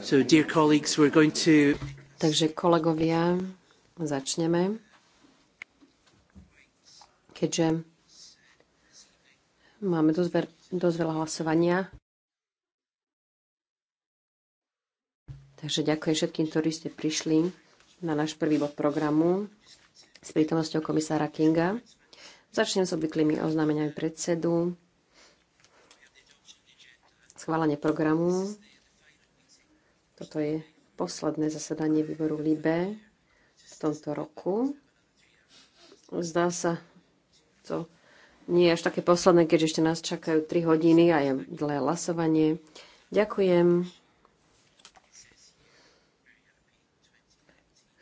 So, dear colleagues, we're going to... Takže kolegovia, začneme. Keďže máme dosť, ver, dosť veľa hlasovania. Takže ďakujem všetkým, ktorí ste prišli na náš prvý bod programu s prítomnosťou komisára Kinga. Začnem s obvyklými oznámeniami predsedu. Schválenie programu. Toto je posledné zasadanie výboru LIBE v tomto roku. Zdá sa to nie je až také posledné, keďže ešte nás čakajú 3 hodiny a je dlhé hlasovanie. Ďakujem.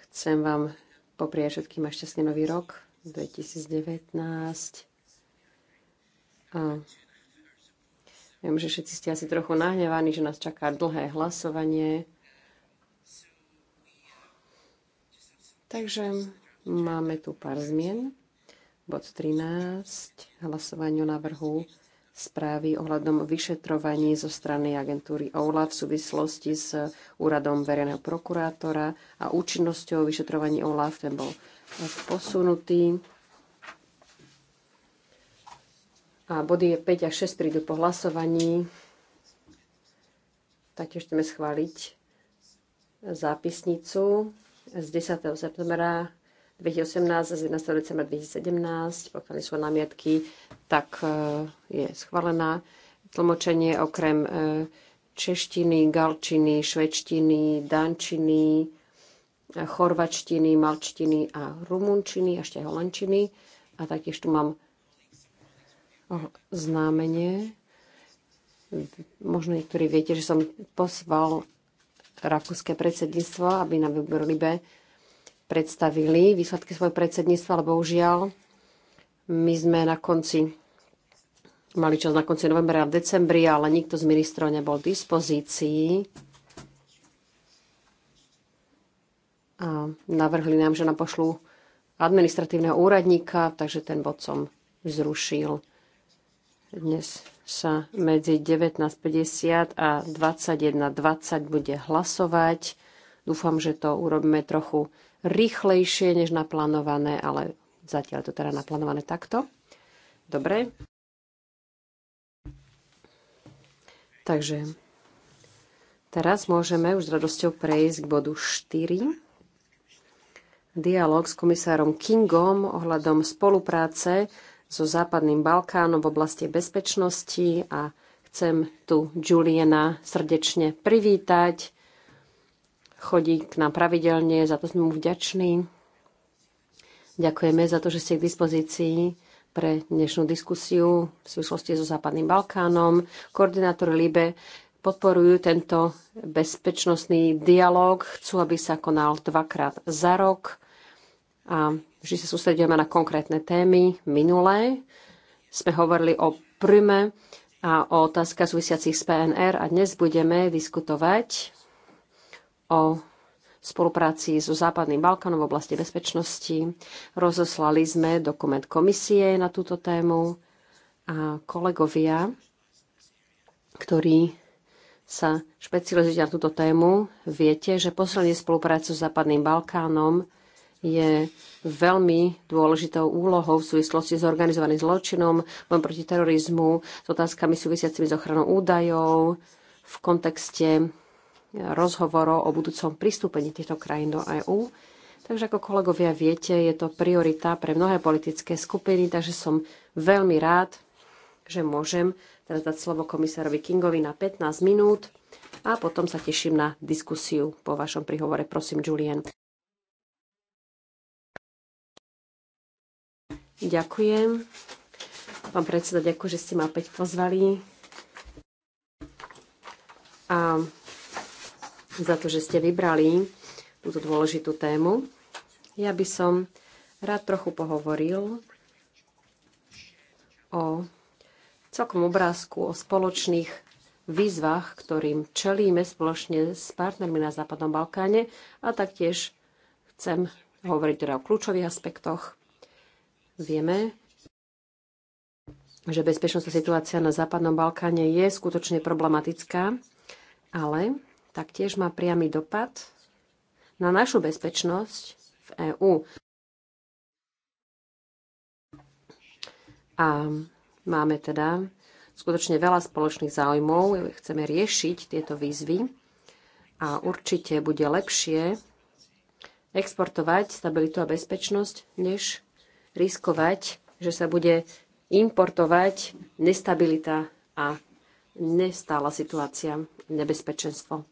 Chcem vám poprieť všetkým a šťastný nový rok 2019. A Viem, že všetci ste asi trochu nahnevaní, že nás čaká dlhé hlasovanie. Takže máme tu pár zmien. Bod 13. Hlasovanie o návrhu správy ohľadom vyšetrovaní zo strany agentúry OLAF v súvislosti s úradom verejného prokurátora a účinnosťou vyšetrovaní OLAF. Ten bol posunutý. a body 5 a 6 prídu po hlasovaní. Taktiež chceme schváliť zápisnicu z 10. septembra 2018 a z 11. decembra 2017. Pokiaľ sú námietky, tak e, je schválená. Tlmočenie okrem e, češtiny, galčiny, švečtiny, dančiny, e, chorvačtiny, malčtiny a rumunčiny, ešte holandčiny. A taktiež tu mám známenie. Možno niektorí viete, že som posval rakúske predsedníctvo, aby na Libe predstavili výsledky svojho predsedníctva, ale bohužiaľ my sme na konci mali čas na konci novembra a v decembri, ale nikto z ministrov nebol v dispozícii. A navrhli nám, že nám pošlu administratívneho úradníka, takže ten bod som zrušil. Dnes sa medzi 19.50 a 21.20 bude hlasovať. Dúfam, že to urobíme trochu rýchlejšie než naplánované, ale zatiaľ to teda naplánované takto. Dobre. Takže teraz môžeme už s radosťou prejsť k bodu 4. Dialóg s komisárom Kingom ohľadom spolupráce so Západným Balkánom v oblasti bezpečnosti a chcem tu Juliana srdečne privítať. Chodí k nám pravidelne, za to sme mu vďační. Ďakujeme za to, že ste k dispozícii pre dnešnú diskusiu v súvislosti so Západným Balkánom. Koordinátor Libe podporujú tento bezpečnostný dialog, chcú, aby sa konal dvakrát za rok a vždy sa sústredíme na konkrétne témy. Minulé sme hovorili o prime a o otázkach súvisiacich s PNR a dnes budeme diskutovať o spolupráci so Západným Balkánom v oblasti bezpečnosti. Rozoslali sme dokument komisie na túto tému a kolegovia, ktorí sa špecializujú na túto tému, viete, že posilnenie spolupráci s Západným Balkánom je veľmi dôležitou úlohou v súvislosti s organizovaným zločinom, bojom proti terorizmu, s otázkami súvisiacimi s ochranou údajov, v kontexte rozhovorov o budúcom pristúpení týchto krajín do EÚ. Takže ako kolegovia viete, je to priorita pre mnohé politické skupiny, takže som veľmi rád, že môžem teraz dať slovo komisárovi Kingovi na 15 minút a potom sa teším na diskusiu po vašom prihovore. Prosím, Julian. Ďakujem. Pán predseda, ďakujem, že ste ma opäť pozvali. A za to, že ste vybrali túto dôležitú tému. Ja by som rád trochu pohovoril o celkom obrázku o spoločných výzvach, ktorým čelíme spoločne s partnermi na Západnom Balkáne a taktiež chcem hovoriť teda o kľúčových aspektoch Vieme, že bezpečnostná situácia na Západnom Balkáne je skutočne problematická, ale taktiež má priamy dopad na našu bezpečnosť v EÚ. A máme teda skutočne veľa spoločných záujmov, chceme riešiť tieto výzvy a určite bude lepšie exportovať stabilitu a bezpečnosť, než riskovať, že sa bude importovať nestabilita a nestála situácia, nebezpečenstvo.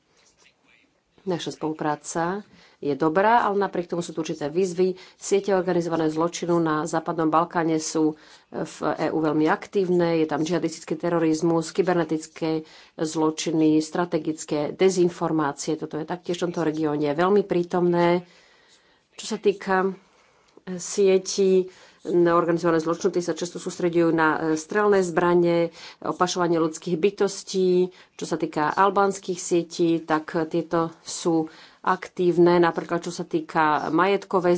Naša spolupráca je dobrá, ale napriek tomu sú tu určité výzvy. Siete organizované zločinu na Západnom Balkáne sú e, v EÚ veľmi aktívne. Je tam džihadistický terorizmus, kybernetické zločiny, strategické dezinformácie. Toto je taktiež v tomto regióne veľmi prítomné. Čo sa týka sietí organizované zločiny, tie sa často sústredujú na e, strelné zbranie, opašovanie ľudských bytostí. Čo sa týka albánskych sietí, tak tieto sú aktívne, napríklad čo sa týka majetkovej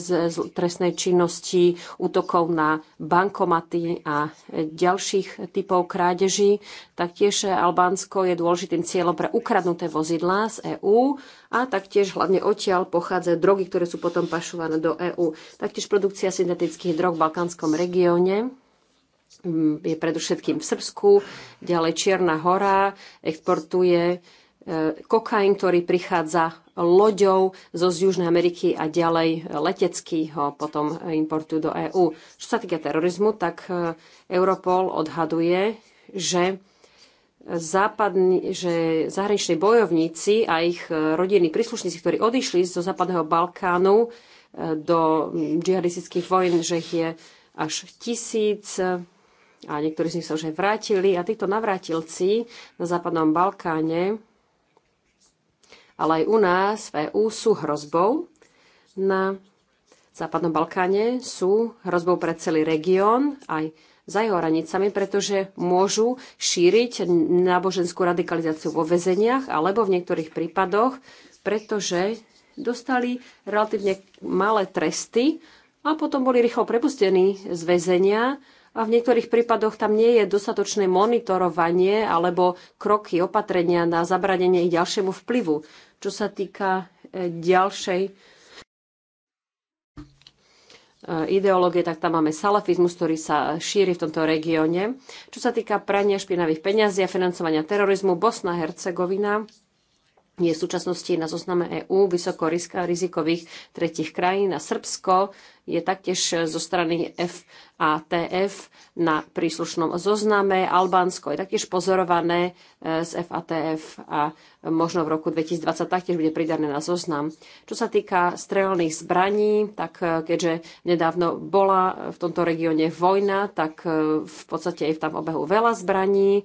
trestnej činnosti, útokov na bankomaty a ďalších typov krádeží. Taktiež Albánsko je dôležitým cieľom pre ukradnuté vozidlá z EÚ a taktiež hlavne odtiaľ pochádza drogy, ktoré sú potom pašované do EÚ. Taktiež produkcia syntetických drog v balkánskom regióne mm, je predovšetkým v Srbsku, ďalej Čierna hora exportuje E, kokain, ktorý prichádza loďou zo z Južnej Ameriky a ďalej letecky ho potom importujú do EÚ. Čo sa týka terorizmu, tak e, Europol odhaduje, že západní, že zahraniční bojovníci a ich e, rodinní príslušníci, ktorí odišli zo západného Balkánu do džihadistických vojen, že ich je až tisíc a niektorí z nich sa už aj vrátili. A títo navrátilci na západnom Balkáne ale aj u nás v EÚ sú hrozbou. Na Západnom Balkáne sú hrozbou pre celý región, aj za jeho hranicami, pretože môžu šíriť náboženskú radikalizáciu vo väzeniach alebo v niektorých prípadoch, pretože dostali relatívne malé tresty a potom boli rýchlo prepustení z väzenia a v niektorých prípadoch tam nie je dostatočné monitorovanie alebo kroky, opatrenia na zabranenie ich ďalšiemu vplyvu čo sa týka e, ďalšej e, ideológie, tak tam máme salafizmus, ktorý sa šíri v tomto regióne. Čo sa týka prania špinavých peňazí a financovania terorizmu, Bosna, Hercegovina je v súčasnosti na zozname EÚ vysoko rizikových tretich krajín a Srbsko je taktiež zo strany FATF na príslušnom zozname. Albánsko je taktiež pozorované e, z FATF a možno v roku 2020 taktiež bude pridané na zoznam. Čo sa týka strelných zbraní, tak e, keďže nedávno bola v tomto regióne vojna, tak e, v podstate je tam obehu veľa zbraní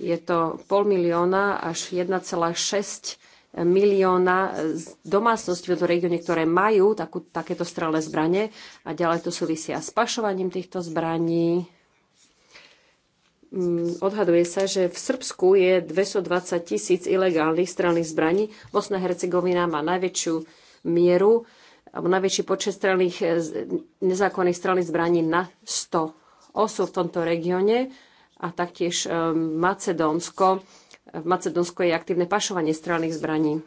je to pol milióna až 1,6 milióna domácností v tomto regióne, ktoré majú takú, takéto strelné zbranie a ďalej to súvisia s pašovaním týchto zbraní. Mm, odhaduje sa, že v Srbsku je 220 tisíc ilegálnych strelných zbraní. Bosna Hercegovina má najväčšiu mieru alebo najväčší počet strelných, e, nezákonných strelných zbraní na 100 osôb v tomto regióne a taktiež e, Macedónsko. V Macedónsku je aktívne pašovanie strelných zbraní.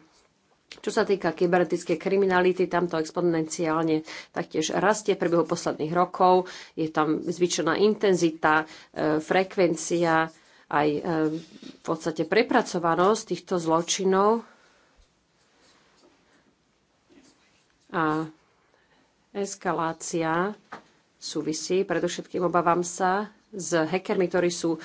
Čo sa týka kybernetickej kriminality, tam to exponenciálne taktiež rastie v priebehu posledných rokov. Je tam zvyčená intenzita, e, frekvencia, aj e, v podstate prepracovanosť týchto zločinov. A eskalácia súvisí, predovšetkým obávam sa, s hackermi, ktorí sú e,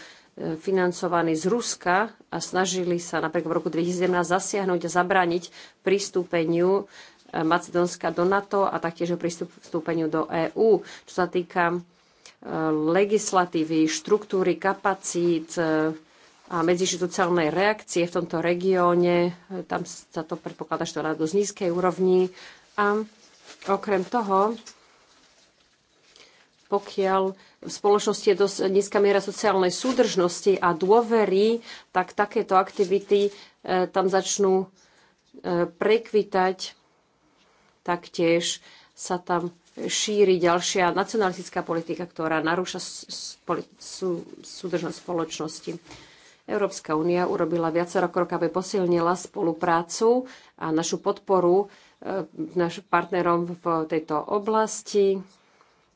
financovaní z Ruska a snažili sa napríklad v roku 2017 zasiahnuť a zabrániť pristúpeniu e, Macedónska do NATO a taktiež pristúpeniu do EÚ. Čo sa týka e, legislatívy, štruktúry, kapacít a medzištitucionálnej reakcie v tomto regióne. Tam sa to predpokladá, že to na dosť nízkej úrovni. A okrem toho pokiaľ v spoločnosti je dosť nízka miera sociálnej súdržnosti a dôvery, tak takéto aktivity e, tam začnú e, prekvitať. Taktiež sa tam šíri ďalšia nacionalistická politika, ktorá narúša súdržnosť spoločnosti. Európska únia urobila viacero krokov, aby posilnila spoluprácu a našu podporu e, našim partnerom v tejto oblasti.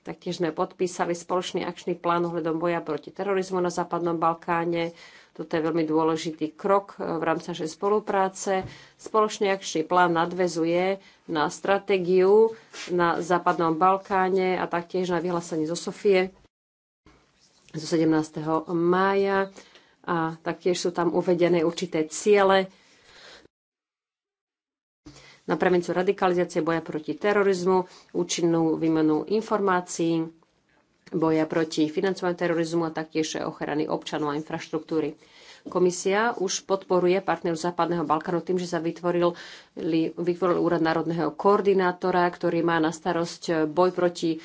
Taktiež sme podpísali spoločný akčný plán ohľadom boja proti terorizmu na Západnom Balkáne. Toto je veľmi dôležitý krok e, v rámci našej spolupráce. Spoločný akčný plán nadvezuje na stratégiu na Západnom Balkáne a taktiež na vyhlásenie zo Sofie zo 17. mája. A taktiež sú tam uvedené určité ciele na prevenciu radikalizácie, boja proti terorizmu, účinnú výmenu informácií, boja proti financovaniu terorizmu a taktiež ochrany občanov a infraštruktúry. Komisia už podporuje partnerov Západného Balkánu tým, že sa vytvoril, vytvoril úrad národného koordinátora, ktorý má na starosť boj proti e,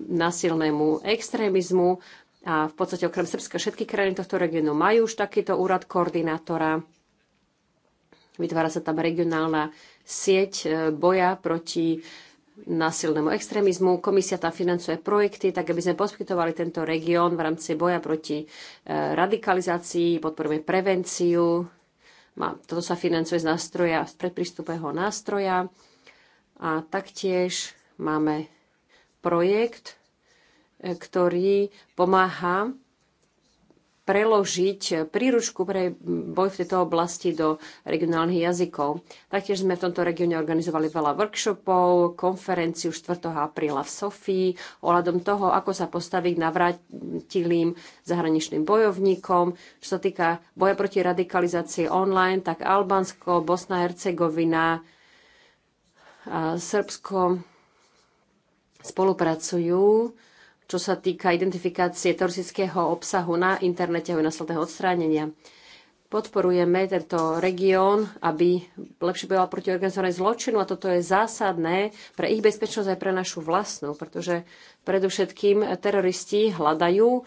násilnému extrémizmu. A v podstate okrem Srbska všetky krajiny tohto regiónu majú už takýto úrad koordinátora. Vytvára sa tam regionálna sieť e, boja proti násilnému extrémizmu. Komisia tam financuje projekty, tak aby sme poskytovali tento región v rámci boja proti e, radikalizácii, podporujeme prevenciu. Toto sa financuje z nástroja, z predpristupého nástroja. A taktiež máme projekt, e, ktorý pomáha preložiť príručku pre boj v tejto oblasti do regionálnych jazykov. Taktiež sme v tomto regióne organizovali veľa workshopov, konferenciu 4. apríla v Sofii ohľadom toho, ako sa postaviť navrátilým zahraničným bojovníkom. Čo sa týka boja proti radikalizácii online, tak Albánsko, Bosna, Hercegovina, Srbsko spolupracujú čo sa týka identifikácie teroristického obsahu na internete a následného odstránenia. Podporujeme tento región, aby lepšie bojoval proti organizovanej zločinu a toto je zásadné pre ich bezpečnosť aj pre našu vlastnú, pretože predovšetkým teroristi hľadajú eh,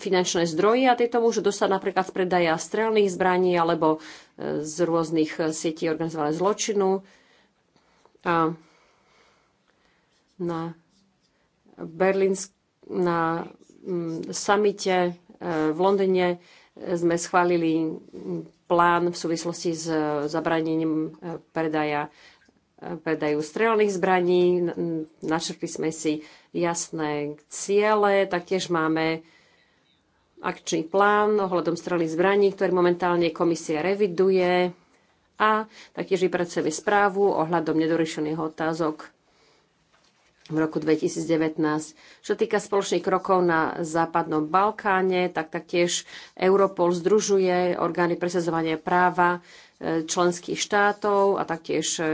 finančné zdroje a tieto môžu dostať napríklad z predaja strelných zbraní alebo eh, z rôznych eh, sietí organizovaného zločinu. A na Berlínsk- na mm, samite e, v Londýne e, sme schválili plán v súvislosti s e, zabranením predaja, predaju strelných zbraní. Načrtli sme si jasné ciele, taktiež máme akčný plán ohľadom strelných zbraní, ktorý momentálne komisia reviduje a taktiež vypracujeme správu ohľadom nedorešených otázok v roku 2019. Čo týka spoločných krokov na Západnom Balkáne, tak taktiež Europol združuje orgány presadzovania práva e, členských štátov a taktiež e,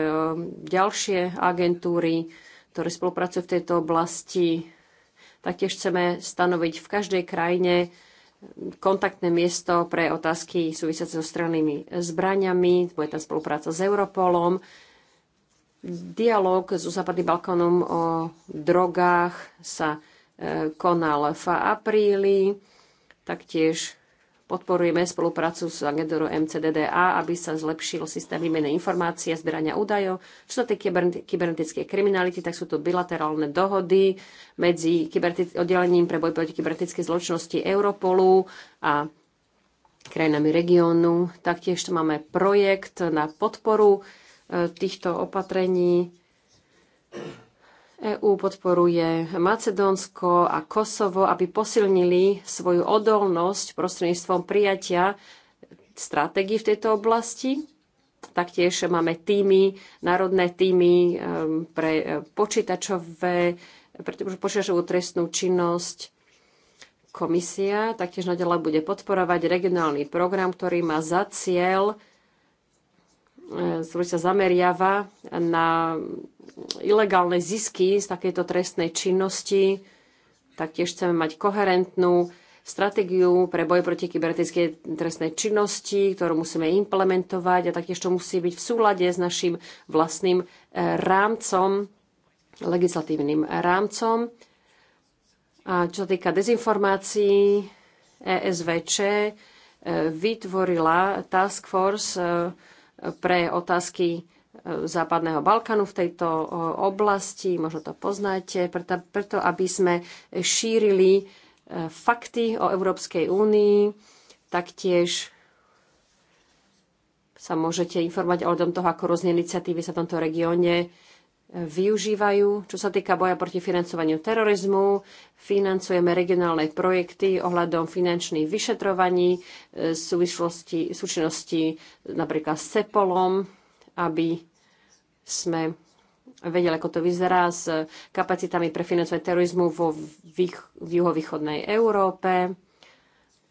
ďalšie agentúry, ktoré spolupracujú v tejto oblasti. Taktiež chceme stanoviť v každej krajine kontaktné miesto pre otázky súvisiace so strannými zbraniami, bude tam spolupráca s Europolom, Dialóg so Západným Balkónom o drogách sa e, konal v apríli. Taktiež podporujeme spoluprácu s agentúrou MCDDA, aby sa zlepšil systém výmeny informácií a zbierania údajov. Čo sa týka kybernetickej kriminality, tak sú to bilaterálne dohody medzi oddelením pre boj proti kybernetickej zločnosti Europolu a krajinami regiónu. Taktiež tu máme projekt na podporu týchto opatrení. EÚ podporuje Macedónsko a Kosovo, aby posilnili svoju odolnosť prostredníctvom prijatia stratégií v tejto oblasti. Taktiež máme týmy, národné týmy pre e, počítačové, pre počítačovú trestnú činnosť. Komisia taktiež naďalej bude podporovať regionálny program, ktorý má za cieľ E, sa zameriava na ilegálne zisky z takejto trestnej činnosti. Taktiež chceme mať koherentnú stratégiu pre boj proti kybernetickej trestnej činnosti, ktorú musíme implementovať a taktiež to musí byť v súlade s našim vlastným e, rámcom, legislatívnym rámcom. A čo sa týka dezinformácií, ESVČ e, vytvorila Task Force pre otázky e, Západného Balkánu v tejto e, oblasti, možno to poznáte, preto, preto aby sme šírili e, fakty o Európskej únii, taktiež sa môžete informovať o tom toho, ako rôzne iniciatívy sa v tomto regióne využívajú. Čo sa týka boja proti financovaniu terorizmu, financujeme regionálne projekty ohľadom finančných vyšetrovaní e, súvislosti, súčinnosti napríklad s CEPOLom, aby sme vedeli, ako to vyzerá s kapacitami pre financovanie terorizmu vo vých, v juhovýchodnej Európe.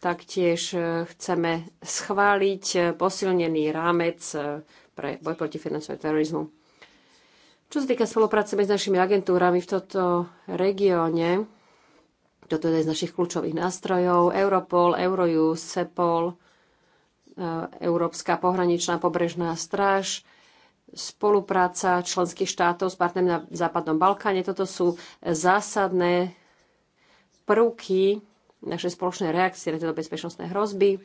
Taktiež e, chceme schváliť posilnený rámec e, pre boj proti financovaniu terorizmu. Čo sa týka spolupráce medzi našimi agentúrami v tomto regióne, toto je z našich kľúčových nástrojov, Europol, Eurojust, CEPOL, e, Európska pohraničná pobrežná stráž, spolupráca členských štátov s partnermi na Západnom Balkáne. Toto sú zásadné prvky našej spoločnej reakcie na tieto bezpečnostné hrozby.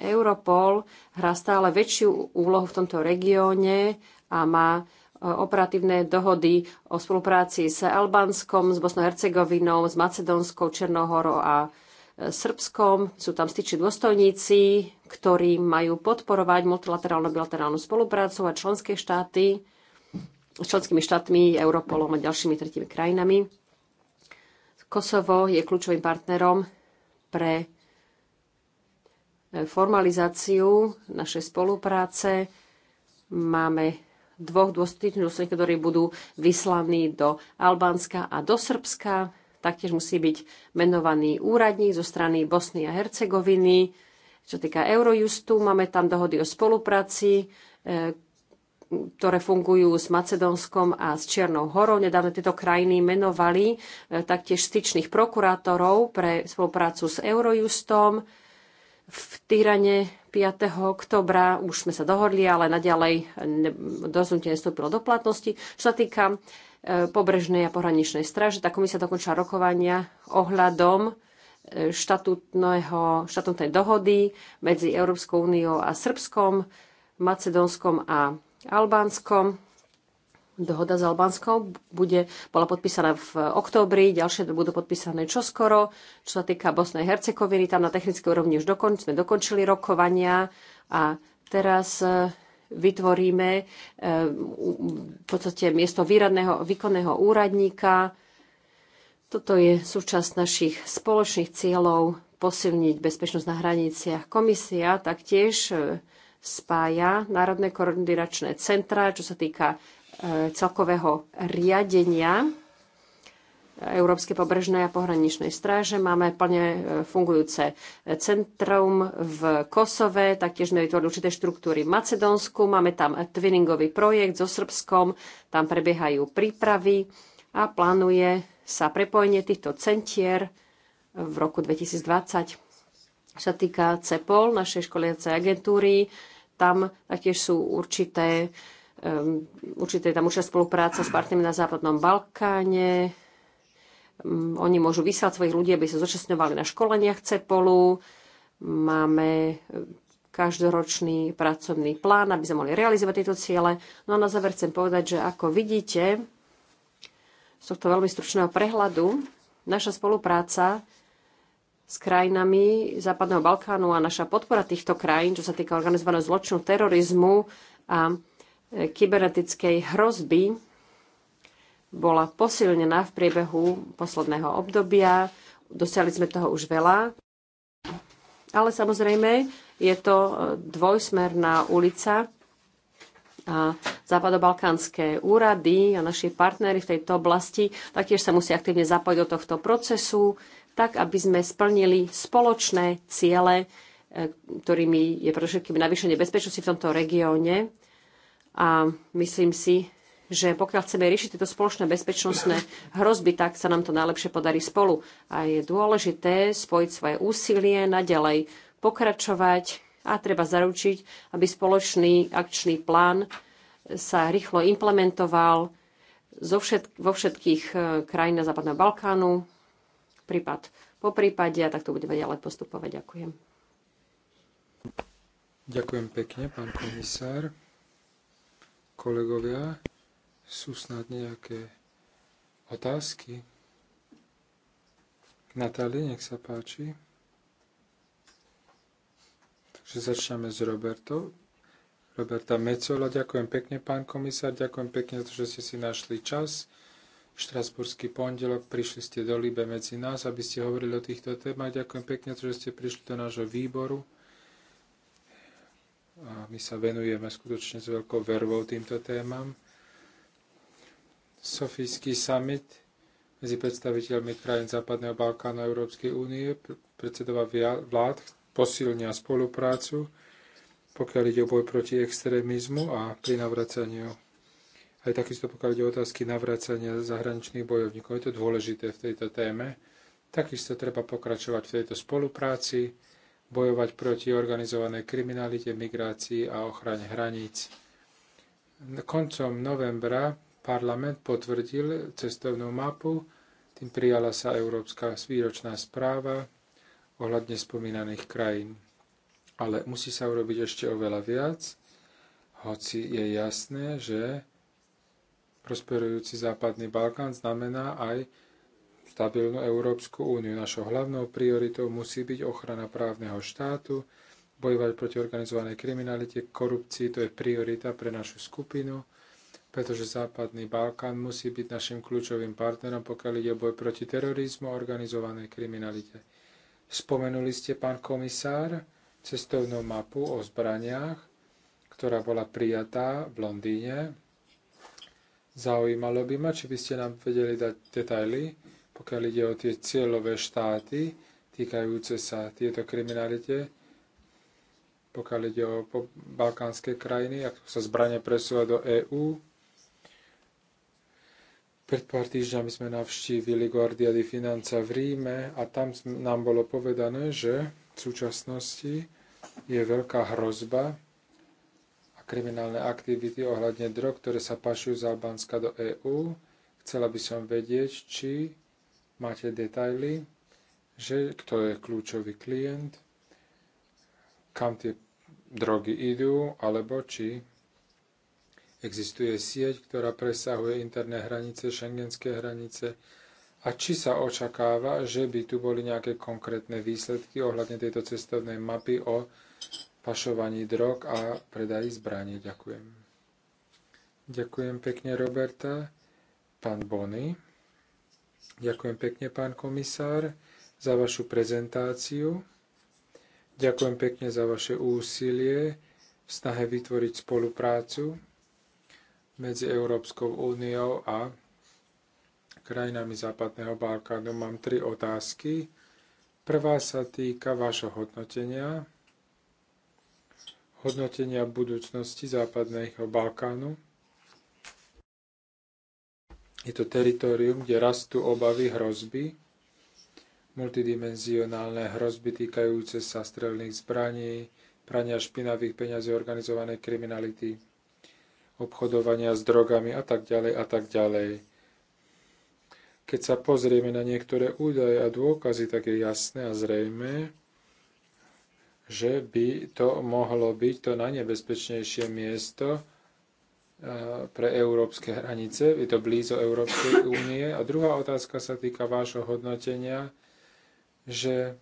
Europol hrá stále väčšiu úlohu v tomto regióne a má operatívne dohody o spolupráci s Albánskom, s Bosnou Hercegovinou, s Macedónskou, Černohorou a e, Srbskom. Sú tam styči dôstojníci, ktorí majú podporovať multilaterálnu bilaterálnu spoluprácu a členské štáty s členskými štátmi, Europolom a ďalšími tretími krajinami. Kosovo je kľúčovým partnerom pre e, formalizáciu našej spolupráce. Máme dvoch dôstojných dôstojníkov, ktorí budú vyslaní do Albánska a do Srbska. Taktiež musí byť menovaný úradník zo strany Bosny a Hercegoviny. Čo týka Eurojustu, máme tam dohody o spolupráci, e, ktoré fungujú s Macedónskom a s Čiernou horou. Nedávno tieto krajiny menovali e, taktiež styčných prokurátorov pre spoluprácu s Eurojustom v Tyrane 5. oktobra už sme sa dohodli, ale naďalej rozhodnutie nestúpilo do platnosti. Čo sa týka e, pobrežnej a pohraničnej straže, tá komisia dokončila rokovania ohľadom e, štatutnej dohody medzi Európskou úniou a Srbskom, Macedónskom a Albánskom. Dohoda s Albánskou bude, bola podpísaná v októbri, ďalšie budú podpísané čoskoro. Čo sa týka Bosnej Hercegoviny, tam na technické úrovni už dokon, sme dokončili rokovania a teraz e, vytvoríme e, v podstate miesto výradného, výkonného úradníka. Toto je súčasť našich spoločných cieľov posilniť bezpečnosť na hraniciach. Komisia taktiež e, spája národné koordinačné centra, čo sa týka E, celkového riadenia Európskej pobrežnej a pohraničnej stráže. Máme plne e, fungujúce centrum v Kosove, taktiež sme vytvorili určité štruktúry v Macedónsku, máme tam twinningový projekt so Srbskom, tam prebiehajú prípravy a plánuje sa prepojenie týchto centier v roku 2020. Čo sa týka CEPOL, našej školiacej agentúry, tam taktiež sú určité Ehm, určite je tam určitá spolupráca s partnermi na Západnom Balkáne. Ehm, oni môžu vysielať svojich ľudí, aby sa zúčastňovali na školeniach CEPOLu. Máme ehm, každoročný pracovný plán, aby sme mohli realizovať tieto ciele. No a na záver chcem povedať, že ako vidíte z tohto veľmi stručného prehľadu, naša spolupráca s krajinami Západného Balkánu a naša podpora týchto krajín, čo sa týka organizovaného zločinu, terorizmu a kybernetickej hrozby bola posilnená v priebehu posledného obdobia. Dosiahli sme toho už veľa. Ale samozrejme je to e, dvojsmerná ulica. A západobalkánske úrady a naši partnery v tejto oblasti taktiež sa musia aktívne zapojiť do tohto procesu, tak aby sme splnili spoločné ciele, e, ktorými je predovšetkým navýšenie bezpečnosti v tomto regióne a myslím si, že pokiaľ chceme riešiť tieto spoločné bezpečnostné hrozby, tak sa nám to najlepšie podarí spolu. A je dôležité spojiť svoje úsilie, naďalej pokračovať a treba zaručiť, aby spoločný akčný plán sa rýchlo implementoval zo vo všetkých e, krajinách Západného Balkánu, prípad po prípade, a tak to budeme ďalej postupovať. Ďakujem. Ďakujem pekne, pán komisár. Kolegovia, sú snad nejaké otázky? Natália, nech sa páči. Takže začneme s Robertou. Roberta Mecola, ďakujem pekne, pán komisár, ďakujem pekne že ste si našli čas. Štrasburský pondelok, prišli ste do Libe medzi nás, aby ste hovorili o týchto témach. Ďakujem pekne, že ste prišli do nášho výboru. A my sa venujeme skutočne s veľkou vervou týmto témam. Sofijský summit medzi predstaviteľmi krajín Západného Balkánu a Európskej únie predsedova vlád posilnia spoluprácu, pokiaľ ide o boj proti extrémizmu a pri navracaniu. Aj takisto pokiaľ ide o otázky navracania zahraničných bojovníkov. Je to dôležité v tejto téme. Takisto treba pokračovať v tejto spolupráci bojovať proti organizovanej kriminalite, migrácii a ochrane hraníc. Koncom novembra parlament potvrdil cestovnú mapu, tým prijala sa Európska výročná správa ohľadne spomínaných krajín. Ale musí sa urobiť ešte oveľa viac, hoci je jasné, že prosperujúci západný Balkán znamená aj stabilnú Európsku úniu. Našou hlavnou prioritou musí byť ochrana právneho štátu, bojovať proti organizovanej kriminalite, korupcii, to je priorita pre našu skupinu, pretože Západný Balkán musí byť našim kľúčovým partnerom, pokiaľ ide boj proti terorizmu a organizovanej kriminalite. Spomenuli ste, pán komisár, cestovnú mapu o zbraniach, ktorá bola prijatá v Londýne. Zaujímalo by ma, či by ste nám vedeli dať detaily pokiaľ ide o tie cieľové štáty týkajúce sa tieto kriminalite, pokiaľ ide o balkánske krajiny, ak sa zbranie presúva do EÚ. Pred pár týždňami sme navštívili Guardia di Financa v Ríme a tam nám bolo povedané, že v súčasnosti je veľká hrozba a kriminálne aktivity ohľadne drog, ktoré sa pašujú z Albánska do EÚ. Chcela by som vedieť, či máte detaily, že kto je kľúčový klient, kam tie drogy idú, alebo či existuje sieť, ktorá presahuje interné hranice, šengenské hranice a či sa očakáva, že by tu boli nejaké konkrétne výsledky ohľadne tejto cestovnej mapy o pašovaní drog a predaji zbraní. Ďakujem. Ďakujem pekne, Roberta. Pán Bony. Ďakujem pekne, pán komisár, za vašu prezentáciu. Ďakujem pekne za vaše úsilie v snahe vytvoriť spoluprácu medzi Európskou úniou a krajinami Západného Balkánu. Mám tri otázky. Prvá sa týka vášho hodnotenia, hodnotenia budúcnosti Západného Balkánu. Je to teritorium, kde rastú obavy, hrozby, multidimenzionálne hrozby týkajúce sa strelných zbraní, prania špinavých peňazí, organizovanej kriminality, obchodovania s drogami a tak ďalej a tak ďalej. Keď sa pozrieme na niektoré údaje a dôkazy, tak je jasné a zrejme, že by to mohlo byť to najnebezpečnejšie miesto, pre európske hranice, je to blízo Európskej únie. A druhá otázka sa týka vášho hodnotenia, že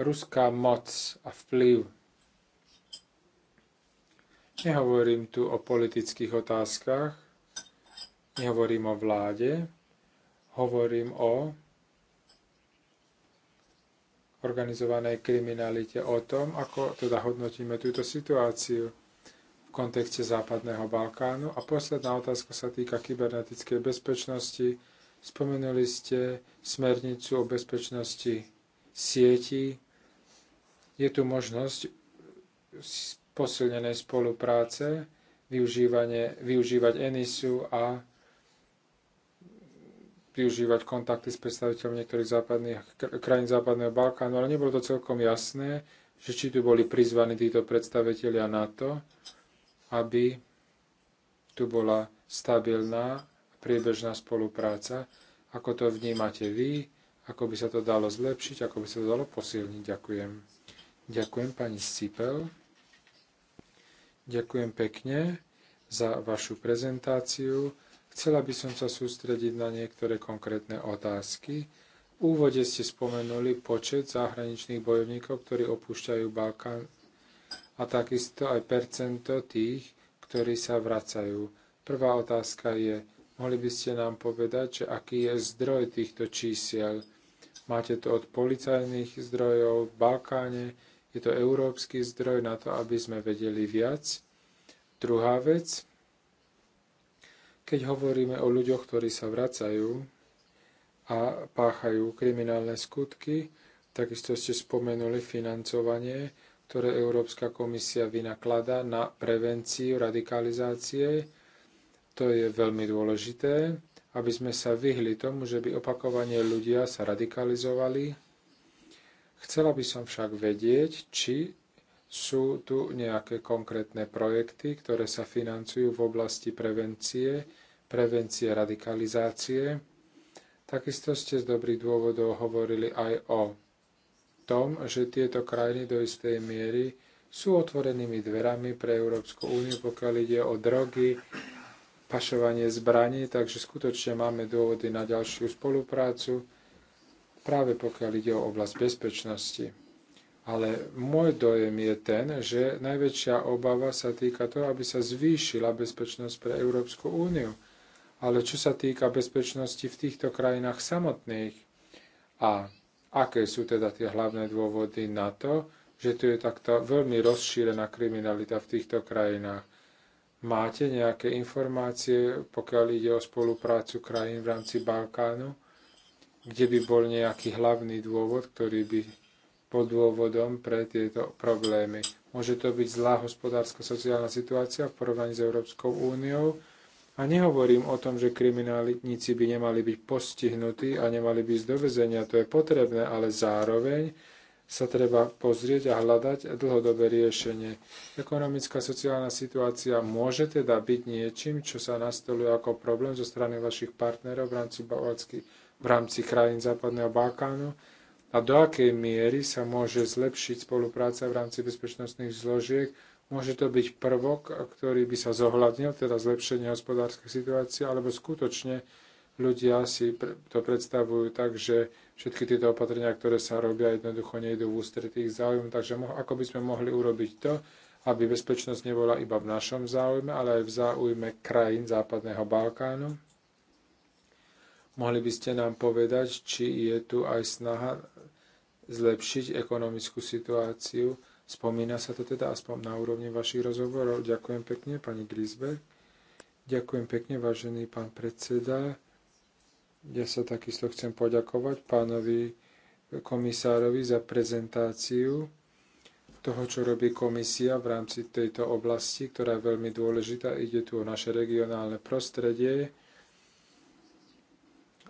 ruská moc a vplyv, nehovorím tu o politických otázkach, nehovorím o vláde, hovorím o organizovanej kriminalite, o tom, ako teda hodnotíme túto situáciu v kontexte Západného Balkánu. A posledná otázka sa týka kybernetickej bezpečnosti. Spomenuli ste smernicu o bezpečnosti sieti. Je tu možnosť posilnenej spolupráce, využívať ENISu a využívať kontakty s predstaviteľmi niektorých západných, krajín Západného Balkánu, ale nebolo to celkom jasné, že či tu boli prizvaní títo predstavitelia NATO aby tu bola stabilná priebežná spolupráca. Ako to vnímate vy? Ako by sa to dalo zlepšiť? Ako by sa to dalo posilniť? Ďakujem. Ďakujem pani Scipel. Ďakujem pekne za vašu prezentáciu. Chcela by som sa sústrediť na niektoré konkrétne otázky. V úvode ste spomenuli počet zahraničných bojovníkov, ktorí opúšťajú Balkán a takisto aj percento tých, ktorí sa vracajú. Prvá otázka je, mohli by ste nám povedať, že aký je zdroj týchto čísiel? Máte to od policajných zdrojov v Balkáne? Je to európsky zdroj na to, aby sme vedeli viac? Druhá vec, keď hovoríme o ľuďoch, ktorí sa vracajú a páchajú kriminálne skutky, takisto ste spomenuli financovanie, ktoré Európska komisia vynaklada na prevenciu radikalizácie. To je veľmi dôležité, aby sme sa vyhli tomu, že by opakovanie ľudia sa radikalizovali. Chcela by som však vedieť, či sú tu nejaké konkrétne projekty, ktoré sa financujú v oblasti prevencie, prevencie radikalizácie. Takisto ste z dobrých dôvodov hovorili aj o tom, že tieto krajiny do istej miery sú otvorenými dverami pre Európsku úniu, pokiaľ ide o drogy, pašovanie zbraní, takže skutočne máme dôvody na ďalšiu spoluprácu, práve pokiaľ ide o oblasť bezpečnosti. Ale môj dojem je ten, že najväčšia obava sa týka toho, aby sa zvýšila bezpečnosť pre Európsku úniu. Ale čo sa týka bezpečnosti v týchto krajinách samotných a aké sú teda tie hlavné dôvody na to, že tu je takto veľmi rozšírená kriminalita v týchto krajinách. Máte nejaké informácie, pokiaľ ide o spoluprácu krajín v rámci Balkánu, kde by bol nejaký hlavný dôvod, ktorý by bol dôvodom pre tieto problémy? Môže to byť zlá hospodárska sociálna situácia v porovnaní s Európskou úniou, a nehovorím o tom, že kriminálnici by nemali byť postihnutí a nemali by do vezenia, to je potrebné, ale zároveň sa treba pozrieť a hľadať dlhodobé riešenie. Ekonomická sociálna situácia môže teda byť niečím, čo sa nastoluje ako problém zo strany vašich partnerov v rámci, v rámci krajín Západného Balkánu a do akej miery sa môže zlepšiť spolupráca v rámci bezpečnostných zložiek Môže to byť prvok, ktorý by sa zohľadnil, teda zlepšenie hospodárskej situácie, alebo skutočne ľudia si to predstavujú tak, že všetky tieto opatrenia, ktoré sa robia, jednoducho nejdú v ústretí ich záujmu. Takže ako by sme mohli urobiť to, aby bezpečnosť nebola iba v našom záujme, ale aj v záujme krajín Západného Balkánu? Mohli by ste nám povedať, či je tu aj snaha zlepšiť ekonomickú situáciu Spomína sa to teda aspoň na úrovni vašich rozhovorov. Ďakujem pekne, pani Grisberg. Ďakujem pekne, vážený pán predseda. Ja sa takisto chcem poďakovať pánovi komisárovi za prezentáciu toho, čo robí komisia v rámci tejto oblasti, ktorá je veľmi dôležitá. Ide tu o naše regionálne prostredie.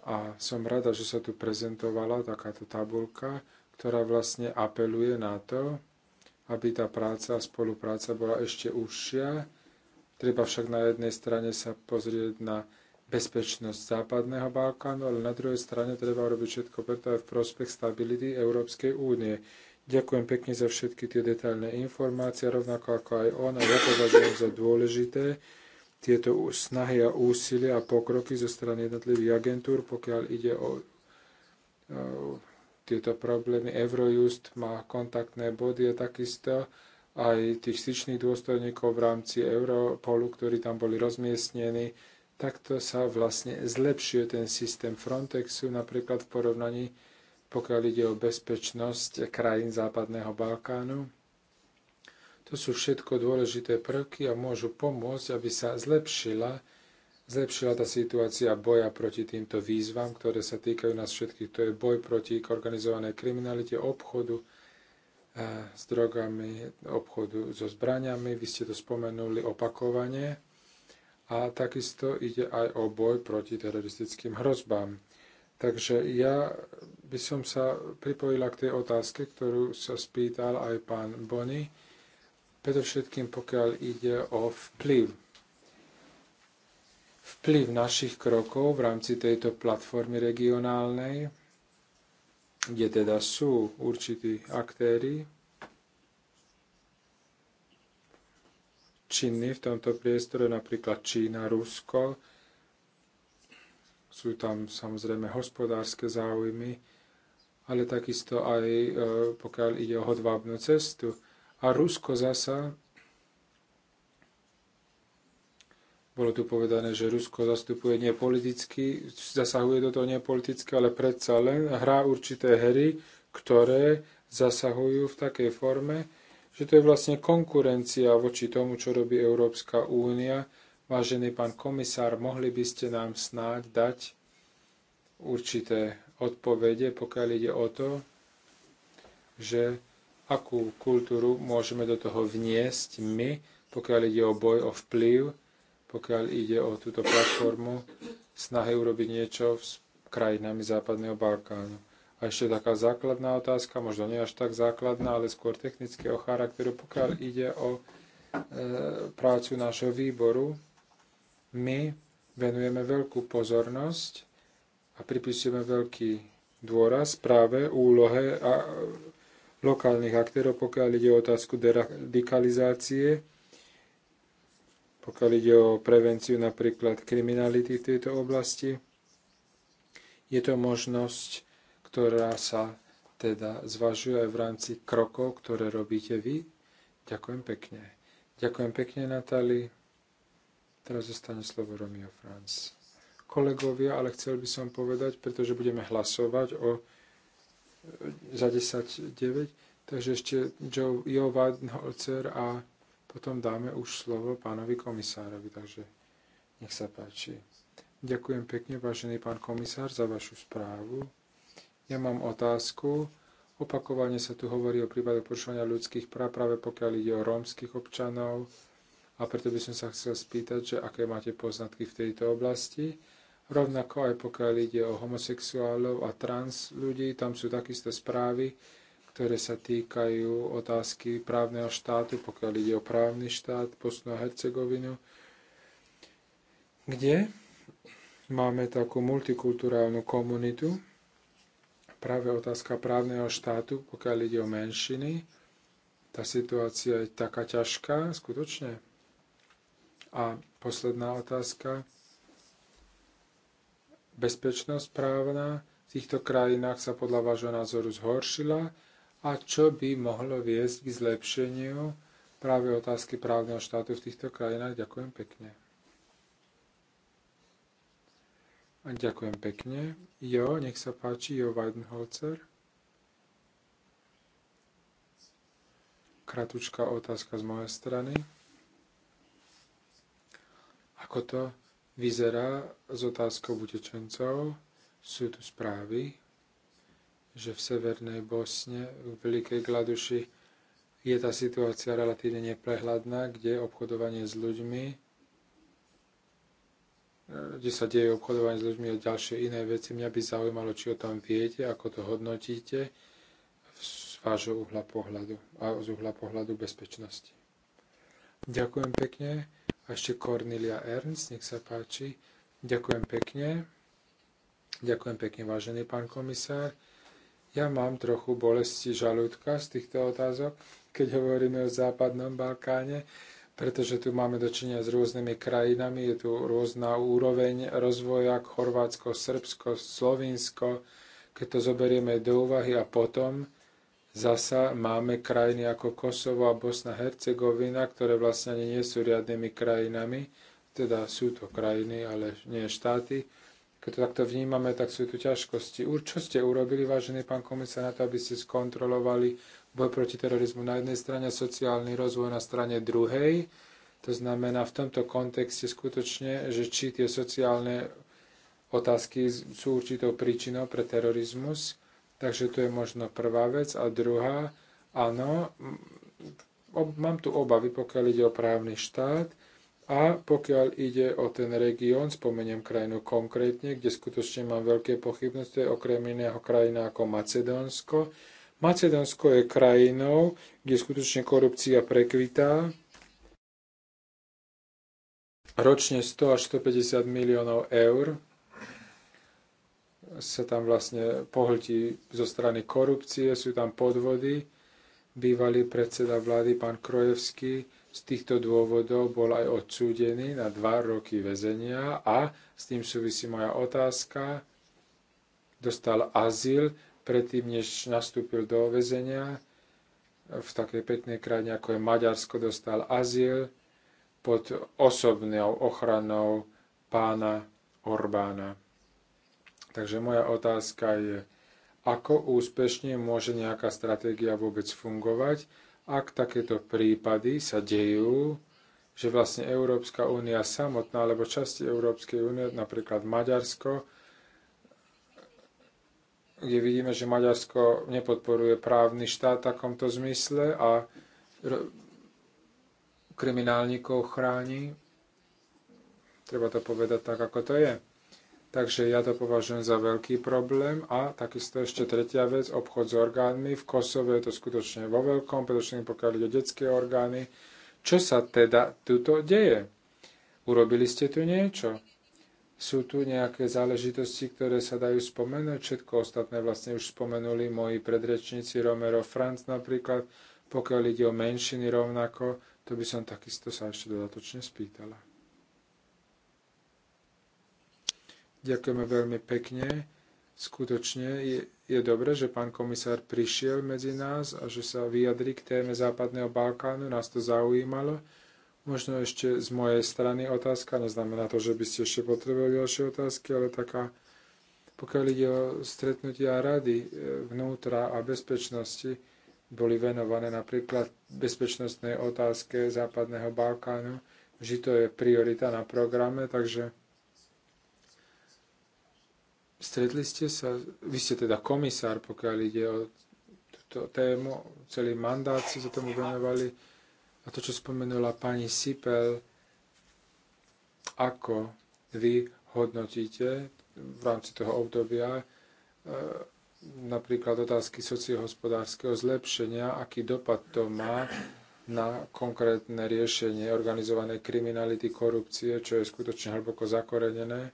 A som rada, že sa tu prezentovala takáto tabulka, ktorá vlastne apeluje na to, aby tá práca a spolupráca bola ešte užšia. Treba však na jednej strane sa pozrieť na bezpečnosť západného Balkánu, ale na druhej strane treba robiť všetko preto aj v prospech stability Európskej únie. Ďakujem pekne za všetky tie detailné informácie, rovnako ako aj on, a ja považujem za dôležité tieto snahy a úsilie a pokroky zo strany jednotlivých agentúr, pokiaľ ide o tieto problémy. Eurojust má kontaktné body a takisto aj tých styčných dôstojníkov v rámci Europolu, ktorí tam boli rozmiestnení. Takto sa vlastne zlepšuje ten systém Frontexu, napríklad v porovnaní, pokiaľ ide o bezpečnosť krajín Západného Balkánu. To sú všetko dôležité prvky a môžu pomôcť, aby sa zlepšila zlepšila tá situácia boja proti týmto výzvam, ktoré sa týkajú nás všetkých. To je boj proti organizovanej kriminalite, obchodu s drogami, obchodu so zbraniami. Vy ste to spomenuli opakovane. A takisto ide aj o boj proti teroristickým hrozbám. Takže ja by som sa pripojila k tej otázke, ktorú sa spýtal aj pán Boni, predovšetkým pokiaľ ide o vplyv vplyv našich krokov v rámci tejto platformy regionálnej, kde teda sú určití aktéry činní v tomto priestore, napríklad Čína, Rusko. Sú tam samozrejme hospodárske záujmy, ale takisto aj e, pokiaľ ide o hodvábnu cestu. A Rusko zasa Bolo tu povedané, že Rusko zastupuje politicky, zasahuje do toho nepoliticky, ale predsa len hrá určité hry, ktoré zasahujú v takej forme, že to je vlastne konkurencia voči tomu, čo robí Európska únia. Vážený pán komisár, mohli by ste nám snáď dať určité odpovede, pokiaľ ide o to, že akú kultúru môžeme do toho vniesť my, pokiaľ ide o boj o vplyv pokiaľ ide o túto platformu snahy urobiť niečo s krajinami Západného Balkánu. A ešte taká základná otázka, možno nie až tak základná, ale skôr technického charakteru, pokiaľ ide o e, prácu nášho výboru, my venujeme veľkú pozornosť a pripisujeme veľký dôraz práve úlohe a e, lokálnych aktérov, pokiaľ ide o otázku deradikalizácie pokiaľ ide o prevenciu napríklad kriminality v tejto oblasti. Je to možnosť, ktorá sa teda zvažuje aj v rámci krokov, ktoré robíte vy. Ďakujem pekne. Ďakujem pekne, Natali. Teraz zostane slovo Romeo Franz. Kolegovia, ale chcel by som povedať, pretože budeme hlasovať o e, za 10.9, takže ešte Joe, Joe Weidenholzer a potom dáme už slovo pánovi komisárovi, takže nech sa páči. Ďakujem pekne, vážený pán komisár, za vašu správu. Ja mám otázku. Opakovane sa tu hovorí o prípadoch porušovania ľudských práv, práve pokiaľ ide o rómskych občanov. A preto by som sa chcel spýtať, že aké máte poznatky v tejto oblasti. Rovnako aj pokiaľ ide o homosexuálov a trans ľudí, tam sú takisto správy, ktoré sa týkajú otázky právneho štátu, pokiaľ ide o právny štát, Bosnu a Hercegovinu, kde máme takú multikulturálnu komunitu, práve otázka právneho štátu, pokiaľ ide o menšiny. Tá situácia je taká ťažká, skutočne. A posledná otázka. Bezpečnosť právna v týchto krajinách sa podľa vášho názoru zhoršila a čo by mohlo viesť k zlepšeniu práve otázky právneho štátu v týchto krajinách. Ďakujem pekne. A ďakujem pekne. Jo, nech sa páči, Jo Weidenholzer. Kratučká otázka z mojej strany. Ako to vyzerá s otázkou utečencov? Sú tu správy že v severnej Bosne, v Veľkej Gladuši, je tá situácia relatívne neprehľadná, kde obchodovanie s ľuďmi, e, kde sa deje obchodovanie s ľuďmi a ďalšie iné veci. Mňa by zaujímalo, či o tom viete, ako to hodnotíte z vášho uhla pohľadu a z uhla pohľadu bezpečnosti. Ďakujem pekne. A ešte Cornelia Ernst, nech sa páči. Ďakujem pekne. Ďakujem pekne, vážený pán komisár. Ja mám trochu bolesti žalúdka z týchto otázok, keď hovoríme o západnom Balkáne, pretože tu máme dočinia s rôznymi krajinami, je tu rôzna úroveň rozvoja, Chorvátsko, Srbsko, Slovinsko, keď to zoberieme do úvahy a potom zasa máme krajiny ako Kosovo a Bosna Hercegovina, ktoré vlastne nie sú riadnymi krajinami, teda sú to krajiny, ale nie štáty, keď to takto vnímame, tak sú tu ťažkosti. Čo ste urobili, vážený pán komisár, na to, aby ste skontrolovali boj proti terorizmu na jednej strane a sociálny rozvoj na strane druhej? To znamená v tomto kontexte skutočne, že či tie sociálne otázky sú určitou príčinou pre terorizmus. Takže to je možno prvá vec. A druhá, áno, mám tu obavy, pokiaľ ide o právny štát, a pokiaľ ide o ten región, spomeniem krajinu konkrétne, kde skutočne mám veľké pochybnosti, okrem iného krajina ako Macedónsko. Macedónsko je krajinou, kde skutočne korupcia prekvitá. Ročne 100 až 150 miliónov eur sa tam vlastne pohltí zo strany korupcie, sú tam podvody. Bývalý predseda vlády, pán Krojevský, z týchto dôvodov bol aj odsúdený na dva roky väzenia a s tým súvisí moja otázka. Dostal azyl predtým, než nastúpil do väzenia. V takej peknej krajine, ako je Maďarsko, dostal azyl pod osobnou ochranou pána Orbána. Takže moja otázka je, ako úspešne môže nejaká stratégia vôbec fungovať, ak takéto prípady sa dejú, že vlastne Európska únia samotná, alebo časti Európskej únie, napríklad Maďarsko, kde vidíme, že Maďarsko nepodporuje právny štát v takomto zmysle a kriminálnikov chráni. Treba to povedať tak, ako to je. Takže ja to považujem za veľký problém. A takisto ešte tretia vec, obchod s orgánmi. V Kosove je to skutočne vo veľkom, pretože pokiaľ ide o detské orgány. Čo sa teda tuto deje? Urobili ste tu niečo? Sú tu nejaké záležitosti, ktoré sa dajú spomenúť? Všetko ostatné vlastne už spomenuli moji predrečníci Romero Franz napríklad. Pokiaľ ide o menšiny rovnako, to by som takisto sa ešte dodatočne spýtala. Ďakujeme veľmi pekne. Skutočne je, je dobre, že pán komisár prišiel medzi nás a že sa vyjadri k téme Západného Balkánu. Nás to zaujímalo. Možno ešte z mojej strany otázka, neznamená to, že by ste ešte potrebovali ďalšie otázky, ale taká, pokiaľ ide o stretnutia rady e, vnútra a bezpečnosti, boli venované napríklad bezpečnostnej otázke Západného Balkánu. Vždy to je priorita na programe, takže Stretli ste sa, vy ste teda komisár, pokiaľ ide o túto tému, celý mandát si sa tomu venovali a to, čo spomenula pani Sipel, ako vy hodnotíte v rámci toho obdobia e, napríklad otázky sociohospodárskeho zlepšenia, aký dopad to má na konkrétne riešenie organizovanej kriminality, korupcie, čo je skutočne hlboko zakorenené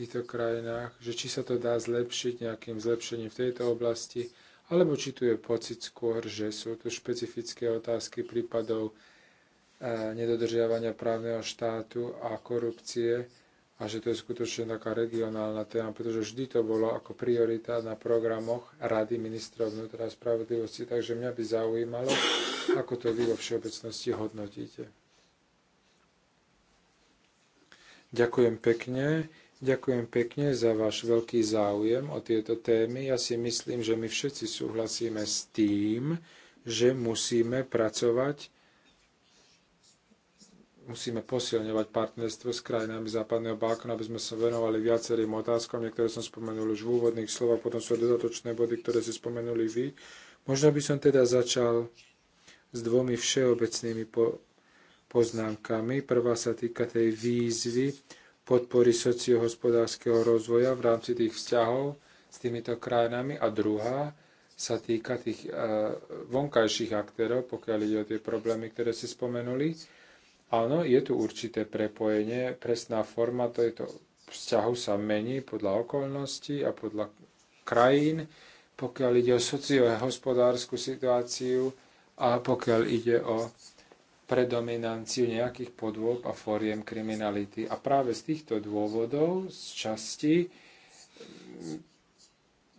týchto krajinách, že či sa to dá zlepšiť nejakým zlepšením v tejto oblasti, alebo či tu je pocit skôr, že sú tu špecifické otázky prípadov e, nedodržiavania právneho štátu a korupcie a že to je skutočne taká regionálna téma, pretože vždy to bolo ako priorita na programoch Rady ministrov vnútra a spravodlivosti, takže mňa by zaujímalo, ako to vy vo všeobecnosti hodnotíte. Ďakujem pekne. Ďakujem pekne za váš veľký záujem o tieto témy. Ja si myslím, že my všetci súhlasíme s tým, že musíme pracovať, musíme posilňovať partnerstvo s krajinami Západného Balkánu, aby sme sa venovali viacerým otázkom. Niektoré som spomenul už v úvodných slovách, potom sú dodatočné body, ktoré si spomenuli vy. Možno by som teda začal s dvomi všeobecnými poznámkami. Prvá sa týka tej výzvy, podpory sociohospodárskeho rozvoja v rámci tých vzťahov s týmito krajinami a druhá sa týka tých eh, vonkajších aktérov, pokiaľ ide o tie problémy, ktoré si spomenuli. Áno, je tu určité prepojenie, presná forma tohto vzťahu sa mení podľa okolností a podľa krajín, pokiaľ ide o sociohospodárskú situáciu a pokiaľ ide o predominanciu nejakých podôb a fóriem kriminality. A práve z týchto dôvodov, z časti,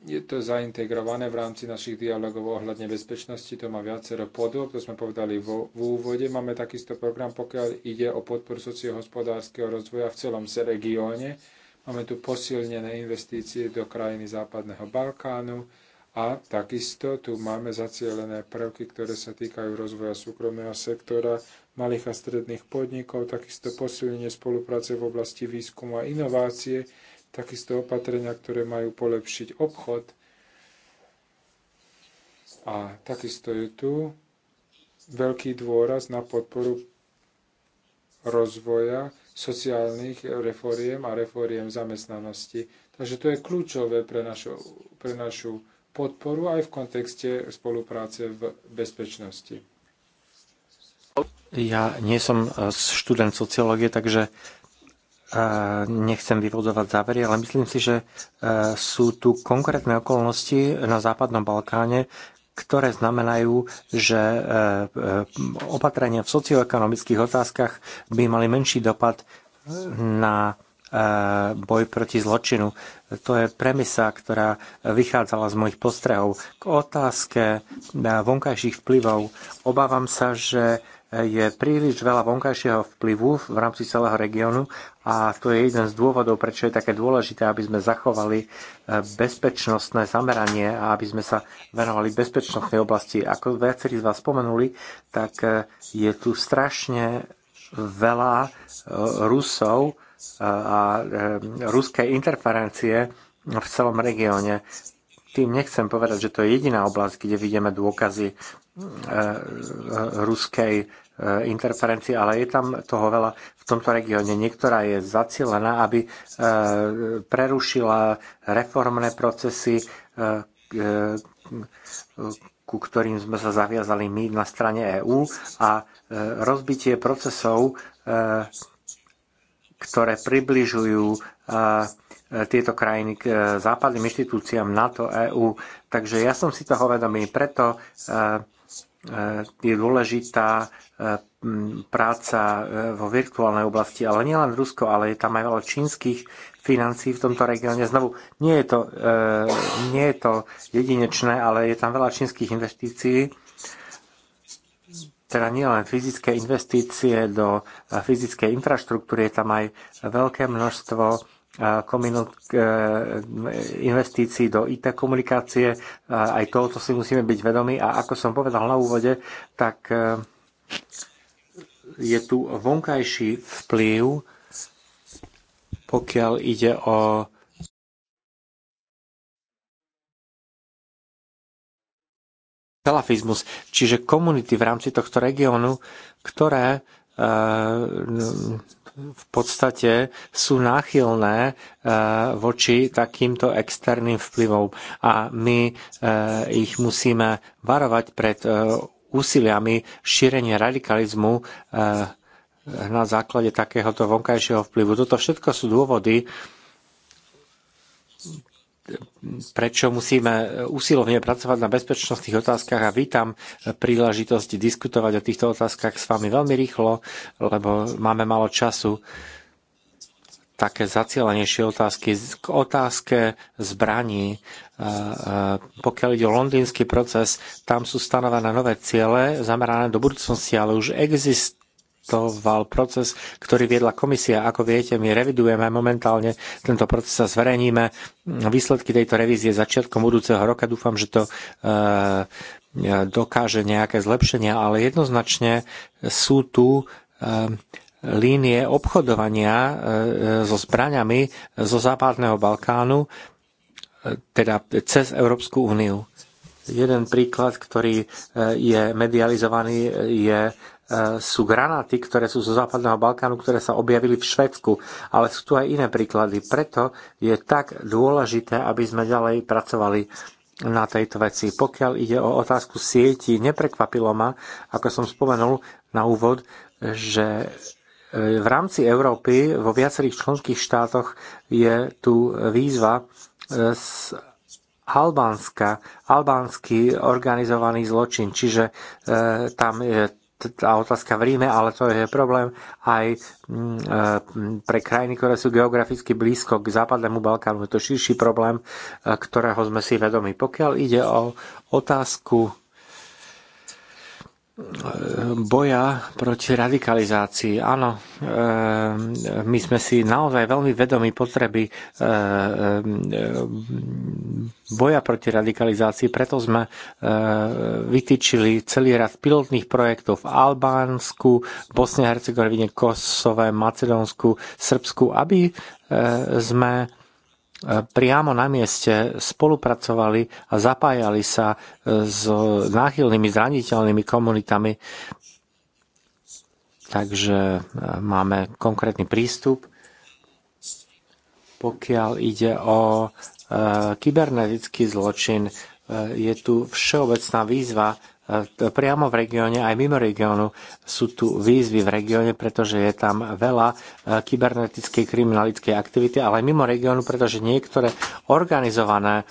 je to zaintegrované v rámci našich dialogov ohľadne bezpečnosti. To má viacero podôb, to sme povedali vo, v úvode. Máme takisto program, pokiaľ ide o podporu sociohospodárskeho rozvoja v celom regióne. Máme tu posilnené investície do krajiny Západného Balkánu a takisto tu máme zacielené prvky, ktoré sa týkajú rozvoja súkromného sektora, malých a stredných podnikov, takisto posilnenie spolupráce v oblasti výskumu a inovácie, takisto opatrenia, ktoré majú polepšiť obchod. A takisto je tu veľký dôraz na podporu rozvoja sociálnych reforiem a reforiem zamestnanosti. Takže to je kľúčové pre našu, pre našu podporu aj v kontexte spolupráce v bezpečnosti. Ja nie som e, študent sociológie, takže e, nechcem vyvodzovať závery, ale myslím si, že e, sú tu konkrétne okolnosti na Západnom Balkáne, ktoré znamenajú, že opatrenia v socioekonomických otázkach by mali menší dopad na E, boj proti zločinu. To je premisa, ktorá vychádzala z mojich postrehov. K otázke e, vonkajších vplyvov obávam sa, že je príliš veľa vonkajšieho vplyvu v rámci celého regiónu a to je jeden z dôvodov, prečo je také dôležité, aby sme zachovali e, bezpečnostné zameranie a aby sme sa venovali bezpečnostnej oblasti. Ako viacerí z vás spomenuli, tak je tu strašne veľa Rusov, a e, ruskej interferencie v celom regióne. Tým nechcem povedať, že to je jediná oblasť, kde vidíme dôkazy e, ruskej e, interferencie, ale je tam toho veľa v tomto regióne. Niektorá je zacielená, aby prerušila reformné procesy, ku ktorým sme sa zaviazali my na strane EÚ a rozbitie procesov ktoré približujú eh, tieto krajiny k eh, západným inštitúciám NATO, EÚ. Takže ja som si toho vedomý, preto eh, je dôležitá práca vo virtuálnej oblasti, ale nielen Rusko, ale je tam aj veľa čínskych financí v tomto regióne. Znovu, nie je, to, nie je to jedinečné, ale je tam veľa čínskych investícií teda nielen fyzické investície do fyzickej infraštruktúry, je tam aj veľké množstvo e, investícií do IT komunikácie. Aj tohoto si musíme byť vedomi. A ako som povedal na úvode, tak e, je tu vonkajší vplyv, pokiaľ ide o salafizmus, čiže komunity v rámci tohto regiónu, ktoré e, v podstate sú náchylné e, voči takýmto externým vplyvom a my e, ich musíme varovať pred úsiliami šírenia radikalizmu na základe takéhoto vonkajšieho vplyvu. Toto všetko sú dôvody, prečo musíme usilovne pracovať na bezpečnostných otázkach a vítam príležitosť diskutovať o týchto otázkach s vami veľmi rýchlo, lebo máme málo času. Také zacielenejšie otázky k otázke zbraní. E, e, pokiaľ ide o londýnsky proces, tam sú stanovené nové ciele zamerané do budúcnosti, ale už existujú naštartoval proces, ktorý viedla komisia. Ako viete, my revidujeme momentálne tento proces a zverejníme výsledky tejto revízie začiatkom budúceho roka. Dúfam, že to e, dokáže nejaké zlepšenia, ale jednoznačne sú tu e, línie obchodovania e, so zbraňami zo západného Balkánu, teda cez Európsku úniu. Jeden príklad, ktorý je medializovaný, je E, sú granáty, ktoré sú zo západného Balkánu, ktoré sa objavili v Švedsku. Ale sú tu aj iné príklady. Preto je tak dôležité, aby sme ďalej pracovali na tejto veci. Pokiaľ ide o otázku sieti, neprekvapilo ma, ako som spomenul na úvod, že e, v rámci Európy vo viacerých členských štátoch je tu výzva e, z Albánska, albánsky organizovaný zločin, čiže e, tam je tá otázka v Ríme, ale to je problém aj mm, e, pre krajiny, ktoré sú geograficky blízko k západnému Balkánu. Je to širší problém, e, ktorého sme si vedomi. Pokiaľ ide o otázku boja proti radikalizácii. Áno, eh, my sme si naozaj veľmi vedomi potreby eh, eh, boja proti radikalizácii, preto sme vytýčili celý rad pilotných projektov v Albánsku, Bosne, Hercegovine, Kosove, Macedónsku, Srbsku, aby sme E, priamo na mieste spolupracovali a zapájali sa e, s náchylnými, zraniteľnými komunitami. Takže e, máme konkrétny prístup. Pokiaľ ide o kybernetický zločin, je tu všeobecná výzva E, priamo v regióne, aj mimo regiónu sú tu výzvy v regióne, pretože je tam veľa e, kybernetickej kriminalickej aktivity, ale aj mimo regiónu, pretože niektoré organizované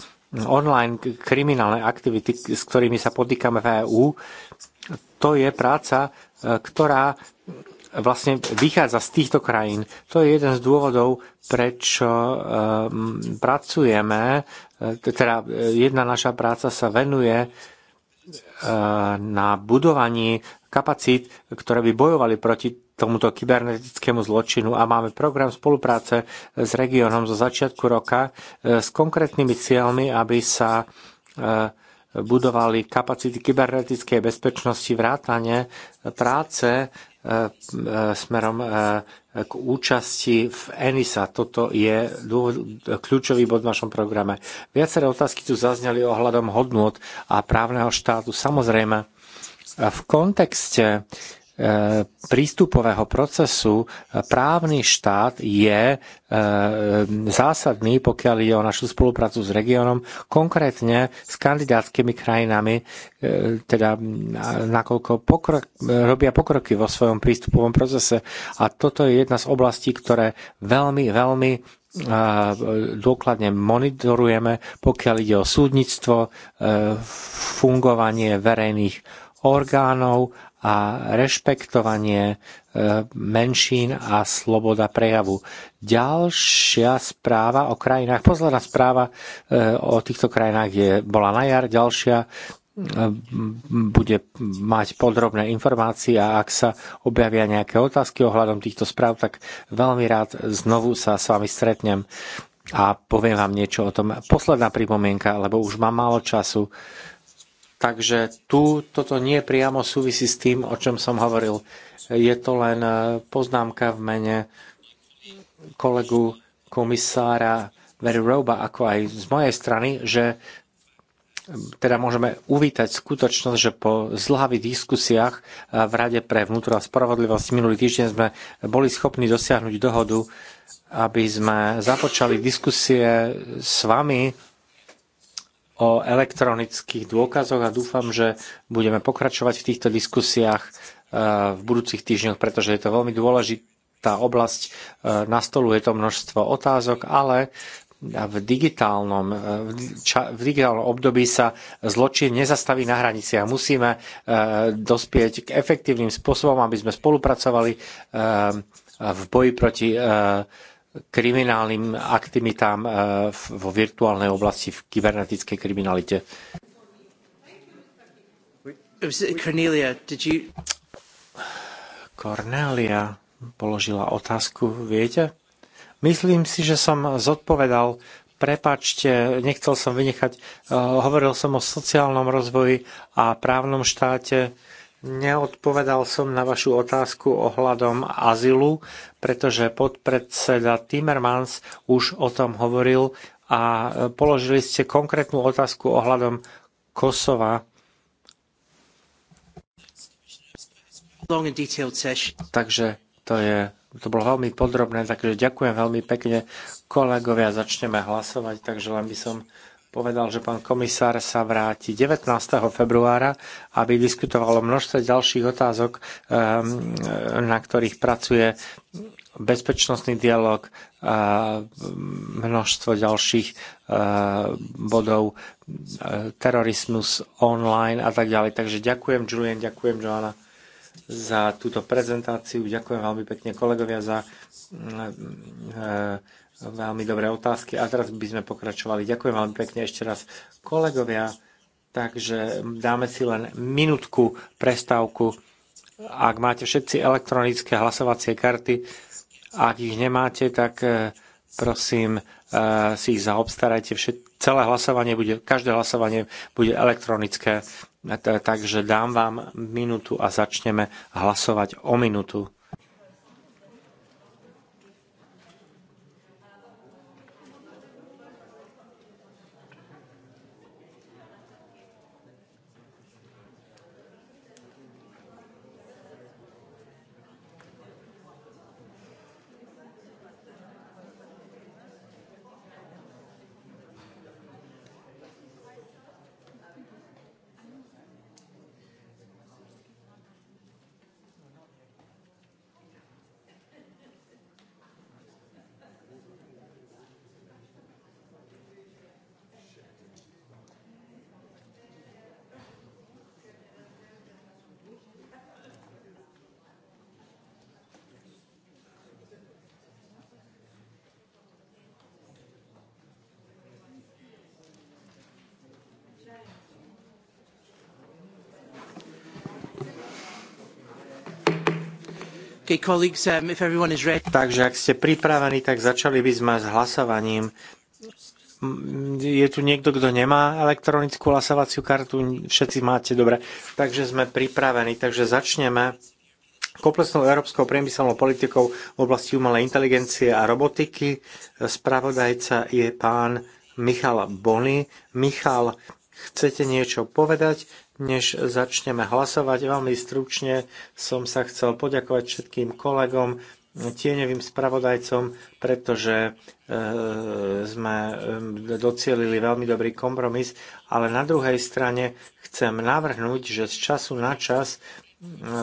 online kriminálne aktivity, s ktorými sa potýkame v EÚ, to je práca, e, ktorá vlastne vychádza z týchto krajín. To je jeden z dôvodov, prečo pracujeme, teda jedna naša práca sa venuje E, na budovaní kapacít, ktoré by bojovali proti tomuto kybernetickému zločinu a máme program spolupráce s regiónom zo začiatku roka e, s konkrétnymi cieľmi, aby sa e, budovali kapacity kybernetickej bezpečnosti vrátane práce smerom k účasti v ENISA. Toto je kľúčový bod v našom programe. Viaceré otázky tu zazneli ohľadom hodnot a právneho štátu. Samozrejme, v kontexte prístupového procesu právny štát je e, zásadný, pokiaľ ide o našu spoluprácu s regiónom, konkrétne s kandidátskymi krajinami, e, teda nakoľko pokrok, robia pokroky vo svojom prístupovom procese. A toto je jedna z oblastí, ktoré veľmi, veľmi e, dôkladne monitorujeme, pokiaľ ide o súdnictvo, fungovanie verejných orgánov a rešpektovanie e, menšín a sloboda prejavu. Ďalšia správa o krajinách, posledná správa e, o týchto krajinách je, bola na jar, ďalšia e, bude mať podrobné informácie a ak sa objavia nejaké otázky ohľadom týchto správ, tak veľmi rád znovu sa s vami stretnem a poviem vám niečo o tom. Posledná pripomienka, lebo už mám málo času. Uh, Takže tu toto nie priamo súvisí s tým, o čom som hovoril. Je to len e, poznámka v mene kolegu komisára Veruroba, ako aj z mojej strany, že teda môžeme uvítať skutočnosť, že po zlhavých diskusiách e, v Rade pre vnútro a spravodlivosť minulý týždeň sme boli schopní dosiahnuť dohodu, aby sme započali diskusie s vami o elektronických dôkazoch a dúfam, že budeme pokračovať v týchto diskusiách eh, v budúcich týždňoch, pretože je to veľmi dôležitá oblasť. Eh, na stolu je to množstvo otázok, ale v digitálnom, eh, v digitálnom období sa zločin nezastaví na hranici a Musíme dospieť k efektívnym spôsobom, aby sme spolupracovali v boji proti kriminálnym aktivitám eh, vo virtuálnej oblasti v kybernetickej kriminalite. Cornelia, you... Cornelia položila otázku, viete? Myslím si, že som zodpovedal. Prepačte, nechcel som vynechať. Eh, hovoril som o sociálnom rozvoji a právnom štáte Neodpovedal som na vašu otázku ohľadom azylu, pretože podpredseda Timmermans už o tom hovoril a položili ste konkrétnu otázku ohľadom Kosova. Takže to, je, to bolo veľmi podrobné, takže ďakujem veľmi pekne. Kolegovia, začneme hlasovať, takže len by som povedal, že pán komisár sa vráti 19. februára, aby diskutoval o množstve ďalších otázok, ehm, na ktorých pracuje bezpečnostný dialog a množstvo ďalších e, bodov, e, terorismus online a tak ďalej. Takže ďakujem Julian, ďakujem Joana za túto prezentáciu, ďakujem veľmi pekne kolegovia za e, Veľmi dobré otázky. A teraz by sme pokračovali. Ďakujem veľmi pekne ešte raz kolegovia. Takže dáme si len minútku prestávku. Ak máte všetci elektronické hlasovacie karty, ak ich nemáte, tak e, prosím e, si ich zaobstarajte. Celé hlasovanie bude, každé hlasovanie bude elektronické. E, takže dám vám minútu a začneme hlasovať o minútu. Um, takže ak ste pripravení, tak začali by sme s hlasovaním. Je tu niekto, kto nemá elektronickú hlasovaciu kartu? Všetci máte, dobre. Takže sme pripravení, takže začneme komplexnou európskou priemyselnou politikou v oblasti umelej inteligencie a robotiky. Spravodajca je pán Michal Bony. Michal, chcete niečo povedať? Než začneme hlasovať, veľmi stručne som sa chcel poďakovať všetkým kolegom, tieňovým spravodajcom, pretože e, sme e, docielili veľmi dobrý kompromis, ale na druhej strane chcem navrhnúť, že z času na čas e,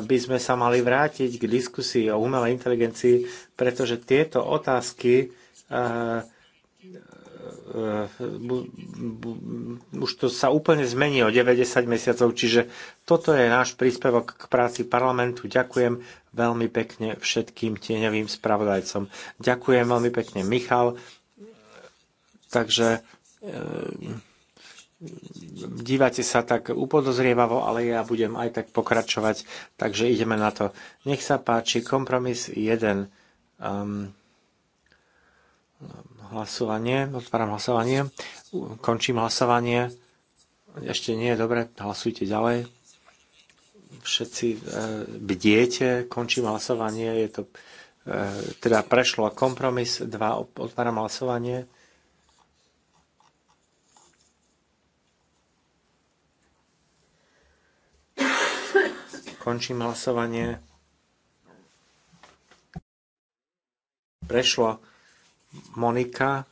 by sme sa mali vrátiť k diskusii o umelej inteligencii, pretože tieto otázky E, už to sa úplne zmení o 90 mesiacov, čiže toto je náš príspevok k práci parlamentu. Ďakujem veľmi pekne všetkým tieňovým spravodajcom. Ďakujem veľmi pekne, Michal. Takže e, dívate sa tak upodozrievavo, ale ja budem aj tak pokračovať, takže ideme na to. Nech sa páči, kompromis 1. Um, um, hlasovanie. Otváram hlasovanie. Končím hlasovanie. Ešte nie, je dobre, hlasujte ďalej. Všetci e, bdiete, končím hlasovanie, je to e, teda prešlo kompromis 2, otváram hlasovanie. Končím hlasovanie. Prešlo Monika,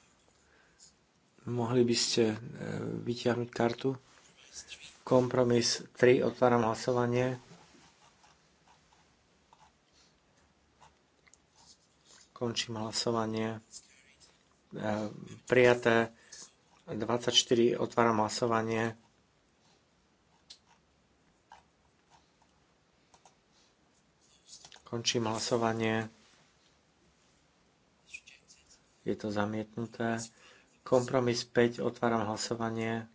mohli by ste e, vyťahnuť kartu? Kompromis 3, otváram hlasovanie. Končím hlasovanie. E, prijaté 24. Otváram hlasovanie. Končím hlasovanie. Je to zamietnuté. Kompromis 5. Otváram hlasovanie.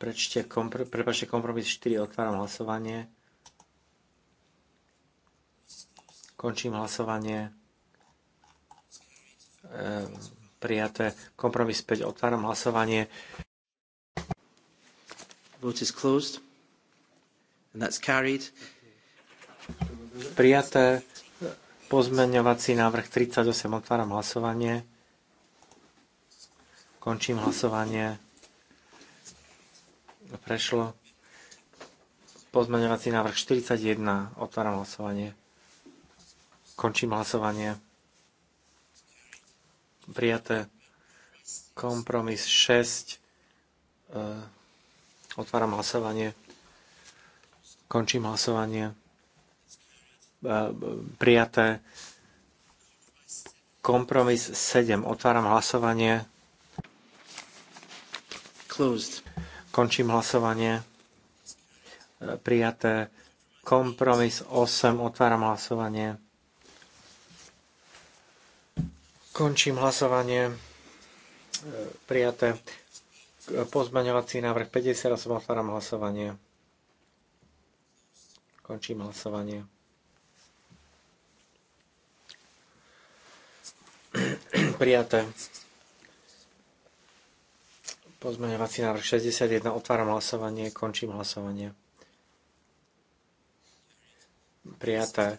Prečte, kompr- kompromis 4. Otváram hlasovanie. Končím hlasovanie. Ehm, prijaté. Kompromis 5. Otváram hlasovanie. Vote is closed. And that's carried. Prijaté. Pozmeňovací návrh 38. Otváram hlasovanie. Končím hlasovanie. Prešlo. Pozmeňovací návrh 41. Otváram hlasovanie. Končím hlasovanie. Prijaté. Kompromis 6. E, otváram hlasovanie. Končím hlasovanie. E, prijaté. Kompromis 7. Otváram hlasovanie. Closed. Končím hlasovanie. E, prijaté. Kompromis 8. Otváram hlasovanie. Končím hlasovanie. E, prijaté. Pozmaňovací návrh 58. Otváram hlasovanie. Končím hlasovanie Prijaté. Pozmeňovací návrh 61. Otváram hlasovanie, končím hlasovanie. Prijaté.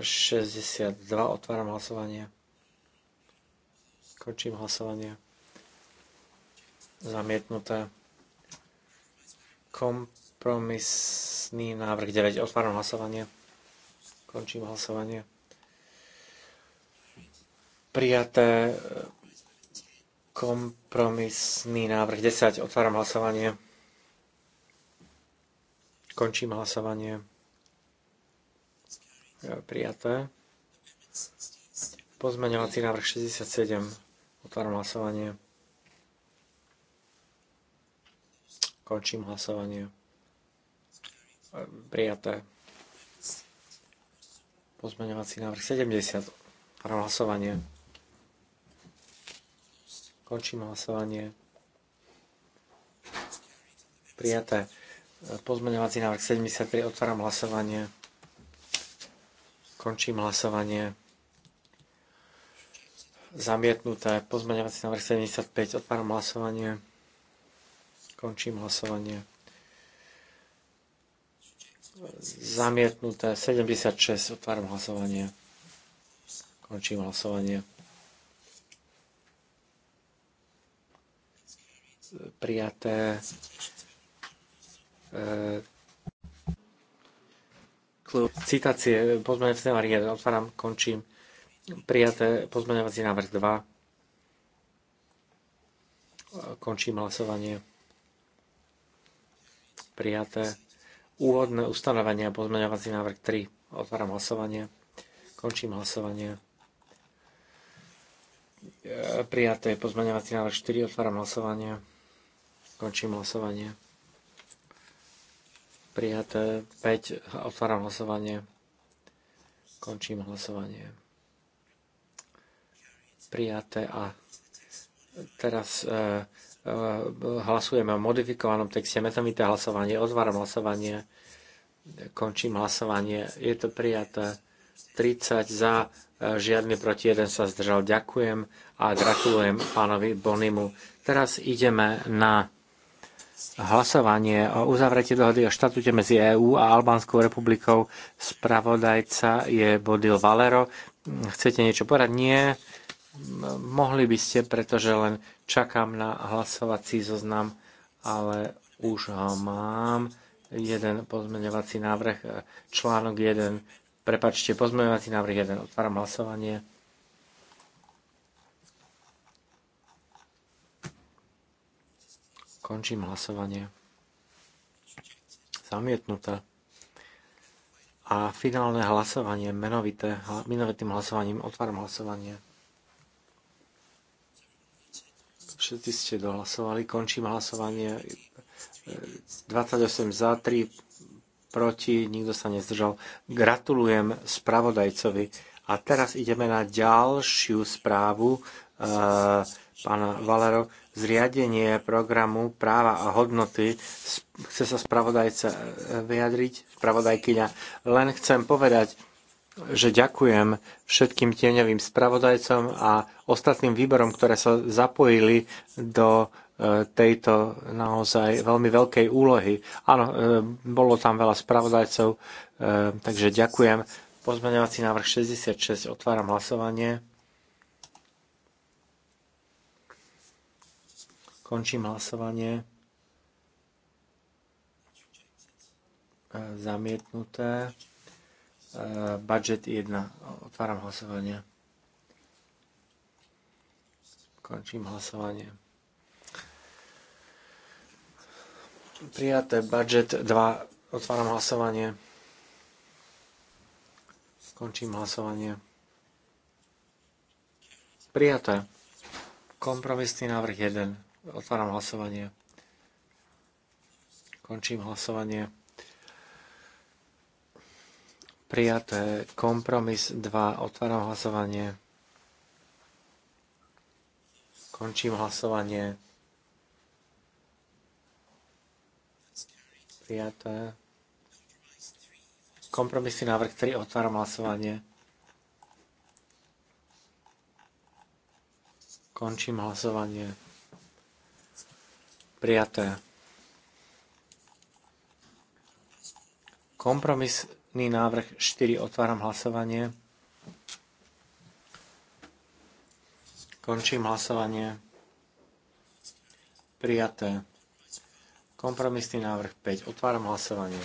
62. E, Otváram hlasovanie. Končím hlasovanie. Zamietnuté. Kompromisný návrh 9. Otváram hlasovanie. Končím hlasovanie. Prijaté e, kompromisný návrh 10. Otváram hlasovanie. Končím hlasovanie. E, prijaté. Pozmeňovací návrh 67. Otváram hlasovanie. Končím hlasovanie. E, prijaté. Pozmeňovací návrh 70. Otváram hlasovanie. Končím hlasovanie. Prijaté. Pozmeňovací návrh 73. Otváram hlasovanie. Končím hlasovanie. Zamietnuté. Pozmeňovací návrh 75. Otváram hlasovanie. Končím hlasovanie. Zamietnuté. 76. Otváram hlasovanie. Končím hlasovanie. prijaté. Citácie, pozmeňovací návrh 1, otváram, končím. Prijaté pozmeňovací návrh 2. Končím hlasovanie. Prijaté. Úvodné ustanovenia, pozmeňovací návrh 3. Otváram hlasovanie. Končím hlasovanie. E, prijaté pozmeňovací návrh 4. Otváram hlasovanie. Končím hlasovanie. Prijaté 5. Otváram hlasovanie. Končím hlasovanie. Prijaté a teraz e, e, hlasujeme o modifikovanom texte. Metamité hlasovanie. Otváram hlasovanie. Končím hlasovanie. Je to prijaté 30 za, e, žiadny proti, jeden sa zdržal. Ďakujem a gratulujem pánovi Bonimu. Teraz ideme na hlasovanie o uzavretí dohody o štatúte medzi EÚ a Albánskou republikou. Spravodajca je Bodil Valero. Chcete niečo povedať? Nie. Mohli by ste, pretože len čakám na hlasovací zoznam, ale už ho mám. Jeden pozmeňovací návrh, článok 1. Prepačte, pozmeňovací návrh 1. Otváram hlasovanie. Končím hlasovanie. Zamietnuté. A finálne hlasovanie, menovité, menovitým hlasovaním, otváram hlasovanie. Všetci ste dohlasovali, končím hlasovanie. 28 za, 3 proti, nikto sa nezdržal. Gratulujem spravodajcovi. A teraz ideme na ďalšiu správu e, pána Valero zriadenie programu práva a hodnoty. Chce sa spravodajca eh, vyjadriť, spravodajkyňa. Len chcem povedať, že ďakujem všetkým tieňovým spravodajcom a ostatným výborom, ktoré sa zapojili do eh, tejto naozaj veľmi veľkej úlohy. Áno, eh, bolo tam veľa spravodajcov, takže ďakujem. Pozmeňovací návrh 66, otváram hlasovanie. Končím hlasovanie. E, zamietnuté. E, budget 1. Otváram hlasovanie. Končím hlasovanie. Prijaté budget 2. Otváram hlasovanie. Končím hlasovanie. Prijaté. Kompromisný návrh 1. Otváram hlasovanie. Končím hlasovanie. Prijaté kompromis 2. Otváram hlasovanie. Končím hlasovanie. Prijaté. Kompromisný návrh 3. Otváram hlasovanie. Končím hlasovanie. Prijaté. Kompromisný návrh 4. Otváram hlasovanie. Končím hlasovanie. Prijaté. Kompromisný návrh 5. Otváram hlasovanie.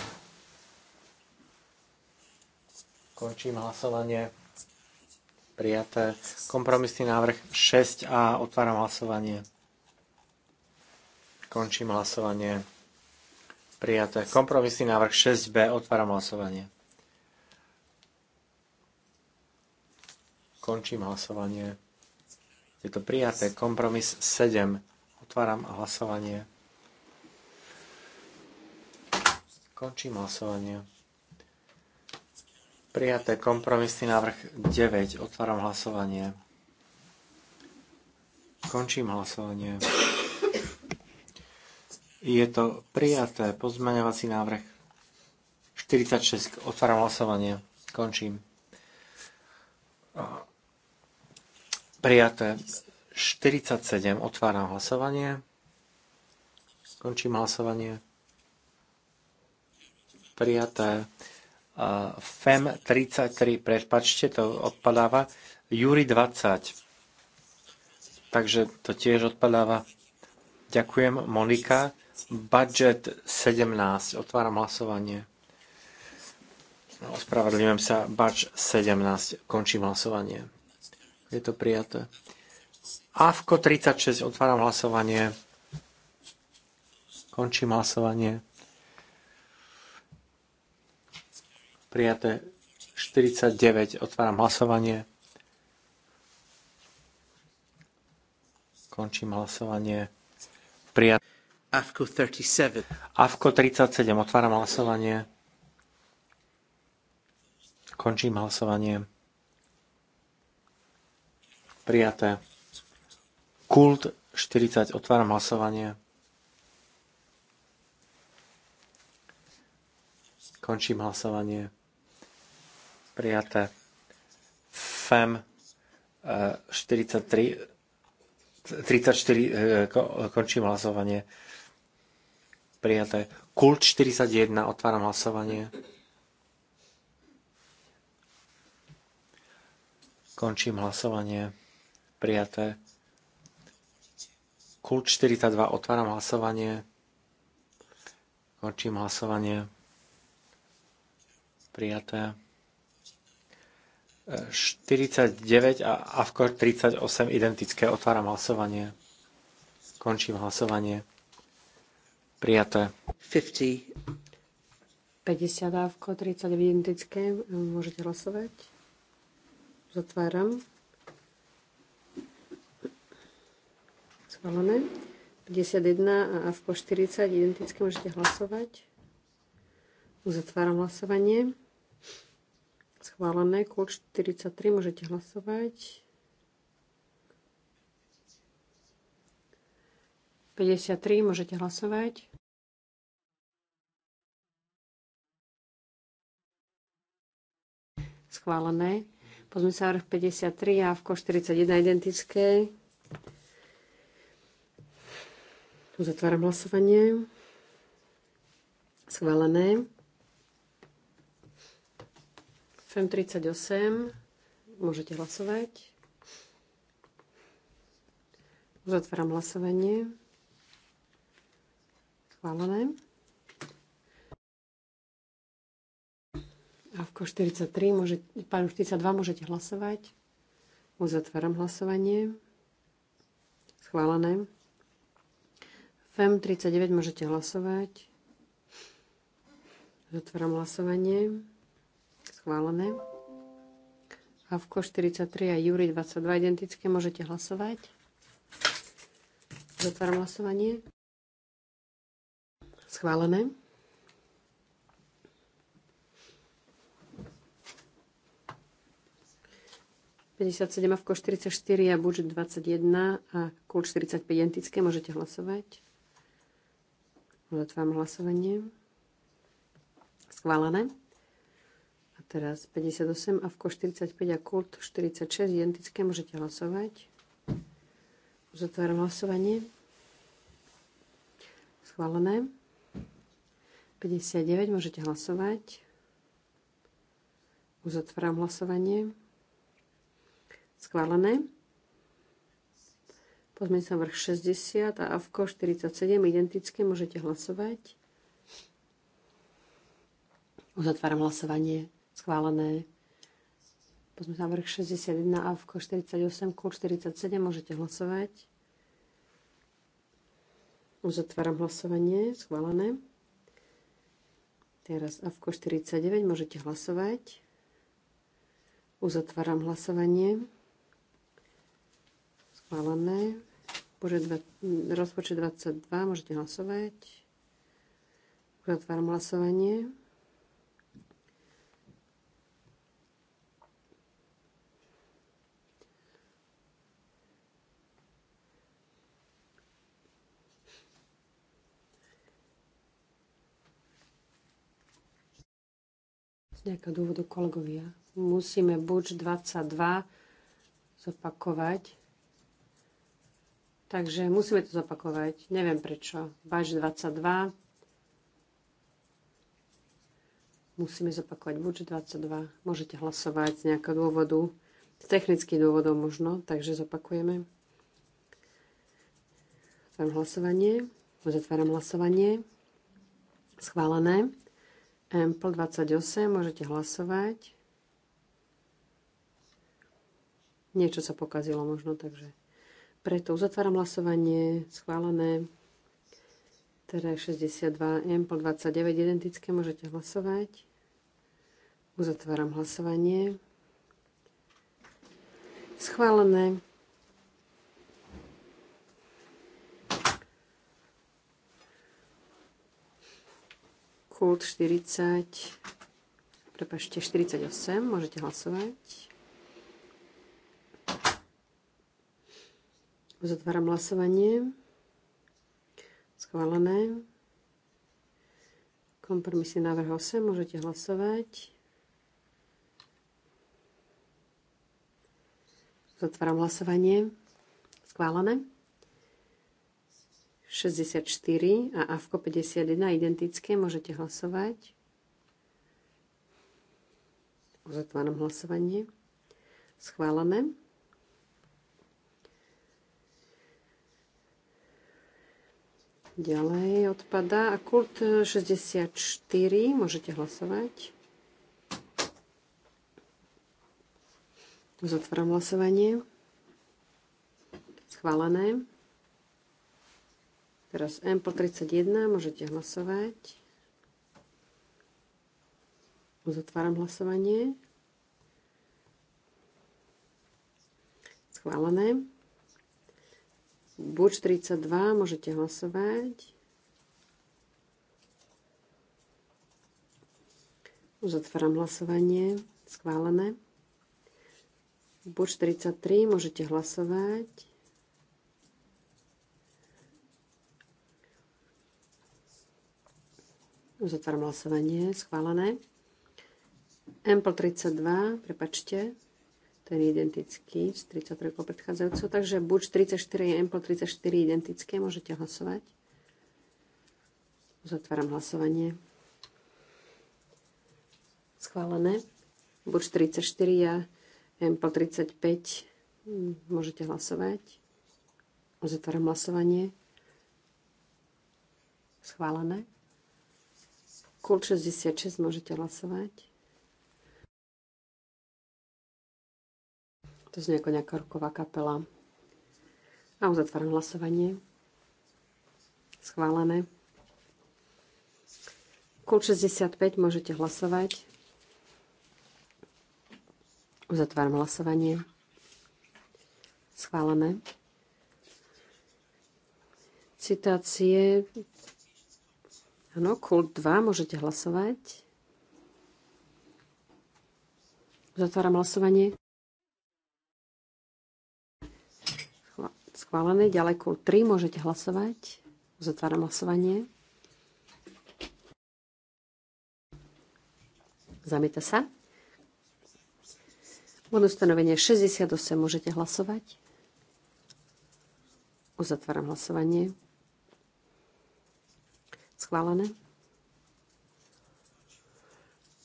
Končím hlasovanie. Prijaté. Kompromisný návrh 6a. Otváram hlasovanie. Končím hlasovanie. Prijaté. Kompromisný návrh 6b. Otváram hlasovanie. Končím hlasovanie. Je to prijaté. Kompromis 7. Otváram hlasovanie. Končím hlasovanie. Prijaté kompromisný návrh 9. Otváram hlasovanie. Končím hlasovanie. Je to prijaté. Pozmeňovací návrh 46. Otváram hlasovanie. Končím. Prijaté 47. Otváram hlasovanie. Končím hlasovanie. Prijaté. FEM 33, predpačte, to odpadáva. Júri 20. Takže to tiež odpadáva. Ďakujem, Monika. Budget 17. Otváram hlasovanie. Ospravedlňujem sa. Budget 17. Končím hlasovanie. Je to prijaté. AVKO 36. Otváram hlasovanie. Končím hlasovanie. Prijaté 49. Otváram hlasovanie. Končím hlasovanie. Prijaté. AFCO 37. AFCO 37. Otváram hlasovanie. Končím hlasovanie. Prijaté. Kult 40. Otváram hlasovanie. Končím hlasovanie. Prijaté. FEM 43. E, 34. E, končím hlasovanie Prijaté. Kult 41. Otváram hlasovanie. Končím hlasovanie. Prijaté. Kult 42. Otváram hlasovanie. Končím hlasovanie. Prijaté. 49 a AFKOR 38 identické. Otváram hlasovanie. Končím hlasovanie. Prijaté. 50. 50 dávko, 30 identické. Môžete hlasovať. Zatváram. Schválené. 51 a AFKO 40 identické. Môžete hlasovať. Uzatváram hlasovanie. Schválené. Kult 43. Môžete hlasovať. 53, môžete hlasovať. Schválené. Pozme sa 53 a v 41 identické. zatváram hlasovanie. Schválené. FEM 38. Môžete hlasovať. Uzatváram hlasovanie. Schválené. A v 43 môže, pán 42 môžete hlasovať. Uzatváram hlasovanie. Schválené. FEM 39 môžete hlasovať. Zatváram hlasovanie. Schválené. A v 43 a Júri 22 identické môžete hlasovať. Zatváram hlasovanie. Schválené. a v 44 a budžet 21 a kul 45 identické. Môžete hlasovať. Uzatváram hlasovanie. Schválené. A teraz 58 a v 45 a kult 46 identické. Môžete hlasovať. Zatváram hlasovanie. Schválené. 59, môžete hlasovať. Uzatváram hlasovanie. Schválené. Pozme sa vrch 60 a AVKO 47, identické, môžete hlasovať. Uzatváram hlasovanie. Schválené. Pozme sa vrch 61 a v 48, kur 47, môžete hlasovať. Uzatváram hlasovanie. Schválené. Teraz AVKO 49, môžete hlasovať. Uzatváram hlasovanie. Schválené. Rozpočet 22, môžete hlasovať. Uzatváram hlasovanie. nejakého dôvodu kolegovia. Musíme buď 22 zopakovať. Takže musíme to zopakovať. Neviem prečo. Baž 22. Musíme zopakovať buď 22. Môžete hlasovať z nejakého dôvodu. Z technických dôvodov možno, takže zopakujeme. Zatváram hlasovanie. Zatváram hlasovanie. Schválené. Ample 28, môžete hlasovať. Niečo sa pokazilo možno, takže preto uzatváram hlasovanie, schválené. Teda 62, Ample 29, identické, môžete hlasovať. Uzatváram hlasovanie. Schválené. Kult 40, prepašte, 48, môžete hlasovať. Zatváram hlasovanie. Schválené. Kompromisný návrh 8, môžete hlasovať. Zatváram hlasovanie. Schválené. 64 a AVKO 51 identické. Môžete hlasovať. Uzatváram hlasovanie. Schválené. Ďalej odpadá. A kult 64. Môžete hlasovať. Uzatváram hlasovanie. Schválené. Teraz M po 31, môžete hlasovať. Uzatváram hlasovanie. Schválené. Buč 32, môžete hlasovať. Uzatváram hlasovanie. Schválené. Buč 33, môžete hlasovať. Uzatváram hlasovanie. Schválené. Ample 32, prepačte, ten je identický s 33 predchádzajúcou, takže buď 34 je Ample 34 identické, môžete hlasovať. Uzatváram hlasovanie. Schválené. Buď 34 a Ample 35 môžete hlasovať. Uzatváram hlasovanie. Schválené. Kul 66 môžete hlasovať. To znie ako nejaká roková kapela. A uzatváram hlasovanie. Schválené. Kul 65 môžete hlasovať. Uzatváram hlasovanie. Schválené. Citácie Áno, kult 2, môžete hlasovať. Zatváram hlasovanie. Schválené. Ďalej kult 3, môžete hlasovať. Zatváram hlasovanie. Zamieta sa. Bod ustanovenie 68 môžete hlasovať. Uzatváram hlasovanie. Schválené.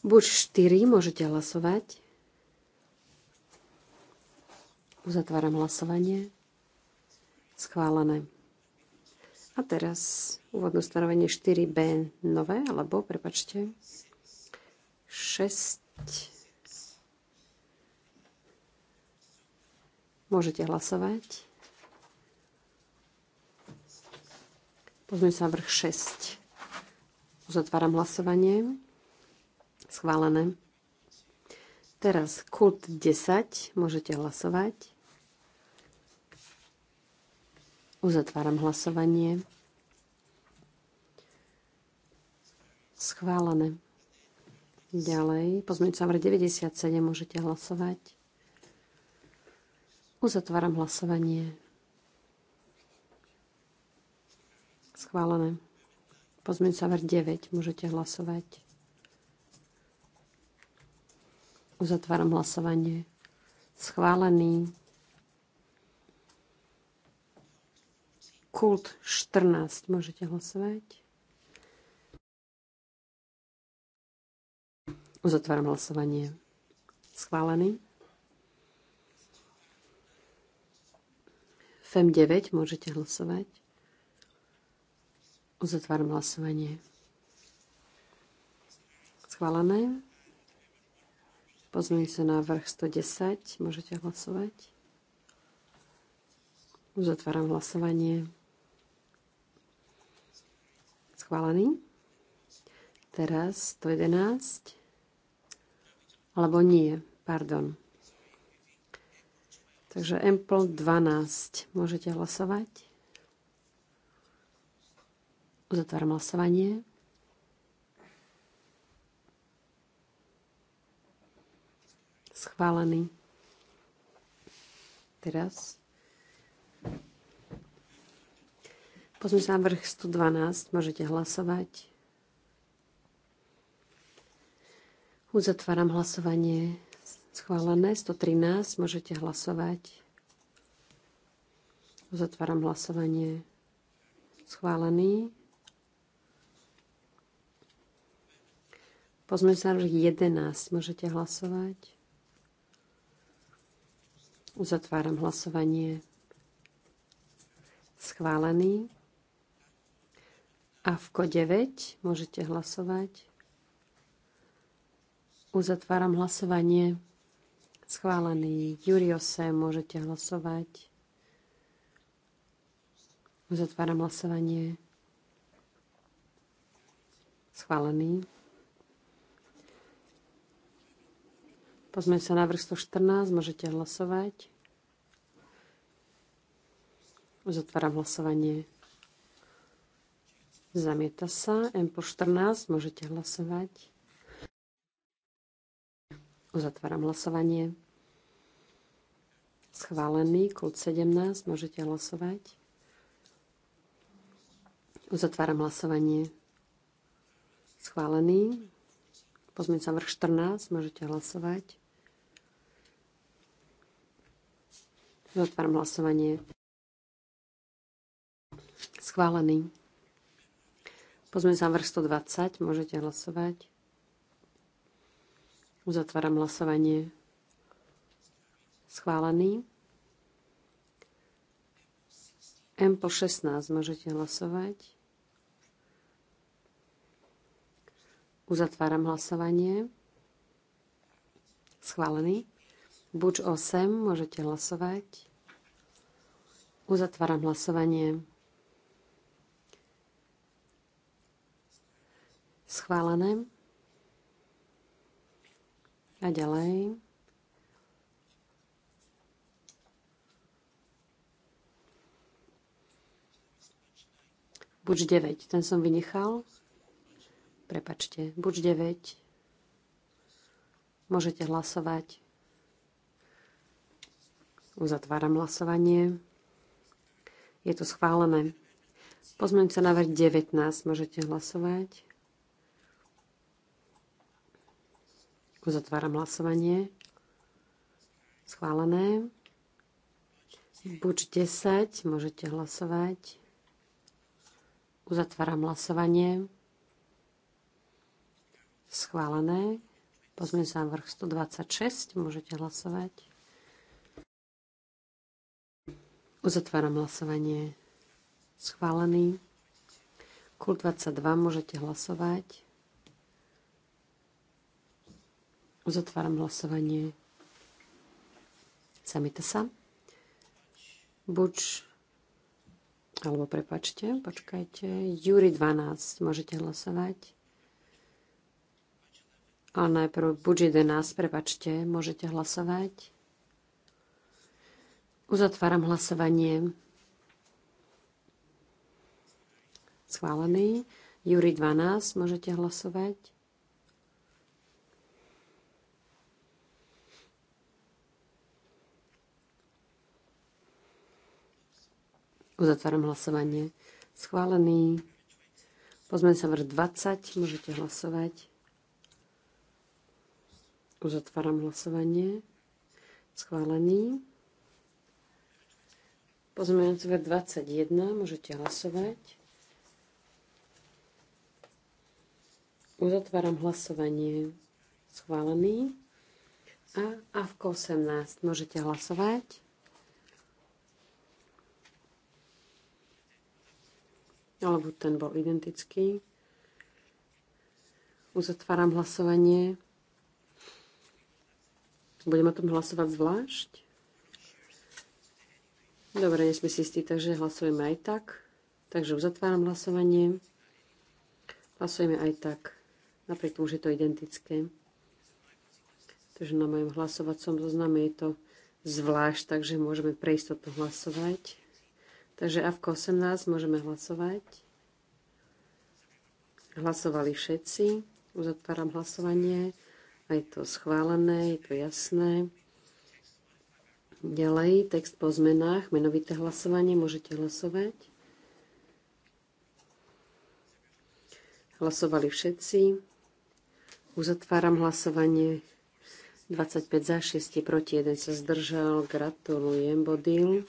Buď 4 môžete hlasovať. Uzatváram hlasovanie. Schválené. A teraz úvodné stanovenie 4b nové, alebo, prepačte, 6. Môžete hlasovať. Pozmeň sa vrch 6. Uzatváram hlasovanie. Schválené. Teraz kult 10. Môžete hlasovať. Uzatváram hlasovanie. Schválené. Ďalej. Pozmeňujúci návrh 97. Môžete hlasovať. Uzatváram hlasovanie. Schválené. Pozmeň sa ver 9. Môžete hlasovať. Uzatváram hlasovanie. Schválený. Kult 14. Môžete hlasovať. Uzatváram hlasovanie. Schválený. FEM 9. Môžete hlasovať. Uzatváram hlasovanie. Schválené. Pozmeňujú sa vrch 110. Môžete hlasovať. Uzatváram hlasovanie. Schválený. Teraz 111. Alebo nie, pardon. Takže Ample 12. Môžete hlasovať. Uzatváram hlasovanie. Schválený. Teraz na návrh 112. Môžete hlasovať. Uzatváram hlasovanie. Schválené 113. Môžete hlasovať. Uzatváram hlasovanie. Schválený Pozme sa návrh 11. Môžete hlasovať. Uzatváram hlasovanie. Schválený. A v ko 9 môžete hlasovať. Uzatváram hlasovanie. Schválený. Jurio 8 môžete hlasovať. Uzatváram hlasovanie. Schválený. Pozme sa na vrch 114, môžete hlasovať. Uzatváram hlasovanie. Zamieta sa. M po 14, môžete hlasovať. Uzatváram hlasovanie. Schválený. Kult 17, môžete hlasovať. Uzatváram hlasovanie. Schválený. Pozmeň sa vrch 14, môžete hlasovať. Zatváram hlasovanie. Schválený. Pozme sa vrch 120. Môžete hlasovať. Uzatváram hlasovanie. Schválený. M po 16 môžete hlasovať. Uzatváram hlasovanie. Schválený. Buč 8, môžete hlasovať. Uzatváram hlasovanie. Schválené. A ďalej. Buč 9, ten som vynechal. Prepačte, buč 9. Môžete hlasovať. Uzatváram hlasovanie. Je to schválené. na návrh 19. Môžete hlasovať. Uzatváram hlasovanie. Schválené. Buď 10. Môžete hlasovať. Uzatváram hlasovanie. Schválené. na vrch 126. Môžete hlasovať. Uzatváram hlasovanie. Schválený. Kult 22 môžete hlasovať. Uzatváram hlasovanie. Samita sa. Buč, alebo prepačte, počkajte, Júri 12, môžete hlasovať. A najprv Buč 11, prepačte, môžete hlasovať. Uzatváram hlasovanie. Schválený. Júri 12, môžete hlasovať. Uzatváram hlasovanie. Schválený. Pozmeň sa vrch 20, môžete hlasovať. Uzatváram hlasovanie. Schválený. Pozmeňujúci ver 21, môžete hlasovať. Uzatváram hlasovanie schválený. A AVKO 18, môžete hlasovať. Alebo ten bol identický. Uzatváram hlasovanie. Budeme o tom hlasovať zvlášť. Dobre, nie sme si istí, takže hlasujeme aj tak. Takže uzatváram hlasovanie. Hlasujeme aj tak, napriek tomu, že je to identické. Takže na mojom hlasovacom zozname je to zvlášť, takže môžeme pre istotu hlasovať. Takže AVK 18 môžeme hlasovať. Hlasovali všetci. Uzatváram hlasovanie. A je to schválené, je to jasné. Ďalej, text po zmenách, menovité hlasovanie, môžete hlasovať. Hlasovali všetci. Uzatváram hlasovanie. 25 za, 6 proti, 1 sa zdržal. Gratulujem, Bodil.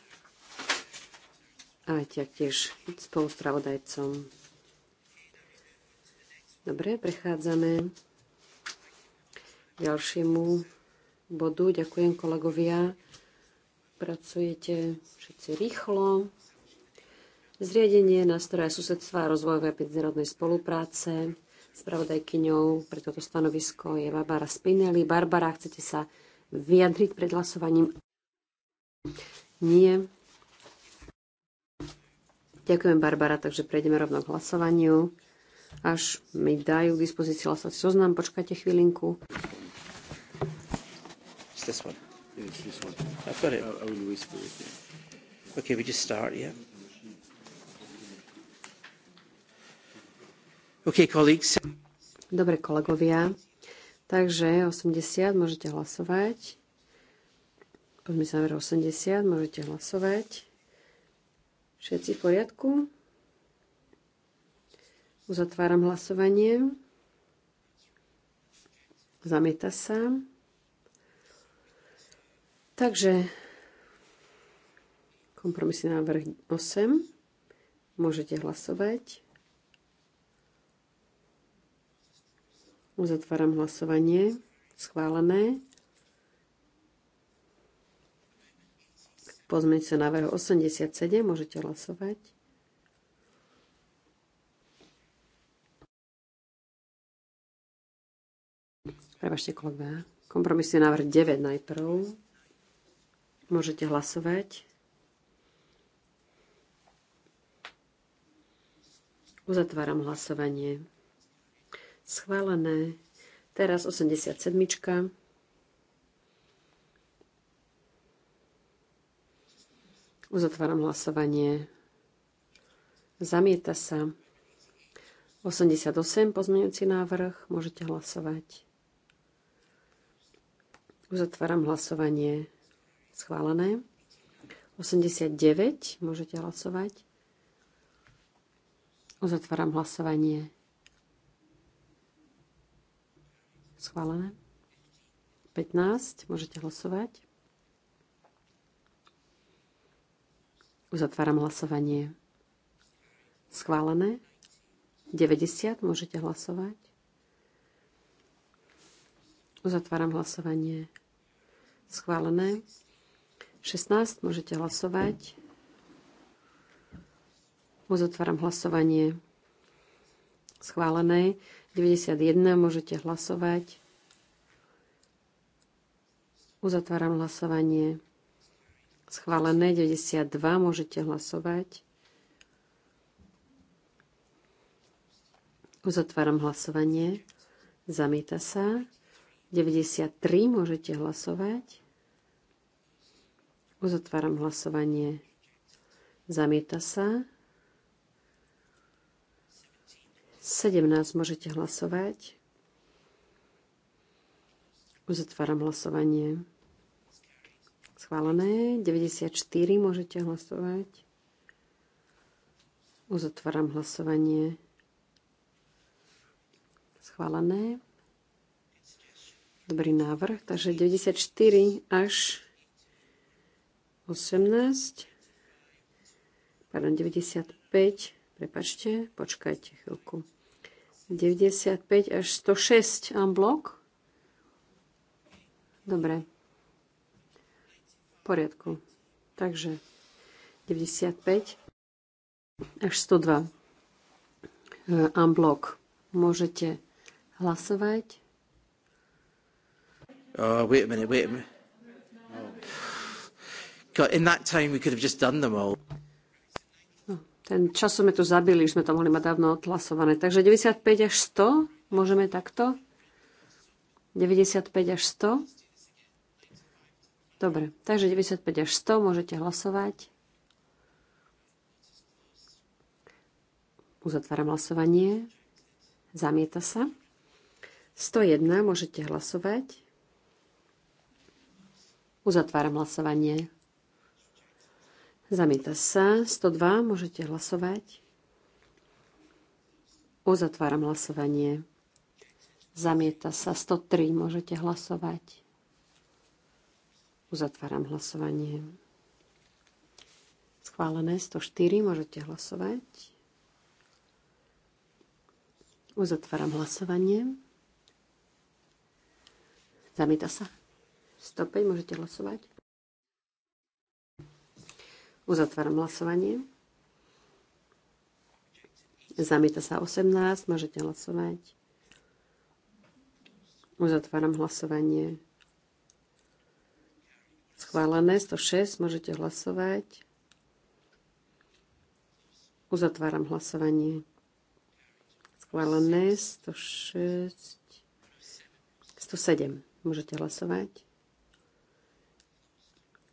A taktiež spolustravodajcom. Dobre, prechádzame k ďalšiemu bodu. Ďakujem kolegovia pracujete všetci rýchlo. Zriadenie nástroja susedstva a rozvojové medzinárodnej spolupráce. Spravodajkyňou pre toto stanovisko je Barbara Spinelli. Barbara, chcete sa vyjadriť pred hlasovaním? Nie. Ďakujem, Barbara, takže prejdeme rovno k hlasovaniu. Až mi dajú k dispozícii hlasovací zoznam, počkajte chvílinku. Ste svoj. It's this one. I've got it. I, I will whisper it. Yeah. Okay, we just start, yeah? Okay, colleagues. Dobre kolegovia, takže 80 môžete hlasovať. Poďme sa 80, môžete hlasovať. Všetci v poriadku? Uzatváram hlasovanie. Zamieta sa. Takže kompromisný návrh 8. Môžete hlasovať. Uzatváram hlasovanie. Schválené. Pozmeň sa návrhu 87. Môžete hlasovať. Prevažte kolega. Kompromisný návrh 9 najprv. Môžete hlasovať. Uzatváram hlasovanie. Schválené. Teraz 87. Uzatváram hlasovanie. Zamieta sa. 88 pozmeňujúci návrh. Môžete hlasovať. Uzatváram hlasovanie. Schválené. 89. Môžete hlasovať. Uzatváram hlasovanie. Schválené. 15. Môžete hlasovať. Uzatváram hlasovanie. Schválené. 90. Môžete hlasovať. Uzatváram hlasovanie. Schválené. 16. Môžete hlasovať. Uzotváram hlasovanie schválené. 91. Môžete hlasovať. Uzatváram hlasovanie schválené. 92. Môžete hlasovať. Uzatváram hlasovanie. Zamieta sa. 93. Môžete hlasovať. Uzatváram hlasovanie. Zamieta sa. 17 môžete hlasovať. Uzatváram hlasovanie. Schválené. 94 môžete hlasovať. Uzatváram hlasovanie. Schválené. Dobrý návrh. Takže 94 až 18, pardon, 95, prepačte, počkajte chvíľku. 95 až 106 unblock. Dobre. V poriadku. Takže 95 až 102 e, unblock. Môžete hlasovať. Uh, wait a minute, wait a minute in that time we could have just done them all. No, ten čas sme tu zabili, už sme to mohli mať dávno odhlasované. Takže 95 až 100, môžeme takto? 95 až 100. Dobre, takže 95 až 100 môžete hlasovať. Uzatváram hlasovanie. Zamieta sa. 101 môžete hlasovať. Uzatváram hlasovanie. Zamieta sa. 102. Môžete hlasovať. Uzatváram hlasovanie. Zamieta sa. 103. Môžete hlasovať. Uzatváram hlasovanie. Schválené. 104. Môžete hlasovať. Uzatváram hlasovanie. Zamieta sa. 105. Môžete hlasovať. Uzatváram hlasovanie. Zamieta sa 18, môžete hlasovať. Uzatváram hlasovanie. Schválené 106, môžete hlasovať. Uzatváram hlasovanie. Schválené 106, 107, môžete hlasovať.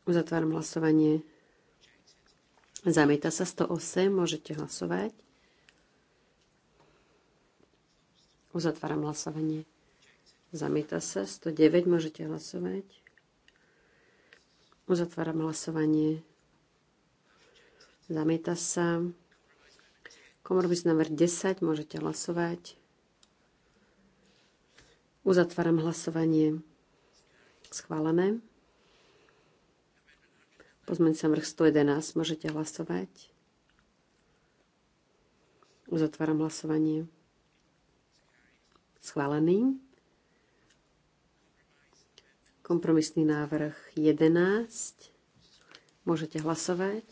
Uzatváram hlasovanie. Zamieta sa 108, môžete hlasovať. Uzatváram hlasovanie. Zamieta sa 109, môžete hlasovať. Uzatváram hlasovanie. Zamieta sa. Komorbis návrh 10, môžete hlasovať. Uzatváram hlasovanie. Schválené. Pozmeň sa vrch 111. Môžete hlasovať. Uzatváram hlasovanie. Schválený. Kompromisný návrh 11. Môžete hlasovať.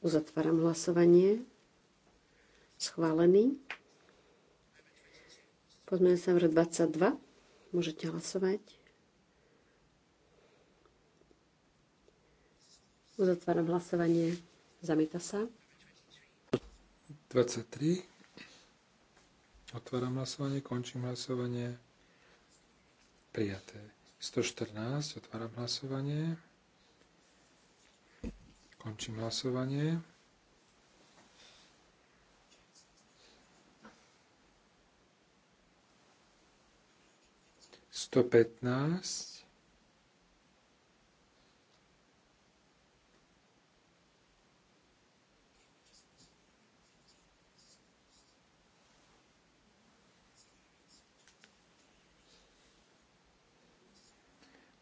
Uzatváram hlasovanie. Schválený. Pozmeň sa vrch 22. Môžete hlasovať. Uzatváram hlasovanie. Zamieta sa. 23. Otváram hlasovanie, končím hlasovanie. Prijaté. 114. Otváram hlasovanie. Končím hlasovanie. 115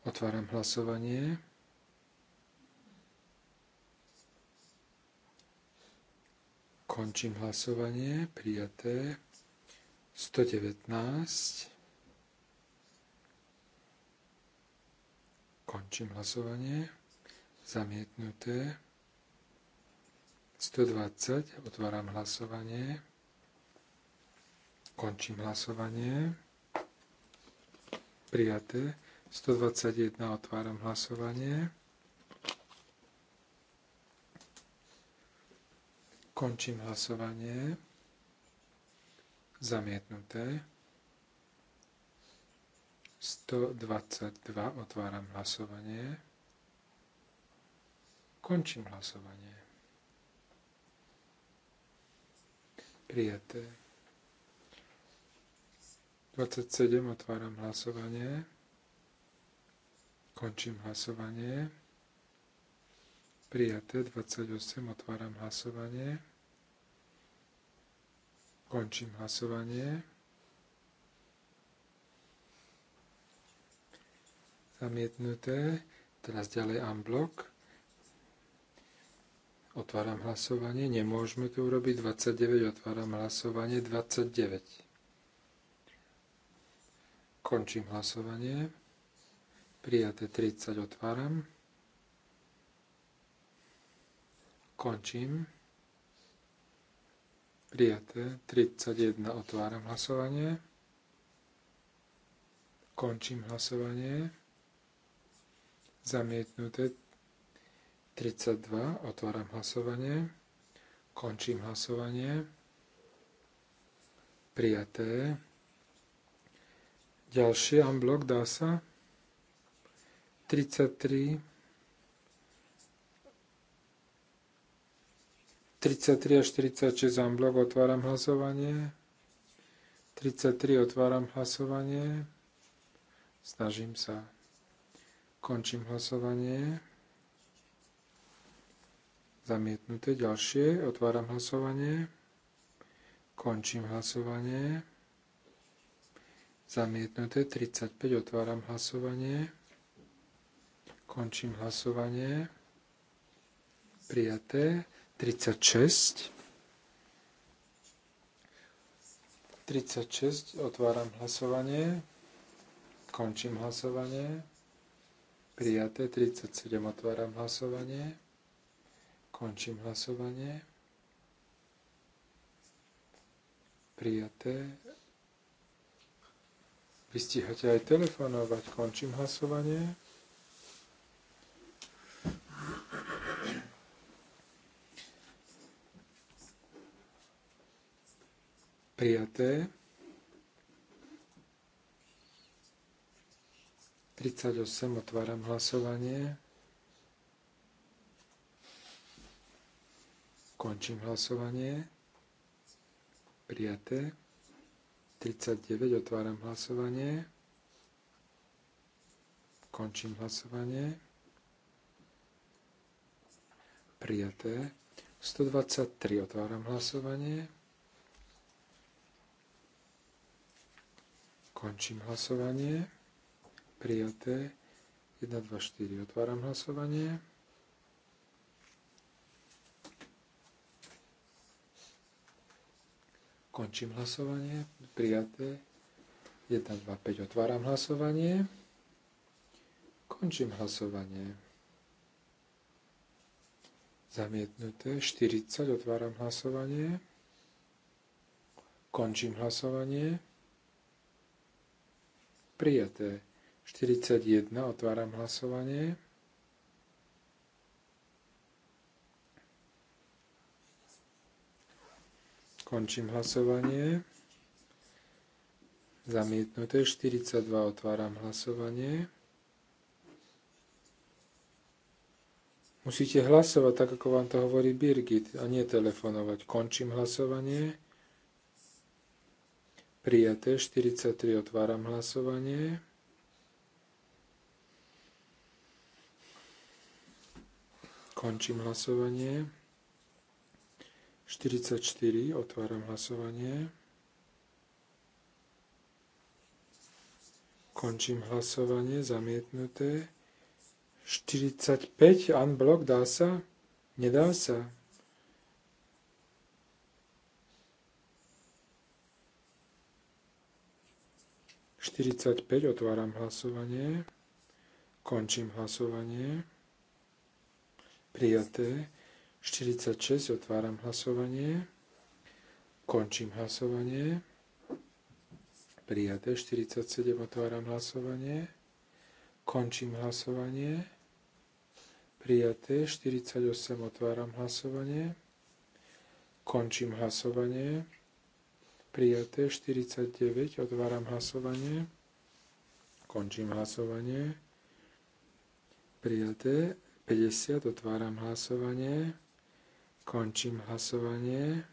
Otváram hlasovanie. Končím hlasovanie. Prijaté. 119. Končím hlasovanie. Zamietnuté. 120. Otváram hlasovanie. Končím hlasovanie. Prijaté. 121 otváram hlasovanie. Končím hlasovanie. Zamietnuté. 122 otváram hlasovanie. Končím hlasovanie. Prijaté. 27 otváram hlasovanie. Končím hlasovanie. Prijaté 28. Otváram hlasovanie. Končím hlasovanie. Zamietnuté. Teraz ďalej unblock. Otváram hlasovanie. Nemôžeme to urobiť. 29. Otváram hlasovanie. 29. Končím hlasovanie. Prijaté 30 otváram. Končím. Prijaté 31 otváram hlasovanie. Končím hlasovanie. Zamietnuté 32 otváram hlasovanie. Končím hlasovanie. Prijaté. Ďalší amblok dá sa. 33, 33 až 46 amblok otváram hlasovanie. 33 otváram hlasovanie. Snažím sa. Končím hlasovanie. Zamietnuté ďalšie. Otváram hlasovanie. Končím hlasovanie. Zamietnuté 35. Otváram hlasovanie. Končím hlasovanie. Prijaté. 36. 36. Otváram hlasovanie. Končím hlasovanie. Prijaté. 37. Otváram hlasovanie. Končím hlasovanie. Prijaté. Vy stíhate aj telefonovať. Končím hlasovanie. prijaté. 38 otváram hlasovanie. Končím hlasovanie. Prijaté. 39 otváram hlasovanie. Končím hlasovanie. Prijaté. 123 otváram hlasovanie. Končím hlasovanie. Prijaté. 1, 2, 4. Otváram hlasovanie. Končím hlasovanie. Prijaté. 1, 2, 5. Otváram hlasovanie. Končím hlasovanie. Zamietnuté. 40. Otváram hlasovanie. Končím hlasovanie. Prijaté. 41. Otváram hlasovanie. Končím hlasovanie. Zamietnuté. 42. Otváram hlasovanie. Musíte hlasovať tak, ako vám to hovorí Birgit, a nie telefonovať. Končím hlasovanie. Prijaté 43. Otváram hlasovanie. Končím hlasovanie. 44. Otváram hlasovanie. Končím hlasovanie. Zamietnuté. 45. Unblock. Dá sa? Nedá sa. 45 otváram hlasovanie. Končím hlasovanie. Prijaté. 46 otváram hlasovanie. Končím hlasovanie. Prijaté. 47 otváram hlasovanie. Končím hlasovanie. Prijaté. 48 otváram hlasovanie. Končím hlasovanie. Prijaté 49. Otváram hlasovanie. Končím hlasovanie. Prijaté 50. Otváram hlasovanie. Končím hlasovanie.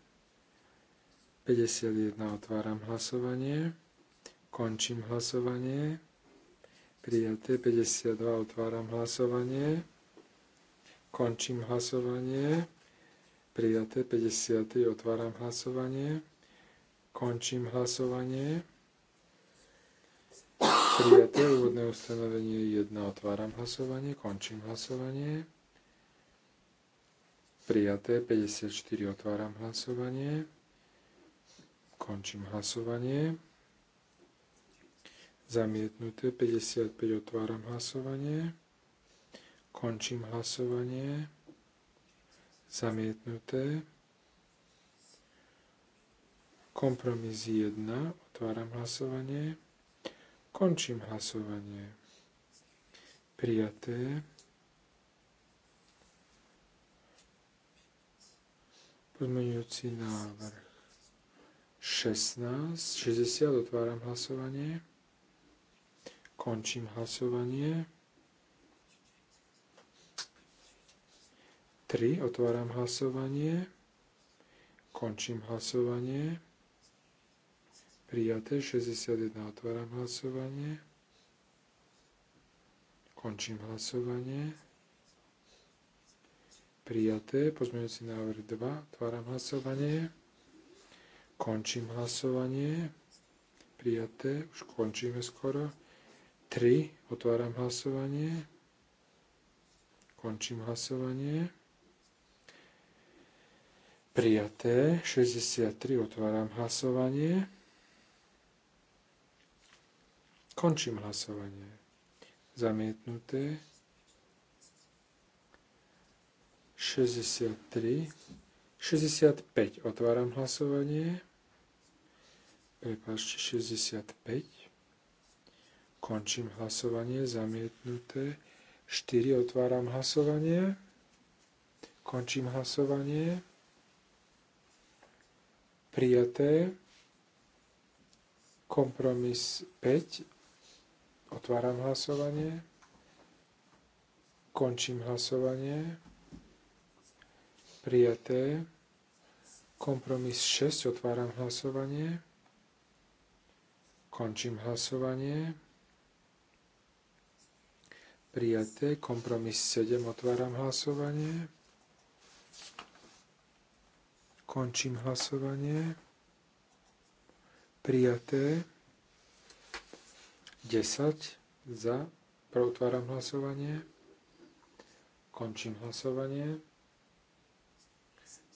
51. Otváram hlasovanie. Končím hlasovanie. Prijaté 52. Otváram hlasovanie. Končím hlasovanie. Prijaté 53. Otváram hlasovanie. Končím hlasovanie. Prijaté úvodné ustanovenie 1. Otváram hlasovanie. Končím hlasovanie. Prijaté 54. Otváram hlasovanie. Končím hlasovanie. Zamietnuté 55. Otváram hlasovanie. Končím hlasovanie. Zamietnuté. Kompromis 1. Otváram hlasovanie. Končím hlasovanie. Prijaté. Pozmeňujúci návrh 16, 60, otváram hlasovanie. Končím hlasovanie. 3, otváram hlasovanie. Končím hlasovanie. Prijaté 61. Otváram hlasovanie. Končím hlasovanie. Prijaté. Pozmeňujúci návrh 2. Otváram hlasovanie. Končím hlasovanie. Prijaté. Už končíme skoro. 3. Otváram hlasovanie. Končím hlasovanie. Prijaté. 63. Otváram hlasovanie. Končím hlasovanie. Zamietnuté. 63. 65. Otváram hlasovanie. Prepačte, 65. Končím hlasovanie. Zamietnuté. 4. Otváram hlasovanie. Končím hlasovanie. Prijaté. Kompromis 5. Otváram hlasovanie. Končím hlasovanie. Prijaté. Kompromis 6. Otváram hlasovanie. Končím hlasovanie. Prijaté. Kompromis 7. Otváram hlasovanie. Končím hlasovanie. Prijaté. 10 za, preutváram hlasovanie, končím hlasovanie,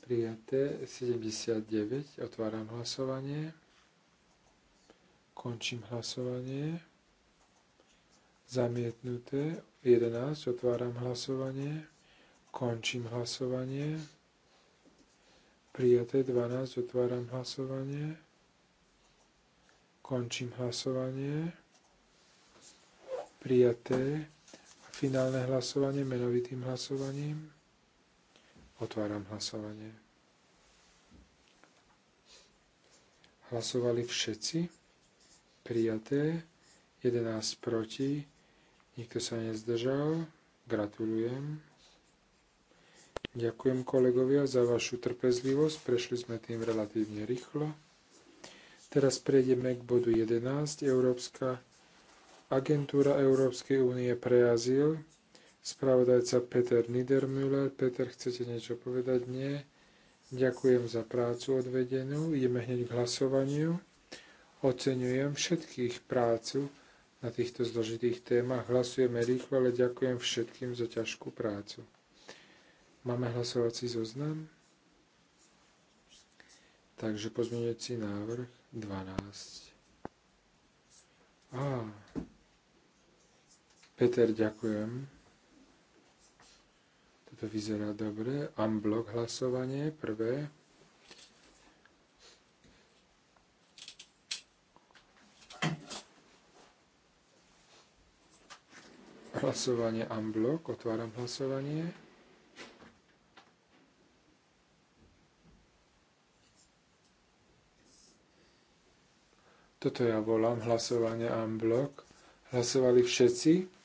prijaté 79, otváram hlasovanie, končím hlasovanie, zamietnuté 11, otváram hlasovanie, končím hlasovanie, prijaté 12, otváram hlasovanie, končím hlasovanie, prijaté. A finálne hlasovanie menovitým hlasovaním. Otváram hlasovanie. Hlasovali všetci. Prijaté. 11 proti. Nikto sa nezdržal. Gratulujem. Ďakujem kolegovia za vašu trpezlivosť. Prešli sme tým relatívne rýchlo. Teraz prejdeme k bodu 11. Európska Agentúra Európskej únie pre azyl, spravodajca Peter Niedermüller. Peter, chcete niečo povedať? Nie. Ďakujem za prácu odvedenú. Ideme hneď k hlasovaniu. Oceňujem všetkých prácu na týchto zložitých témach. Hlasujeme rýchlo, ale ďakujem všetkým za ťažkú prácu. Máme hlasovací zoznam. Takže pozmeňujúci návrh 12. Á, ah. Peter, ďakujem. Toto vyzerá dobre. Unblock hlasovanie, prvé. Hlasovanie unblock, otváram hlasovanie. Toto ja volám hlasovanie unblock. Hlasovali všetci?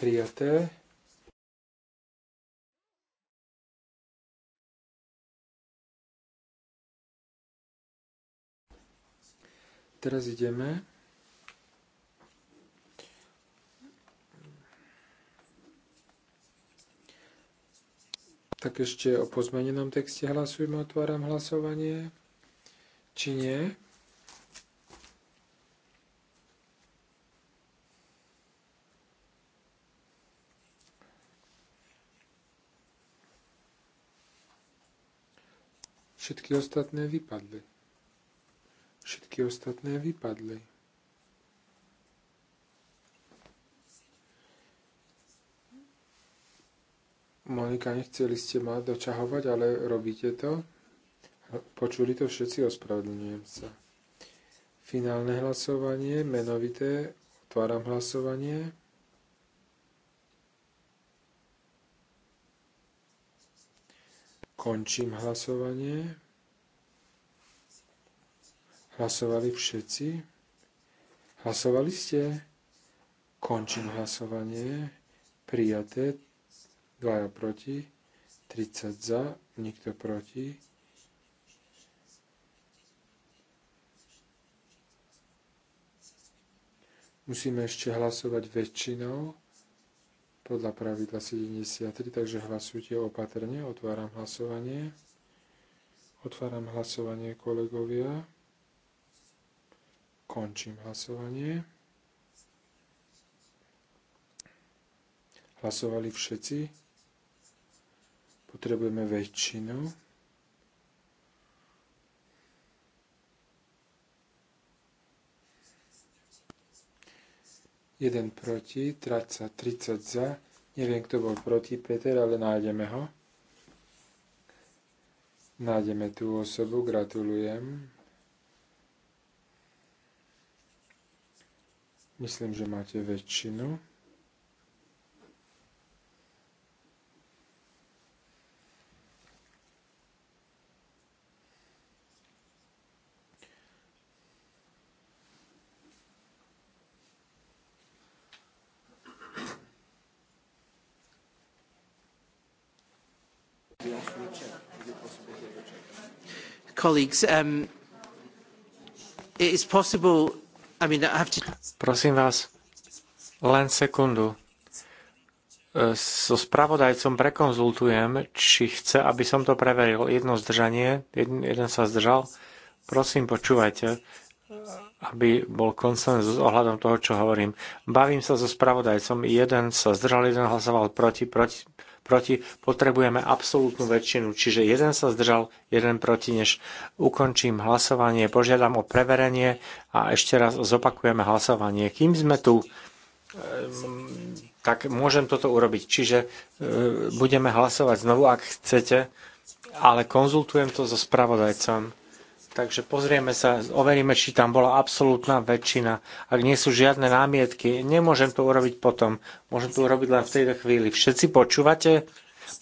prijaté. Teraz ideme Tak ešte o pozmenenom texte hlasujeme, otváram hlasovanie. Či nie? Všetky ostatné vypadli. Všetky ostatné vypadli. Monika, nechceli ste ma dočahovať, ale robíte to. Počuli to všetci, ospravedlňujem sa. Finálne hlasovanie, menovité, otváram hlasovanie. Končím hlasovanie. Hlasovali všetci? Hlasovali ste? Končím hlasovanie. Prijaté. Dvaja proti. 30 za. Nikto proti. Musíme ešte hlasovať väčšinou podľa pravidla 73, takže hlasujte opatrne. Otváram hlasovanie. Otváram hlasovanie, kolegovia. Končím hlasovanie. Hlasovali všetci. Potrebujeme väčšinu. 1 proti, 30, 30 za. Neviem, kto bol proti, Peter, ale nájdeme ho. Nájdeme tú osobu, gratulujem. Myslím, že máte väčšinu. colleagues, um, it is possible, I mean, I have to... Prosím vás, len sekundu. E, so spravodajcom prekonzultujem, či chce, aby som to preveril. Jedno zdržanie, jeden, jeden sa zdržal. Prosím, počúvajte, aby bol konsenzus ohľadom toho, čo hovorím. Bavím sa so spravodajcom, jeden sa zdržal, jeden hlasoval proti, proti, proti, potrebujeme absolútnu väčšinu, čiže jeden sa zdržal, jeden proti, než ukončím hlasovanie, požiadam o preverenie a ešte raz zopakujeme hlasovanie. Kým sme tu, ehm, tak môžem toto urobiť. Čiže e, budeme hlasovať znovu, ak chcete, ale konzultujem to so spravodajcom. Takže pozrieme sa, overíme, či tam bola absolútna väčšina. Ak nie sú žiadne námietky, nemôžem to urobiť potom. Môžem to urobiť len v tejto chvíli. Všetci počúvate?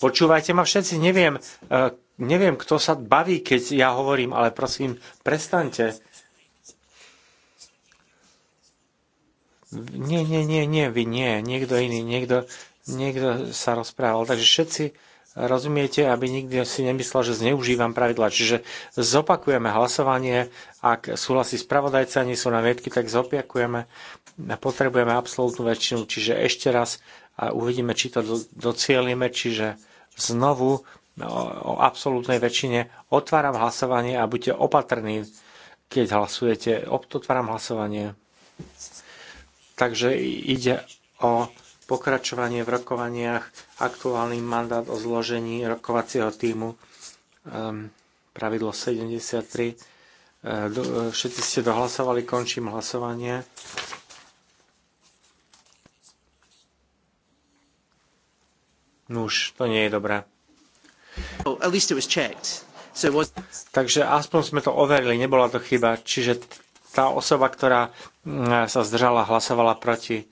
Počúvajte ma všetci, neviem, eh, neviem, kto sa baví, keď ja hovorím, ale prosím, prestante. Nie, nie, nie, nie, vy nie, niekto iný, niekto, niekto sa rozprával. Takže všetci, Rozumiete, aby nikdy si nemyslel, že zneužívam pravidla. Čiže zopakujeme hlasovanie. Ak súhlasí spravodajca, nie sú namietky, tak zopakujeme. Potrebujeme absolútnu väčšinu. Čiže ešte raz a uvidíme, či to docielime. Čiže znovu no, o absolútnej väčšine otváram hlasovanie a buďte opatrní, keď hlasujete. Otváram hlasovanie. Takže ide o pokračovanie v rokovaniach, aktuálny mandát o zložení rokovacieho týmu, ehm, pravidlo 73. Ehm, všetci ste dohlasovali, končím hlasovanie. Nuž, no to nie je dobré. Takže aspoň sme to overili, nebola to chyba. Čiže tá osoba, ktorá mm, sa zdržala, hlasovala proti.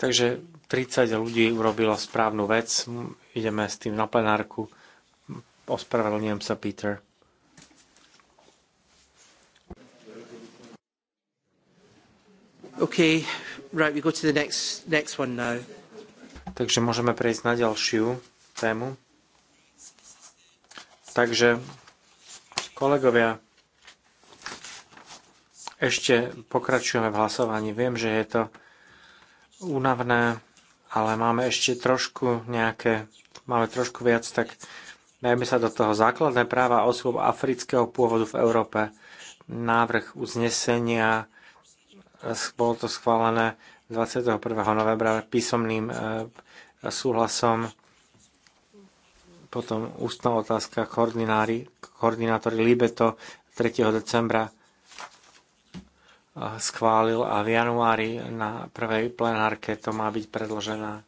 Takže 30 ľudí urobilo správnu vec. Ideme s tým na plenárku. Ospravedlňujem sa, Peter. Okay, right, we go to the next, next one now. Takže môžeme prejsť na ďalšiu tému. Takže, kolegovia, ešte pokračujeme v hlasovaní. Viem, že je to únavné, ale máme ešte trošku nejaké, máme trošku viac, tak najmä sa do toho základné práva osôb afrického pôvodu v Európe. Návrh uznesenia bolo to schválené 21. novembra písomným e, súhlasom. Potom ústna otázka koordinátori Libeto 3. decembra schválil a v januári na prvej plenárke to má byť predložená.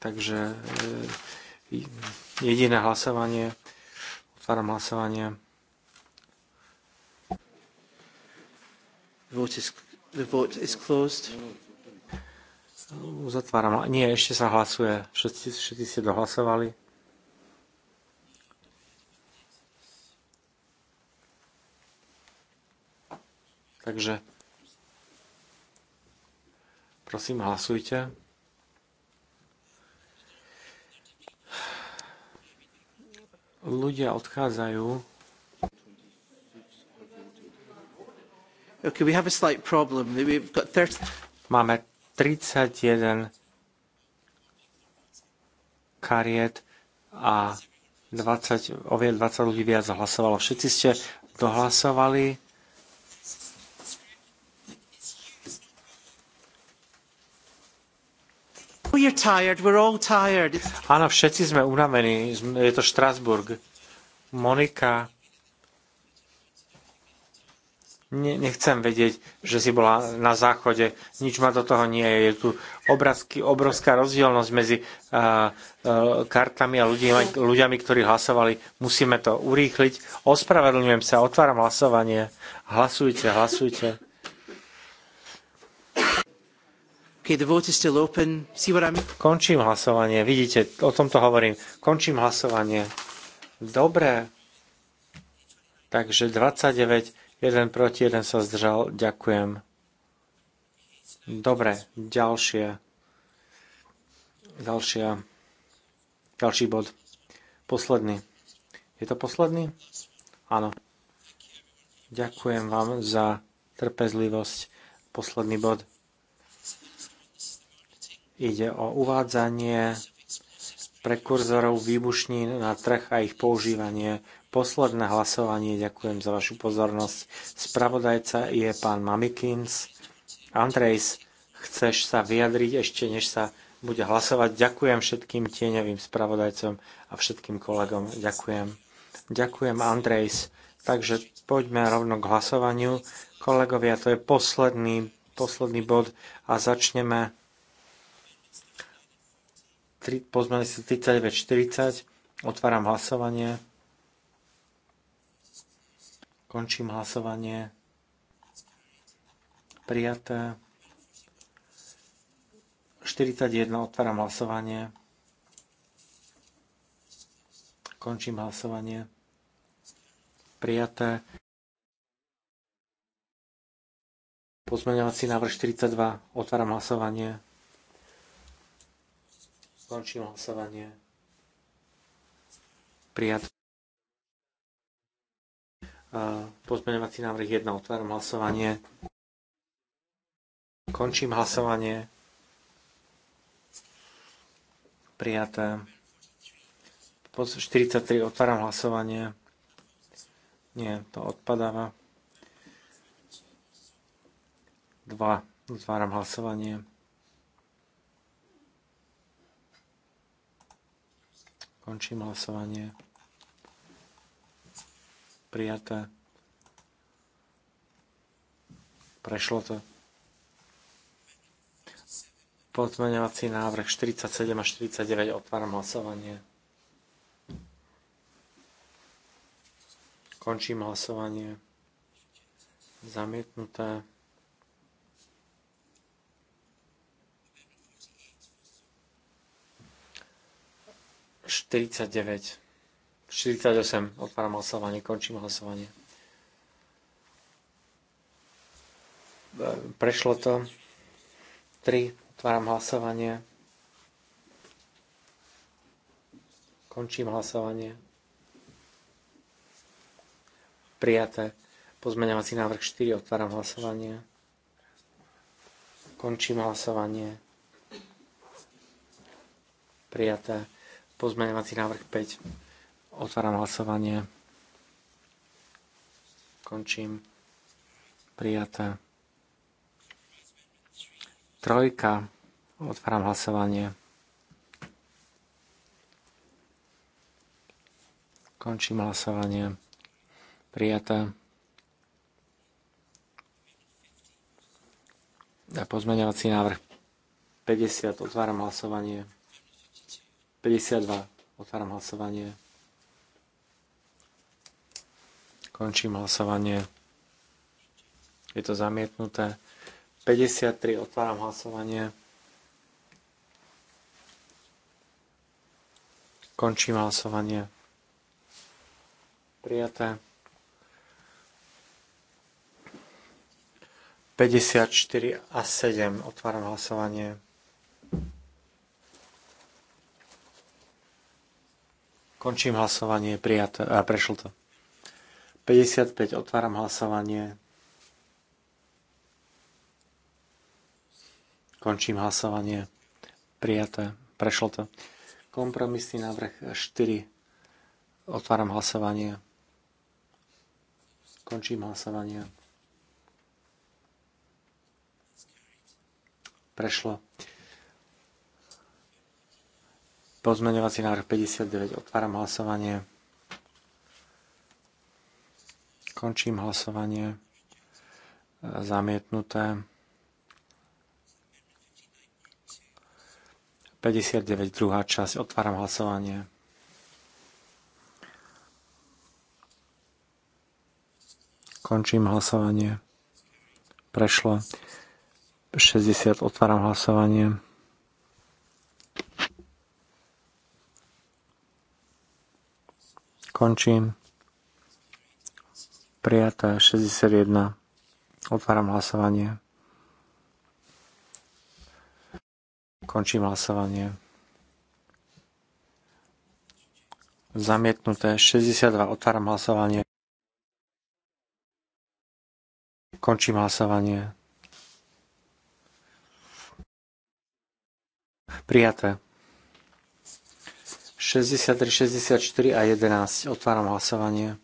Takže e, jediné hlasovanie. Otváram hlasovanie. The vote is closed. Uzatváram. Nie, ešte sa hlasuje. Všetci, všetci dohlasovali. Takže prosím, hlasujte. Ľudia odchádzajú. Okay, we have a slight problem. We've got 30... Máme 31 kariet a 20, ovie 20 ľudí viac hlasovalo. Všetci ste dohlasovali. Oh, Áno, všetci sme unavení. Je to Štrasburg. Monika, ne, nechcem vedieť, že si bola na záchode. Nič ma do toho nie je. Je tu obrazky, obrovská rozdielnosť medzi uh, uh, kartami a ľuďmi, ľuďami, ktorí hlasovali. Musíme to urýchliť. Ospravedlňujem sa, otváram hlasovanie. Hlasujte, hlasujte. Okay, the vote is still open. See what Končím hlasovanie. Vidíte, o tomto hovorím. Končím hlasovanie. Dobre. Takže 29, 1 proti, 1 sa zdržal. Ďakujem. Dobre, ďalšie. Ďalšia. Ďalší bod. Posledný. Je to posledný? Áno. Ďakujem vám za trpezlivosť. Posledný bod. Ide o uvádzanie prekurzorov výbušní na trh a ich používanie. Posledné hlasovanie, ďakujem za vašu pozornosť. Spravodajca je pán Mamikins. Andrejs, chceš sa vyjadriť ešte, než sa bude hlasovať. Ďakujem všetkým tieňovým spravodajcom a všetkým kolegom. Ďakujem. Ďakujem, Andrejs. Takže poďme rovno k hlasovaniu. Kolegovia, to je posledný, posledný bod a začneme pozmeli sa 39-40. Otváram hlasovanie. Končím hlasovanie. Prijaté. 41. Otváram hlasovanie. Končím hlasovanie. Prijaté. Pozmeňovací návrh 42. Otváram hlasovanie. Končím hlasovanie. Prijat. Pozmeňovací návrh 1. Otváram hlasovanie. Končím hlasovanie. Prijaté. 43. Otváram hlasovanie. Nie, to odpadáva. 2. Otváram hlasovanie. Končím hlasovanie. Prijaté. Prešlo to. Pozmeňovací návrh 47 a 49. Otváram hlasovanie. Končím hlasovanie. Zamietnuté. 49. 48. Otváram hlasovanie, končím hlasovanie. Prešlo to. 3. Otváram hlasovanie. Končím hlasovanie. Prijaté. Pozmeňovací návrh 4. Otváram hlasovanie. Končím hlasovanie. Prijaté Pozmeňovací návrh 5. Otváram hlasovanie. Končím. Prijaté. Trojka. Otváram hlasovanie. Končím hlasovanie. Prijaté. A pozmeňovací návrh 50. Otváram hlasovanie. 52. Otváram hlasovanie. Končím hlasovanie. Je to zamietnuté. 53. Otváram hlasovanie. Končím hlasovanie. Prijaté. 54 a 7. Otváram hlasovanie. Končím hlasovanie, prijaté, a prešlo to. 55, otváram hlasovanie. Končím hlasovanie, prijaté, prešlo to. Kompromisný návrh 4, otváram hlasovanie. Končím hlasovanie. Prešlo. Pozmeňovací návrh 59. Otváram hlasovanie. Končím hlasovanie. Zamietnuté. 59. Druhá časť. Otváram hlasovanie. Končím hlasovanie. Prešlo. 60. Otváram hlasovanie. Končím. Prijatá 61. Otváram hlasovanie. Končím hlasovanie. Zamietnuté 62. Otváram hlasovanie. Končím hlasovanie. Prijaté. 63, 64 a 11. Otváram hlasovanie.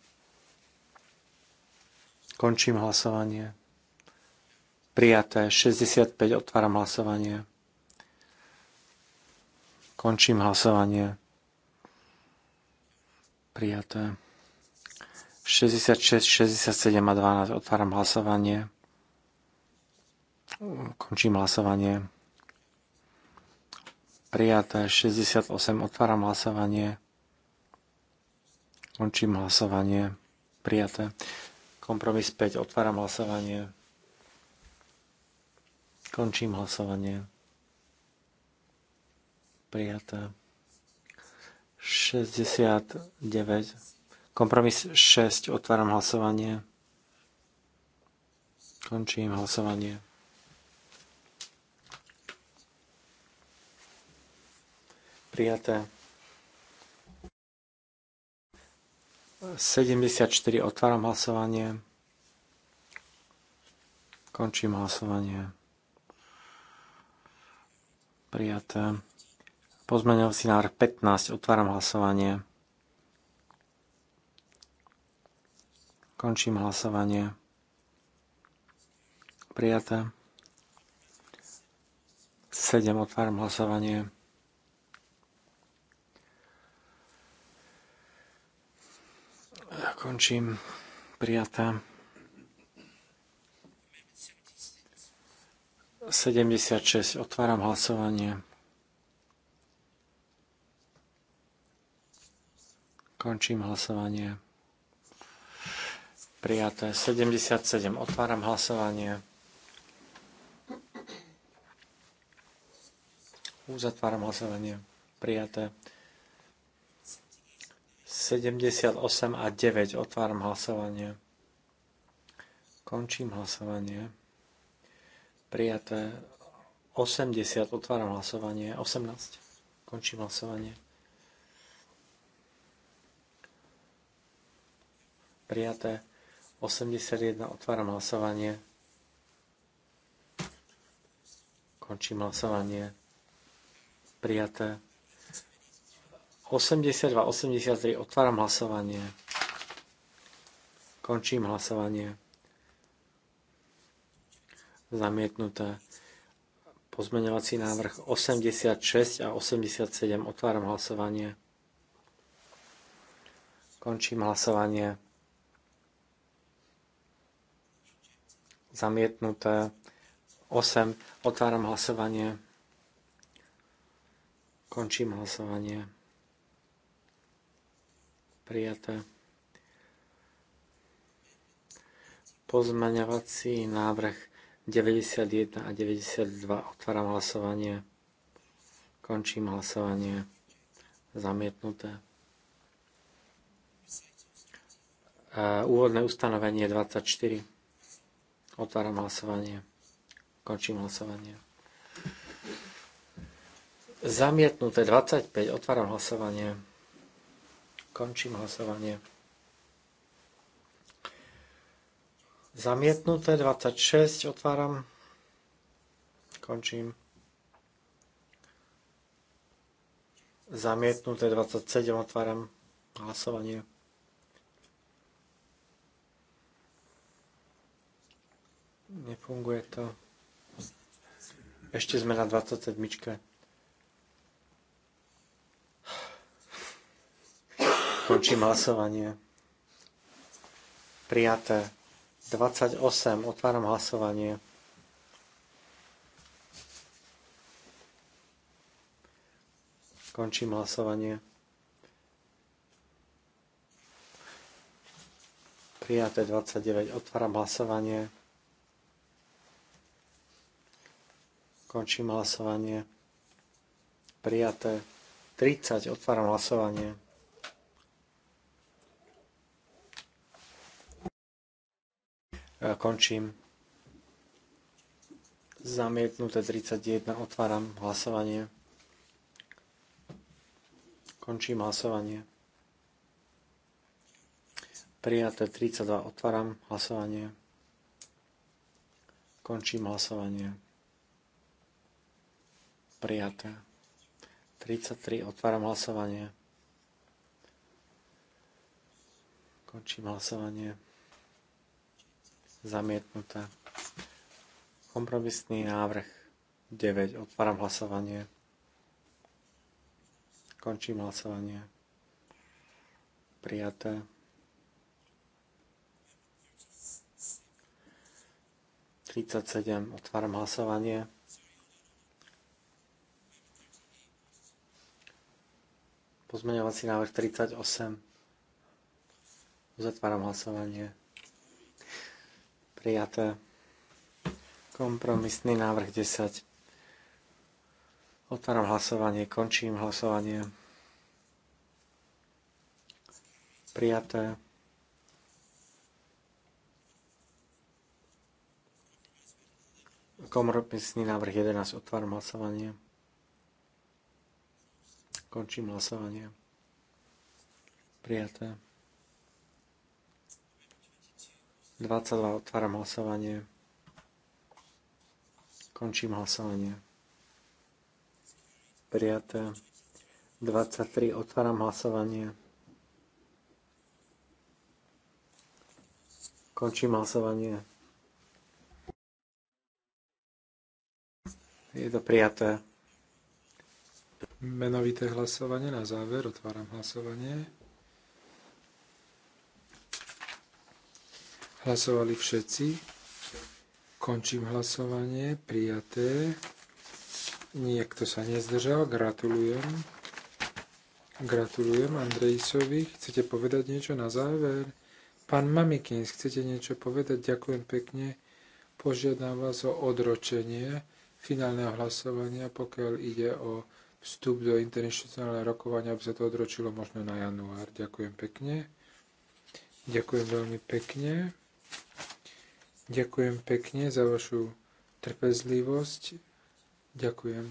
Končím hlasovanie. Prijaté 65. Otváram hlasovanie. Končím hlasovanie. Prijaté. 66, 67 a 12. Otváram hlasovanie. Končím hlasovanie Prijaté 68. Otváram hlasovanie. Končím hlasovanie. Prijaté. Kompromis 5. Otváram hlasovanie. Končím hlasovanie. Prijaté. 69. Kompromis 6. Otváram hlasovanie. Končím hlasovanie. Prijaté. 74. Otváram hlasovanie. Končím hlasovanie. Prijaté. si návrh 15. Otváram hlasovanie. Končím hlasovanie. Prijaté. 7. Otváram hlasovanie. Končím. Prijatá. 76. Otváram hlasovanie. Končím hlasovanie. Prijaté 77. Otváram hlasovanie. Uzatváram hlasovanie. Prijaté 78 a 9. Otváram hlasovanie. Končím hlasovanie. Prijaté 80. Otváram hlasovanie. 18. Končím hlasovanie. Prijaté 81. Otváram hlasovanie. Končím hlasovanie. Prijaté 82, 83, otváram hlasovanie. Končím hlasovanie. Zamietnuté. Pozmeňovací návrh 86 a 87, otváram hlasovanie. Končím hlasovanie. Zamietnuté. 8. Otváram hlasovanie. Končím hlasovanie prijatá. Pozmeňovací návrh 91 a 92. Otváram hlasovanie. Končím hlasovanie. Zamietnuté. E, úvodné ustanovenie 24. Otváram hlasovanie. Končím hlasovanie. Zamietnuté 25. Otváram hlasovanie. Končím hlasovanie. Zamietnuté 26, otváram. Končím. Zamietnuté 27, otváram hlasovanie. Nefunguje to. Ešte sme na 27. Končím hlasovanie. Prijaté. 28. Otváram hlasovanie. Končím hlasovanie. Prijaté 29. Otváram hlasovanie. Končím hlasovanie. Prijaté 30. Otváram hlasovanie. E, končím. Zamietnuté 31. Otváram hlasovanie. Končím hlasovanie. Prijaté 32. Otváram hlasovanie. Končím hlasovanie. Prijaté. 33. Otváram hlasovanie. Končím hlasovanie. Zamietnuté. Kompromisný návrh 9. Otváram hlasovanie. Končím hlasovanie. Prijaté. sedem. Otváram hlasovanie. Pozmeňovací návrh 38. Uzatváram hlasovanie. Prijaté. Kompromisný návrh 10. Otváram hlasovanie, končím hlasovanie. Prijaté. Kompromisný návrh 11. Otváram hlasovanie. Končím hlasovanie. Prijaté. 22. Otváram hlasovanie. Končím hlasovanie. Prijaté. 23. Otváram hlasovanie. Končím hlasovanie. Je to prijaté. Menovité hlasovanie na záver. Otváram hlasovanie. Hlasovali všetci. Končím hlasovanie. Prijaté. Niekto sa nezdržal. Gratulujem. Gratulujem Andrejsovi. Chcete povedať niečo na záver? Pán Mamikins, chcete niečo povedať? Ďakujem pekne. Požiadam vás o odročenie finálneho hlasovania, pokiaľ ide o vstup do interinstitucionálneho rokovania, aby sa to odročilo možno na január. Ďakujem pekne. Ďakujem veľmi pekne. Ďakujem pekne za vašu trpezlivosť. Ďakujem.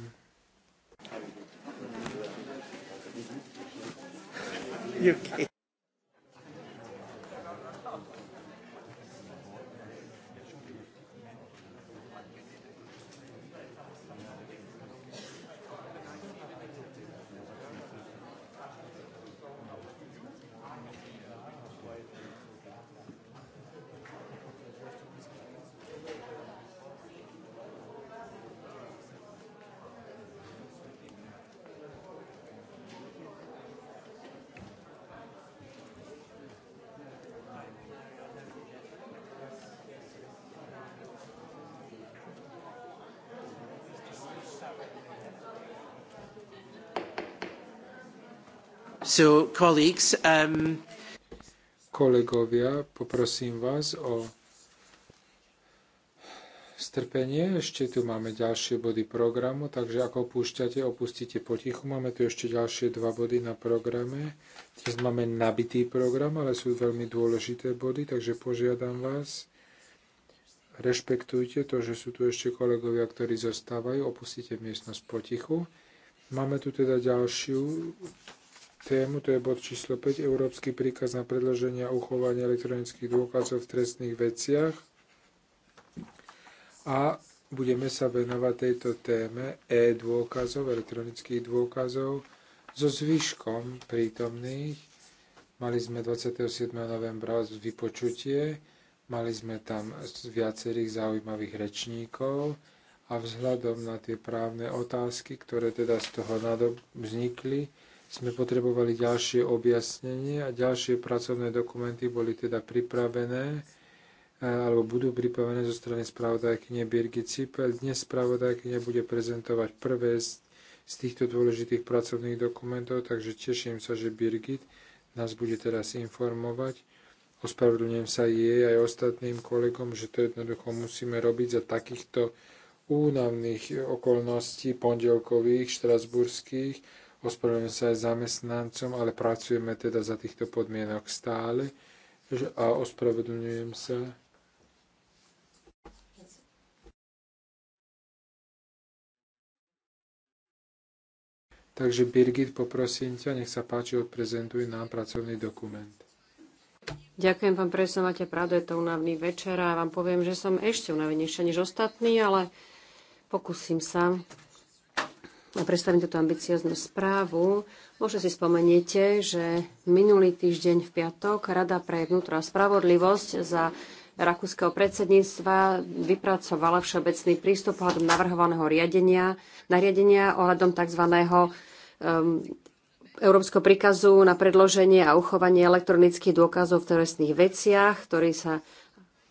Okay. Um, kolegovia, poprosím vás o strpenie. Ešte tu máme ďalšie body programu, takže ako opúšťate, opustite potichu. Máme tu ešte ďalšie dva body na programe. Dnes máme nabitý program, ale sú veľmi dôležité body, takže požiadam vás, rešpektujte to, že sú tu ešte kolegovia, ktorí zostávajú, opustite miestnosť potichu. Máme tu teda ďalšiu tému, to je bod číslo 5, Európsky príkaz na predloženie a uchovanie elektronických dôkazov v trestných veciach. A budeme sa venovať tejto téme e-dôkazov, elektronických dôkazov so zvyškom prítomných. Mali sme 27. novembra vypočutie, mali sme tam viacerých zaujímavých rečníkov a vzhľadom na tie právne otázky, ktoré teda z toho vznikli, sme potrebovali ďalšie objasnenie a ďalšie pracovné dokumenty boli teda pripravené e, alebo budú pripravené zo strany spravodajkyne Birgit Cipel. Dnes spravodajkyne bude prezentovať prvé z, z týchto dôležitých pracovných dokumentov, takže teším sa, že Birgit nás bude teraz informovať. Ospravedlňujem sa jej aj ostatným kolegom, že to jednoducho musíme robiť za takýchto únavných okolností pondelkových, štrasburských, ospravedlňujem sa aj zamestnancom, ale pracujeme teda za týchto podmienok stále a ospravedlňujem sa. Takže Birgit, poprosím ťa, nech sa páči, odprezentuj nám pracovný dokument. Ďakujem, pán predseda, máte pravdu, je to unavný večer a vám poviem, že som ešte unavenejšia než ostatní, ale pokúsim sa a predstavím túto ambicioznú správu. Možno si spomeniete, že minulý týždeň v piatok Rada pre vnútro a spravodlivosť za rakúskeho predsedníctva vypracovala všeobecný prístup ohľadom navrhovaného riadenia, nariadenia ohľadom tzv. Um, ehm, Európskeho príkazu na predloženie a uchovanie elektronických dôkazov v trestných veciach, ktorý sa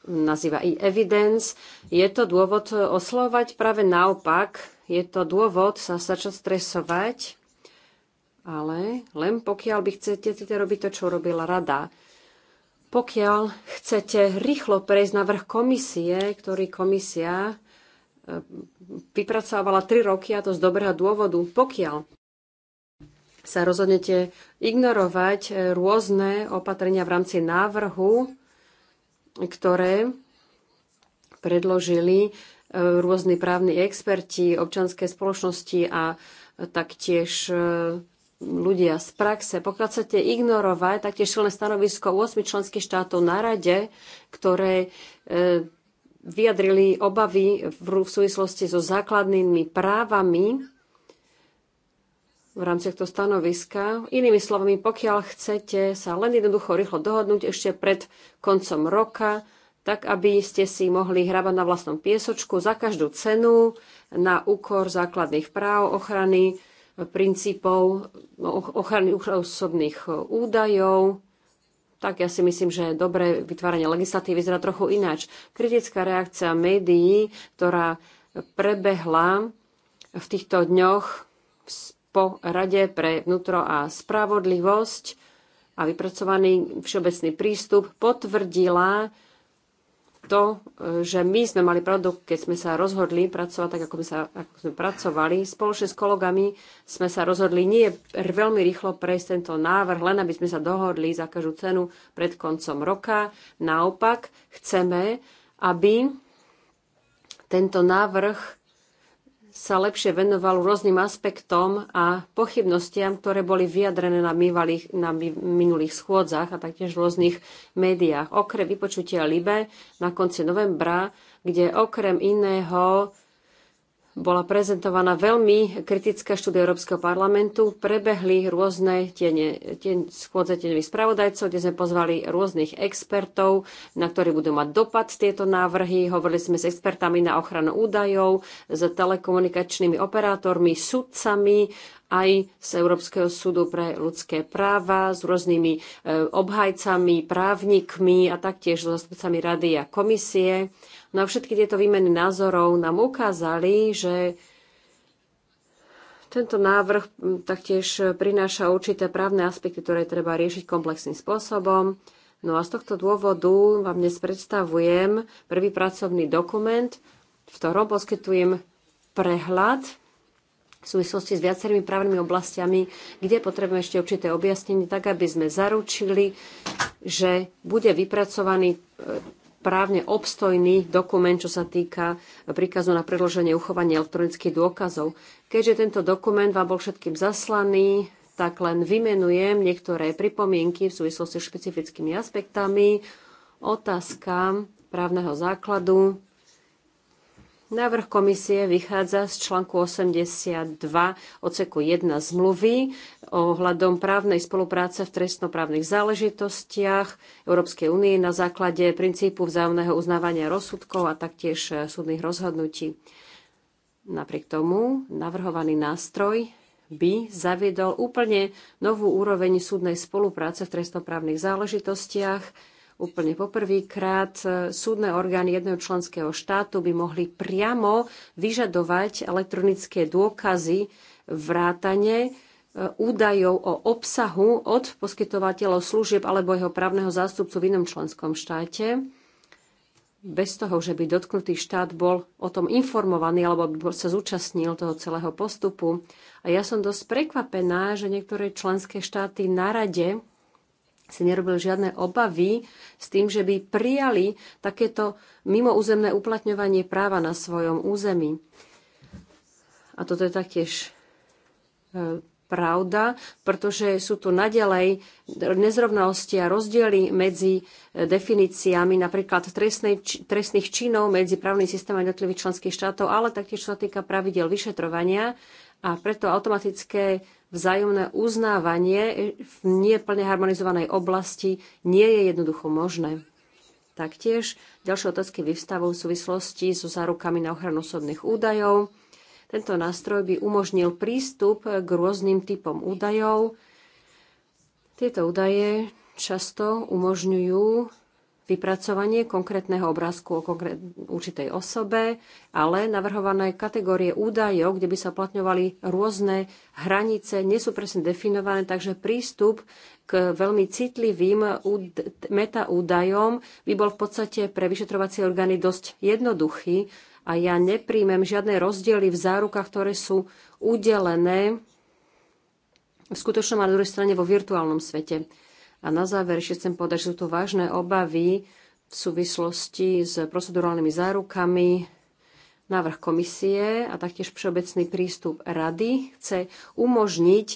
nazýva i evidence Je to dôvod oslovať? Práve naopak, je to dôvod sa začať stresovať, ale len pokiaľ by chcete teda robiť to, čo robila rada. Pokiaľ chcete rýchlo prejsť na vrch komisie, ktorý komisia e, vypracovala 3 roky a to z dobrého dôvodu, pokiaľ sa rozhodnete ignorovať e, rôzne opatrenia v rámci návrhu, ktoré predložili e, rôzni právni experti, občanské spoločnosti a taktiež e, ľudia z praxe. Pokiaľ chcete ignorovať taktiež silné stanovisko 8 členských štátov na rade, ktoré e, vyjadrili obavy v súvislosti so základnými právami v rámci tohto stanoviska. Inými slovami, pokiaľ chcete sa len jednoducho rýchlo dohodnúť ešte pred koncom roka, tak aby ste si mohli hrabať na vlastnom piesočku za každú cenu na úkor základných práv, ochrany princípov, no, ochrany osobných e, údajov. Tak ja si myslím, že dobre vytváranie legislatívy vyzerá trochu ináč. Kritická reakcia médií, ktorá prebehla v týchto dňoch po Rade pre vnútro a spravodlivosť a vypracovaný všeobecný prístup potvrdila to, že my sme mali pravdu, keď sme sa rozhodli pracovať tak, ako, my sa, ako sme pracovali. Spoločne s kolegami sme sa rozhodli nie veľmi rýchlo prejsť tento návrh, len aby sme sa dohodli za každú cenu pred koncom roka. Naopak chceme, aby tento návrh sa lepšie venoval rôznym aspektom a pochybnostiam, ktoré boli vyjadrené na, mývalých, na minulých schôdzach a taktiež v rôznych médiách. Okrem vypočutia Libe na konci novembra, kde okrem iného bola prezentovaná veľmi kritická štúdia Európskeho parlamentu. Prebehli rôzne tiene, tiene, schôdze tieňových spravodajcov, kde sme pozvali rôznych expertov, na ktorí budú mať dopad tieto návrhy. Hovorili sme s expertami na ochranu údajov, s telekomunikačnými operátormi, sudcami, aj z Európskeho súdu pre ľudské práva, s rôznymi e, obhajcami, právnikmi a taktiež s zástupcami rady a komisie. No a všetky tieto výmeny názorov nám ukázali, že tento návrh taktiež prináša určité právne aspekty, ktoré treba riešiť komplexným spôsobom. No a z tohto dôvodu vám dnes predstavujem prvý pracovný dokument, v ktorom poskytujem prehľad v súvislosti s viacerými právnymi oblastiami, kde potrebujeme ešte určité objasnenie, tak aby sme zaručili, že bude vypracovaný e, právne obstojný dokument, čo sa týka príkazu na predloženie uchovania elektronických dôkazov. Keďže tento dokument vám bol všetkým zaslaný, tak len vymenujem niektoré pripomienky v súvislosti s špecifickými aspektami, otázka právneho základu, Návrh komisie vychádza z článku 82 odseku 1 zmluvy ohľadom právnej spolupráce v trestnoprávnych záležitostiach Európskej únie na základe princípu vzájomného uznávania rozsudkov a taktiež e, súdnych rozhodnutí. Napriek tomu navrhovaný nástroj by zaviedol úplne novú úroveň súdnej spolupráce v trestnoprávnych záležitostiach, úplne poprvýkrát e, súdne orgány jedného členského štátu by mohli priamo vyžadovať elektronické dôkazy vrátane e, údajov o obsahu od poskytovateľov služieb alebo jeho právneho zástupcu v inom členskom štáte bez toho, že by dotknutý štát bol o tom informovaný alebo by sa zúčastnil toho celého postupu. A ja som dosť prekvapená, že niektoré členské štáty na rade si nerobil žiadne obavy s tým, že by prijali takéto mimoúzemné uplatňovanie práva na svojom území. A toto je taktiež e, pravda, pretože sú tu nadalej nezrovnalosti a rozdiely medzi e, definíciami napríklad trestnej, trestných činov medzi právnym systémom jednotlivých členských štátov, ale taktiež sa týka pravidel vyšetrovania a preto automatické vzájomné uznávanie v neplne harmonizovanej oblasti nie je jednoducho možné. Taktiež ďalšie otázky vyvstávajú v súvislosti so zárukami na ochranu osobných údajov. Tento nástroj by umožnil prístup k rôznym typom údajov. Tieto údaje často umožňujú vypracovanie konkrétneho obrázku o konkrét, určitej osobe, ale navrhované kategórie údajov, kde by sa platňovali rôzne hranice, nie sú presne definované, takže prístup k veľmi citlivým metaúdajom by bol v podstate pre vyšetrovacie orgány dosť jednoduchý a ja nepríjmem žiadne rozdiely v zárukách, ktoré sú udelené v skutočnom a na druhej strane vo virtuálnom svete. A na záver ešte chcem povedať, že sú to vážne obavy v súvislosti s procedurálnymi zárukami, návrh komisie a taktiež všeobecný prístup rady chce umožniť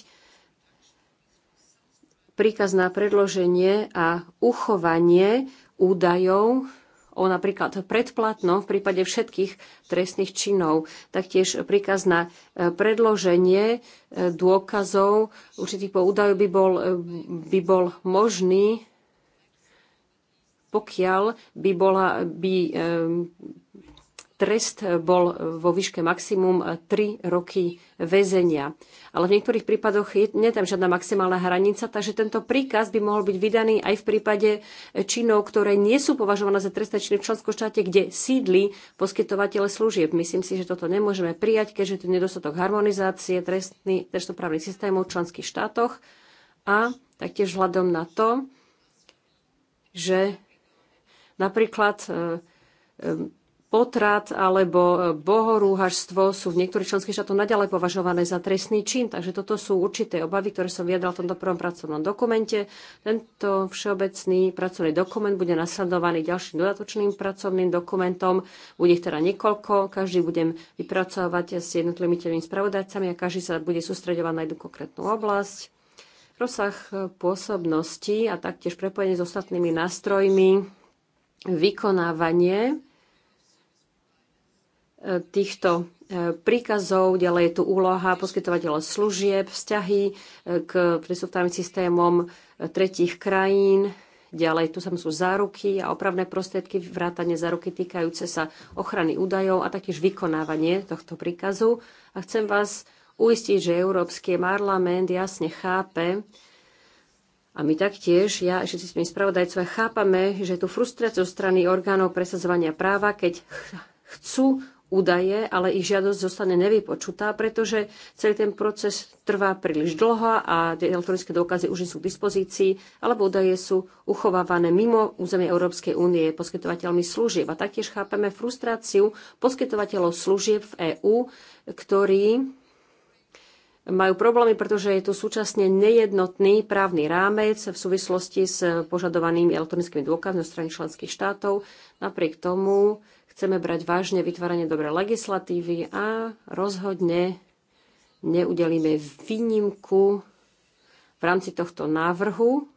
príkaz na predloženie a uchovanie údajov o napríklad predplatnom v prípade všetkých trestných činov. Taktiež príkaz na e, predloženie e, dôkazov určitých údajov by bol, e, by bol možný, pokiaľ by, bola, by trest bol vo výške maximum 3 roky väzenia. Ale v niektorých prípadoch je, nie je tam žiadna maximálna hranica, takže tento príkaz by mohol byť vydaný aj v prípade činov, ktoré nie sú považované za trestné činy v členskom štáte, kde sídli poskytovateľe služieb. Myslím si, že toto nemôžeme prijať, keďže tu nedostatok harmonizácie trestný, trestnoprávnych systémov v členských štátoch a taktiež vzhľadom na to, že napríklad e, e, potrat alebo e, bohorúhaštvo sú v niektorých členských štátoch naďalej považované za trestný čin. Takže toto sú určité obavy, ktoré som vyjadral v tomto prvom pracovnom dokumente. Tento všeobecný pracovný dokument bude nasledovaný ďalším dodatočným pracovným dokumentom. Bude ich teda niekoľko, každý budem vypracovať s jednotlivými spravodajcami a každý sa bude sústredovať na jednu konkrétnu oblasť. Rozsah e, pôsobnosti a taktiež prepojenie s ostatnými nástrojmi, vykonávanie týchto e, príkazov, ďalej je tu úloha poskytovateľa služieb, vzťahy e, k prístupným systémom e, tretích krajín, ďalej tu tam sú záruky a opravné prostriedky, vrátanie záruky týkajúce sa ochrany údajov a taktiež vykonávanie tohto príkazu. A chcem vás uistiť, že Európsky parlament jasne chápe, a my taktiež, ja ešte sme spravodajcovia, chápame, že tu frustráciu strany orgánov presadzovania práva, keď chcú údaje, ale ich žiadosť zostane nevypočutá, pretože celý ten proces trvá príliš dlho a tie elektronické dôkazy už nie sú k dispozícii, alebo údaje sú uchovávané mimo územie Európskej únie poskytovateľmi služieb. A taktiež chápeme frustráciu poskytovateľov služieb v EÚ, ktorí majú problémy, pretože je tu súčasne nejednotný právny rámec v súvislosti s požadovanými elektronickými dôkazmi zo strany členských štátov. Napriek tomu Chceme brať vážne vytváranie dobrej legislatívy a rozhodne neudelíme výnimku v rámci tohto návrhu,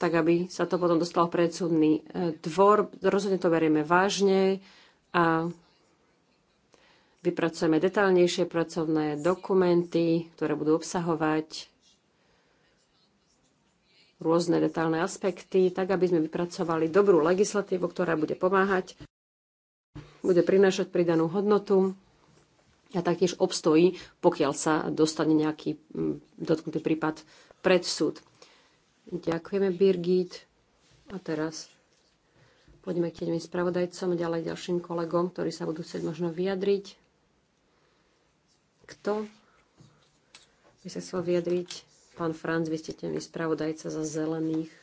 tak aby sa to potom dostalo pred súdny e, dvor. Rozhodne to berieme vážne a vypracujeme detaľnejšie pracovné dokumenty, ktoré budú obsahovať rôzne detálne aspekty, tak aby sme vypracovali dobrú legislatívu, ktorá bude pomáhať, bude prinášať pridanú hodnotu a taktiež obstojí, pokiaľ sa dostane nejaký mm, dotknutý prípad pred súd. Ďakujeme, Birgit. A teraz poďme k tým spravodajcom a ďalej ďalším kolegom, ktorí sa budú chcieť možno vyjadriť. Kto by sa chcel vyjadriť? Pán Franc, vy ste ten spravodajca za zelených.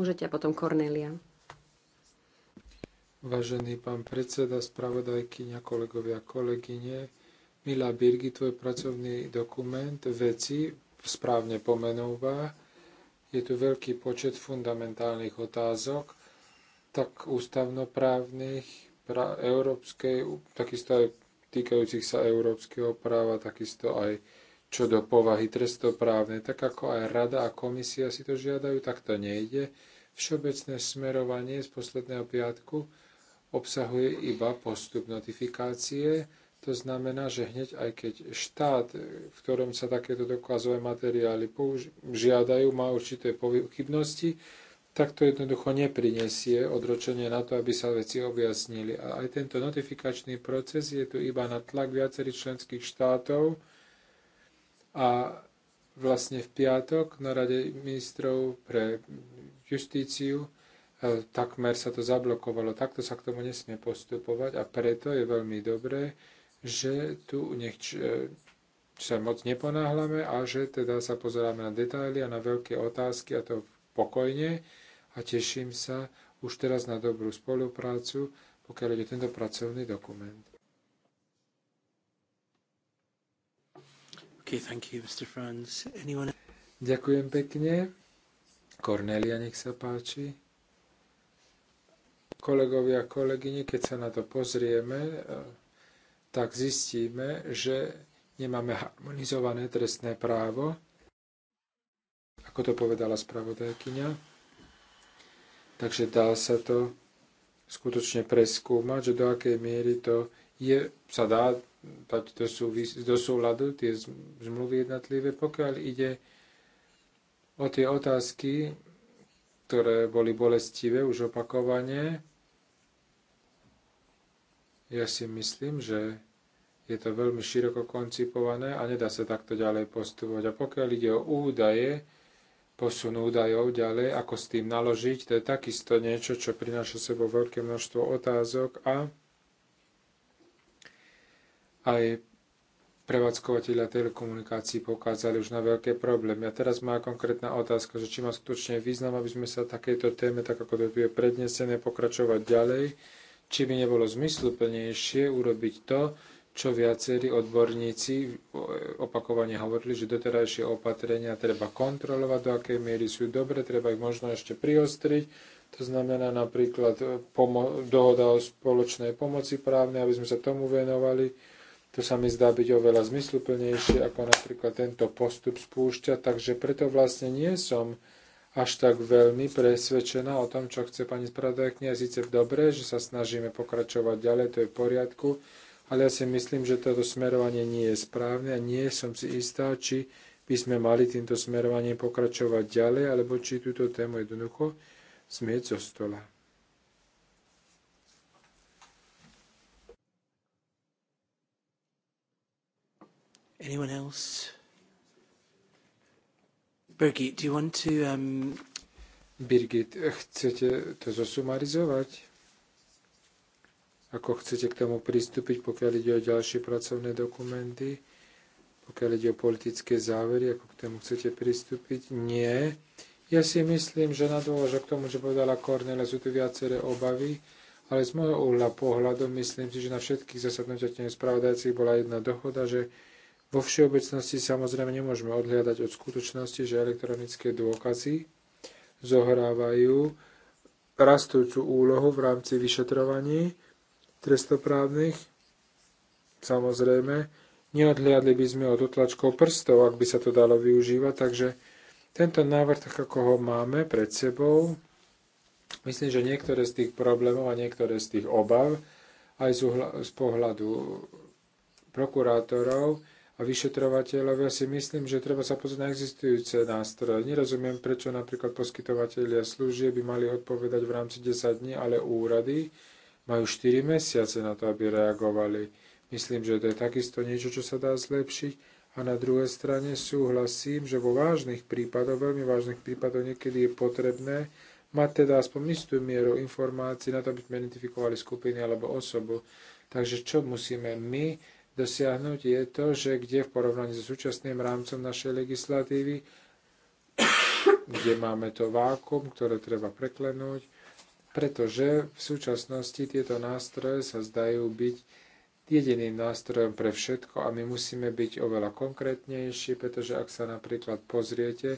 Môžete a potom Kornelia. Vážený pán predseda, spravodajkyňa, kolegovia, kolegyne, milá Birgi, tvoj pracovný dokument veci správne pomenúva. Je tu veľký počet fundamentálnych otázok, tak ústavnoprávnych, pra, európskej, takisto aj týkajúcich sa európskeho práva, takisto aj čo do povahy trestoprávne, tak ako aj rada a komisia si to žiadajú, tak to nejde. Všeobecné smerovanie z posledného piatku obsahuje iba postup notifikácie, to znamená, že hneď aj keď štát, v ktorom sa takéto dokazové materiály žiadajú, má určité pochybnosti, tak to jednoducho neprinesie odročenie na to, aby sa veci objasnili. A aj tento notifikačný proces je tu iba na tlak viacerých členských štátov, a vlastne v piatok na Rade ministrov pre justíciu e, takmer sa to zablokovalo. Takto sa k tomu nesmie postupovať a preto je veľmi dobré, že tu nech e, sa moc neponáhlame a že teda sa pozeráme na detaily a na veľké otázky a to pokojne a teším sa už teraz na dobrú spoluprácu, pokiaľ ide tento pracovný dokument. Okay, thank you, Mr. Franz. Anyone... Ďakujem pekne. Kornelia, nech sa páči. Kolegovia a kolegyne, keď sa na to pozrieme, eh, tak zistíme, že nemáme harmonizované trestné právo, ako to povedala spravodajkyňa. Takže dá sa to skutočne preskúmať, že do akej miery to je, sa dá dať do, súvis- do súladu tie zmluvy jednotlivé. Pokiaľ ide o tie otázky, ktoré boli bolestivé už opakovane, ja si myslím, že je to veľmi široko koncipované a nedá sa takto ďalej postupovať. A pokiaľ ide o údaje, posun údajov ďalej, ako s tým naložiť, to je takisto niečo, čo prináša sebou veľké množstvo otázok a aj prevádzkovateľia telekomunikácií pokázali už na veľké problémy. A teraz má konkrétna otázka, že či má skutočne význam, aby sme sa takejto téme, tak ako to tu je prednesené, pokračovať ďalej, či by nebolo zmysluplnejšie urobiť to, čo viacerí odborníci opakovane hovorili, že doterajšie opatrenia treba kontrolovať, do akej miery sú dobre, treba ich možno ešte priostriť. To znamená napríklad dohoda o spoločnej pomoci právnej, aby sme sa tomu venovali to sa mi zdá byť oveľa zmysluplnejšie, ako napríklad tento postup spúšťa, takže preto vlastne nie som až tak veľmi presvedčená o tom, čo chce pani spravodajkňa. Sice dobre, že sa snažíme pokračovať ďalej, to je v poriadku, ale ja si myslím, že toto smerovanie nie je správne a nie som si istá, či by sme mali týmto smerovaním pokračovať ďalej, alebo či túto tému jednoducho smieť zo stola. Anyone else? Birgit, do you want to... Um... Birgit, chcete to zosumarizovať? Ako chcete k tomu pristúpiť, pokiaľ ide o ďalšie pracovné dokumenty? Pokiaľ ide o politické závery, ako k tomu chcete pristúpiť? Nie. Ja si myslím, že na dôvažok k tomu, že povedala Kornela, sú tu viaceré obavy, ale z môjho uhla pohľadu myslím si, že na všetkých zasadnutiach nespravodajcích bola jedna dohoda, že vo všeobecnosti samozrejme nemôžeme odhľadať od skutočnosti, že elektronické dôkazy zohrávajú rastúcu úlohu v rámci vyšetrovaní trestoprávnych. Samozrejme, neodhliadli by sme od otlačkov prstov, ak by sa to dalo využívať, takže tento návrh, tak ako ho máme pred sebou, myslím, že niektoré z tých problémov a niektoré z tých obav, aj z, uhla, z pohľadu prokurátorov, a vyšetrovateľovia si myslím, že treba sa pozrieť na existujúce nástroje. Nerozumiem, prečo napríklad poskytovateľia služieb by mali odpovedať v rámci 10 dní, ale úrady majú 4 mesiace na to, aby reagovali. Myslím, že to je takisto niečo, čo sa dá zlepšiť. A na druhej strane súhlasím, že vo vážnych prípadoch, veľmi vážnych prípadoch niekedy je potrebné mať teda aspoň istú mieru informácií na to, aby sme identifikovali skupiny alebo osobu. Takže čo musíme my dosiahnuť, je to, že kde v porovnaní so súčasným rámcom našej legislatívy, kde máme to vákum, ktoré treba preklenúť, pretože v súčasnosti tieto nástroje sa zdajú byť jediným nástrojom pre všetko a my musíme byť oveľa konkrétnejší, pretože ak sa napríklad pozriete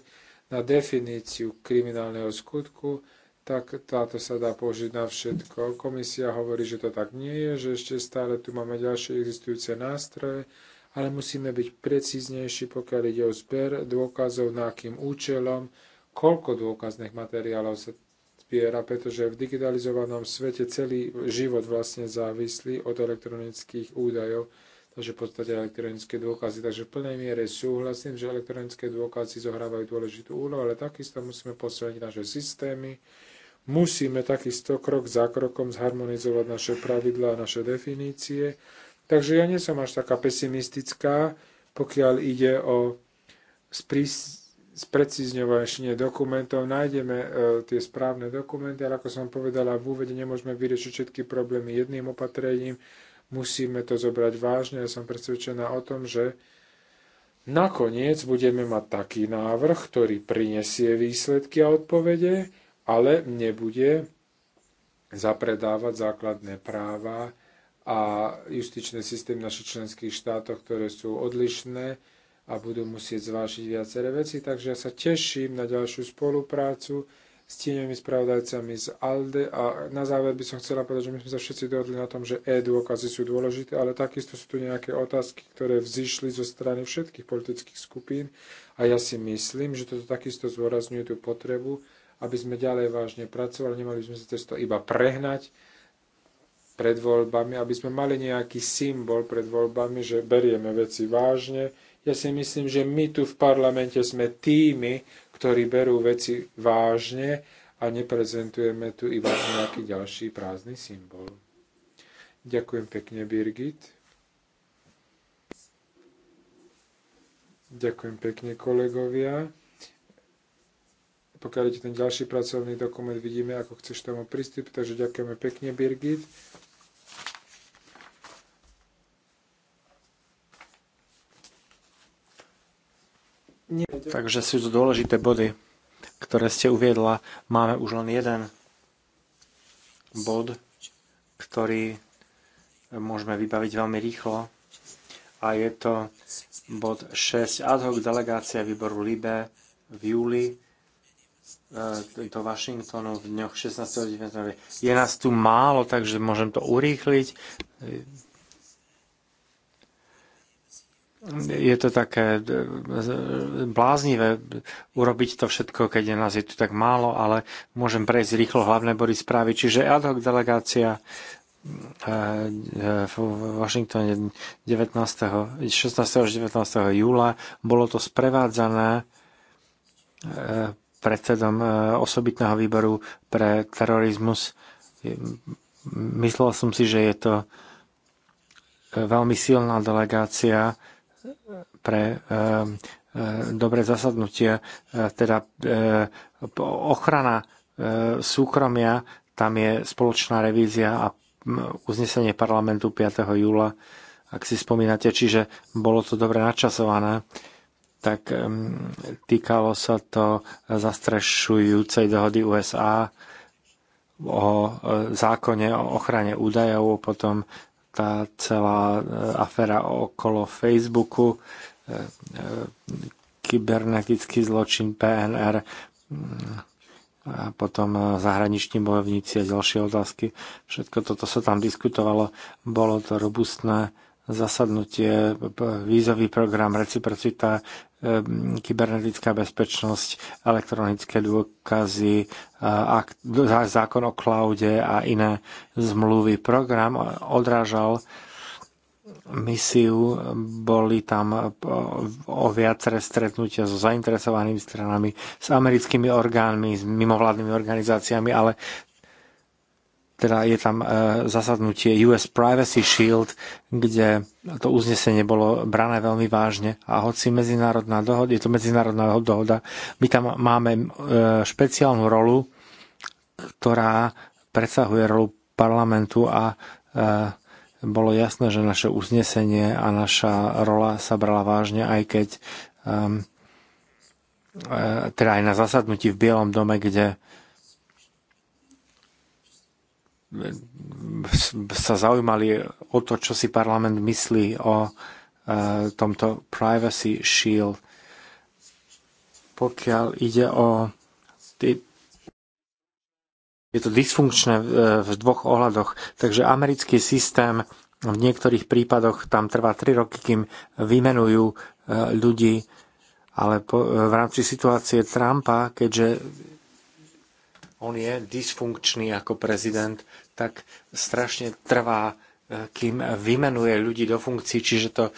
na definíciu kriminálneho skutku, tak táto sa dá použiť na všetko. Komisia hovorí, že to tak nie je, že ešte stále tu máme ďalšie existujúce nástroje, ale musíme byť precíznejší, pokiaľ ide o zber dôkazov, na akým účelom, koľko dôkazných materiálov sa zbiera, pretože v digitalizovanom svete celý život vlastne závislí od elektronických údajov, takže v podstate elektronické dôkazy. Takže v plnej miere súhlasím, že elektronické dôkazy zohrávajú dôležitú úlohu, ale takisto musíme posilniť naše systémy, musíme takisto krok za krokom zharmonizovať naše pravidlá a naše definície. Takže ja nie som až taká pesimistická, pokiaľ ide o sprecízňovanie dokumentov. Nájdeme e, tie správne dokumenty, ale ako som povedala v úvede, nemôžeme vyriešiť všetky problémy jedným opatrením. Musíme to zobrať vážne. Ja som presvedčená o tom, že nakoniec budeme mať taký návrh, ktorý prinesie výsledky a odpovede, ale nebude zapredávať základné práva a justičné systémy našich členských štátov, ktoré sú odlišné a budú musieť zvážiť viaceré veci. Takže ja sa teším na ďalšiu spoluprácu s tieňovými spravodajcami z ALDE a na záver by som chcela povedať, že my sme sa všetci dohodli na tom, že e-dôkazy sú dôležité, ale takisto sú tu nejaké otázky, ktoré vzýšli zo strany všetkých politických skupín a ja si myslím, že toto takisto zvorazňuje tú potrebu, aby sme ďalej vážne pracovali, nemali by sme sa to iba prehnať pred voľbami, aby sme mali nejaký symbol pred voľbami, že berieme veci vážne. Ja si myslím, že my tu v parlamente sme tými, ktorí berú veci vážne a neprezentujeme tu iba nejaký ďalší prázdny symbol. Ďakujem pekne, Birgit. Ďakujem pekne, kolegovia pokiaľ ide ten ďalší pracovný dokument, vidíme, ako chceš tomu pristúpiť, takže ďakujeme pekne, Birgit. Takže sú to dôležité body, ktoré ste uviedla. Máme už len jeden bod, ktorý môžeme vybaviť veľmi rýchlo. A je to bod 6. Ad hoc delegácia výboru LIBE v júli do e, Washingtonu v dňoch 16. Je nás tu málo, takže môžem to urýchliť. Je to také e, e, bláznivé urobiť to všetko, keď je nás je tu tak málo, ale môžem prejsť rýchlo hlavné body správy. Čiže ad hoc delegácia v Washingtone 19. 16. až 19. júla. Bolo to sprevádzané predsedom e, osobitného výboru pre terorizmus. Myslel som si, že je to e, veľmi silná delegácia e, pre dobre zasadnutie, teda ochrana súkromia, tam je spoločná revízia a uznesenie parlamentu 5. júla, ak si spomínate, čiže bolo to dobre načasované tak týkalo sa to zastrešujúcej dohody USA o e, zákone o ochrane údajov, potom tá celá e, afera okolo Facebooku, e, kybernetický zločin PNR mm, a potom zahraniční bojovníci a ďalšie otázky. Všetko toto sa tam diskutovalo, bolo to robustné zasadnutie, vízový program, reciprocita, kybernetická bezpečnosť, elektronické dôkazy, zákon o klaude a iné zmluvy. Program odrážal misiu, boli tam e, o viacere stretnutia so zainteresovanými stranami, s americkými orgánmi, s mimovládnymi organizáciami, ale teda je tam e, zasadnutie US Privacy Shield, kde to uznesenie bolo brané veľmi vážne. A hoci medzinárodná dohoda, je to medzinárodná dohoda, my tam máme e, špeciálnu rolu, ktorá presahuje rolu parlamentu a e, bolo jasné, že naše uznesenie a naša rola sa brala vážne, aj keď teda aj na zasadnutí v Bielom dome, kde sa zaujímali o to, čo si parlament myslí o e, tomto Privacy Shield. Pokiaľ ide o je to dysfunkčné e, v dvoch ohľadoch. Takže americký systém v niektorých prípadoch tam trvá 3 roky, kým vymenujú e, ľudí, ale po, v rámci situácie Trumpa, keďže on je dysfunkčný ako prezident, tak strašne trvá, e, kým vymenuje ľudí do funkcií, čiže to e,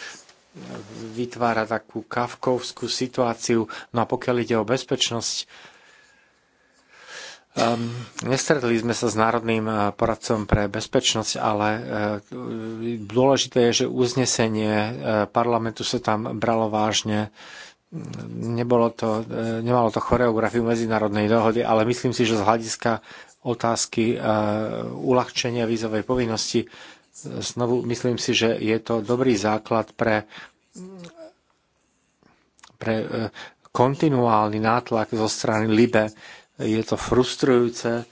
vytvára takú kavkovskú situáciu. No a pokiaľ ide o bezpečnosť, Um, nestretli sme sa s národným e, poradcom pre bezpečnosť, ale uh, dôležité je, že uznesenie uh, parlamentu sa tam bralo vážne. Uh, nebolo to, e, nemalo to choreografiu medzinárodnej dohody, ale myslím si, že z hľadiska otázky e, uľahčenia vízovej povinnosti, e, znovu myslím si, že je to dobrý základ pre, pre kontinuálny nátlak zo strany Libe. Je to frustrujúce,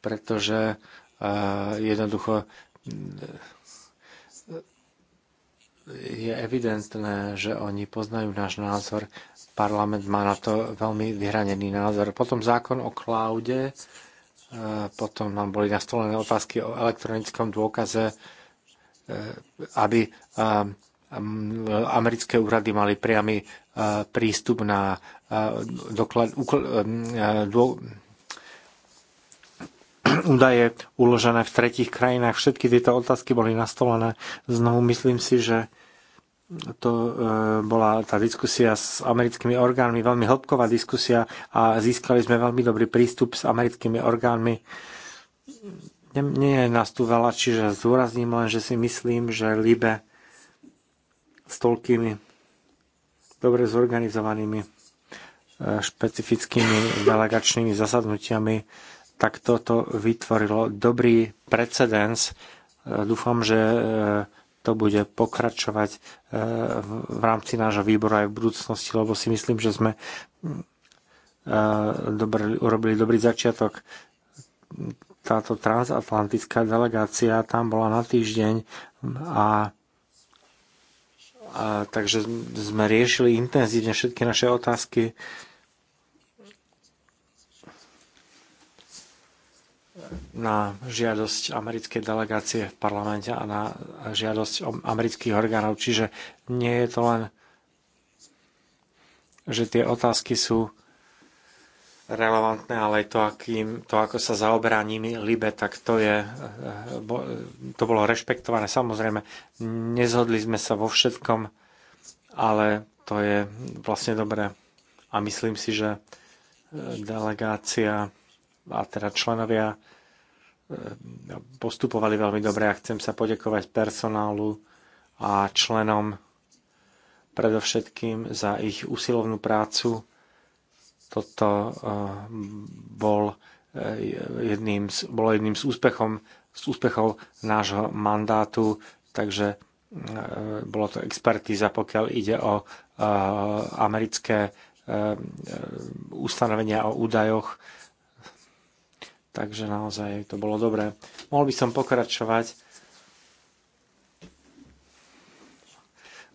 pretože jednoducho je evidentné, že oni poznajú náš názor. Parlament má na to veľmi vyhranený názor. Potom zákon o cloude, e, potom nám boli nastolené otázky o elektronickom dôkaze, e, aby e, americké úrady mali priamy prístup na doklad, údaje uložené v tretich krajinách. Všetky tieto otázky boli nastolené. Znovu myslím si, že to e, bola tá diskusia s americkými orgánmi, veľmi hĺbková diskusia a získali sme veľmi dobrý prístup s americkými orgánmi. Nie je nás tu veľa, čiže zdôrazním len, že si myslím, že Libe s toľkými dobre zorganizovanými e, špecifickými delegačnými zasadnutiami tak toto vytvorilo dobrý precedens. E, dúfam, že e, to bude pokračovať e, v rámci nášho výboru aj v budúcnosti, lebo si myslím, že sme dobrý, urobili dobrý začiatok. Táto transatlantická delegácia tam bola na týždeň a a, takže sme riešili intenzívne všetky naše otázky na žiadosť americkej delegácie v parlamente a na žiadosť amerických orgánov. Čiže nie je to len, že tie otázky sú relevantné, ale aj to, akým, to ako sa zaoberá nimi Libe, tak to, je, to bolo rešpektované. Samozrejme, nezhodli sme sa vo všetkom, ale to je vlastne dobré. A myslím si, že delegácia a teda členovia postupovali veľmi dobre a chcem sa poďakovať personálu a členom predovšetkým za ich usilovnú prácu. Toto eh, bol eh, jedným bolo jedným z, úspechom, z úspechov nášho mandátu, takže eh, bolo to expertíza, pokiaľ ide o americké ustanovenia o údajoch Takže naozaj to bolo dobré. Mohol by som pokračovať.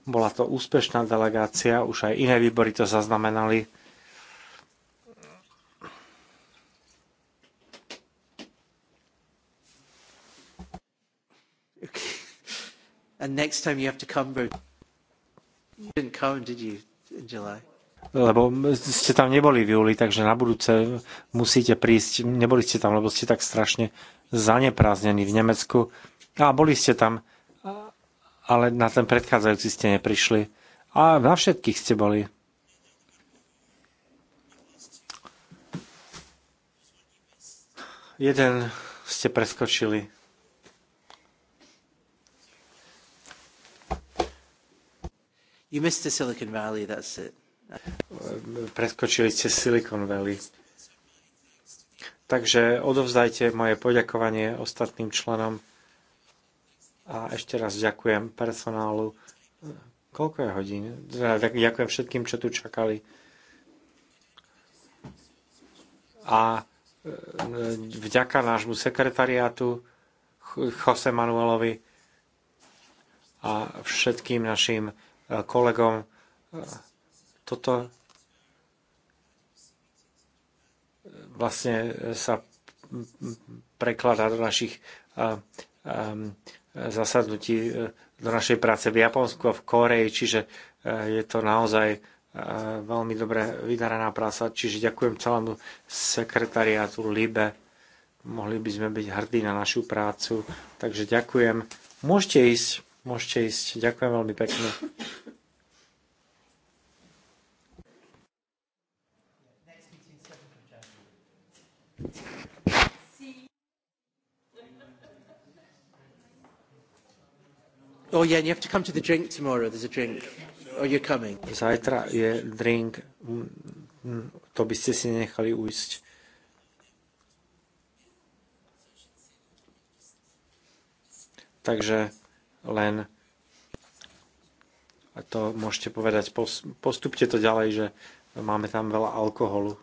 Bola to úspešná delegácia, už aj iné výbory to zaznamenali. And next time you have to come, you didn't come, did you, in July? lebo ste tam neboli v júli, takže na budúce musíte prísť. Neboli ste tam, lebo ste tak strašne zanepráznení v Nemecku. A boli ste tam, ale na ten predchádzajúci ste neprišli. A na všetkých ste boli. Jeden ste preskočili. You missed the Silicon Valley, that's it. Preskočili ste Silicon Valley. Takže odovzdajte moje poďakovanie ostatným členom a ešte raz ďakujem personálu. Koľko je hodín? Teda, ďakujem všetkým, čo tu čakali. A e, vďaka nášmu sekretariátu Jose Manuelovi a všetkým našim e, kolegom e, toto eh, vlastne eh, sa prekladá do našich eh, ehm, zasadnutí, do našej práce v Japonsku a v Koreji, čiže je to naozaj veľmi dobre vydaraná práca, čiže ďakujem celému sekretariátu LIBE. Mohli by sme byť hrdí na našu prácu, takže ďakujem. Môžete ísť, môžete ísť. Ďakujem veľmi pekne. Oh yeah, and you have to come to the drink tomorrow. There's a drink. Oh, you're coming. Zajtra je drink. To by ste si nechali ujsť. Takže len a to môžete povedať, postupte to ďalej, že máme tam veľa alkoholu.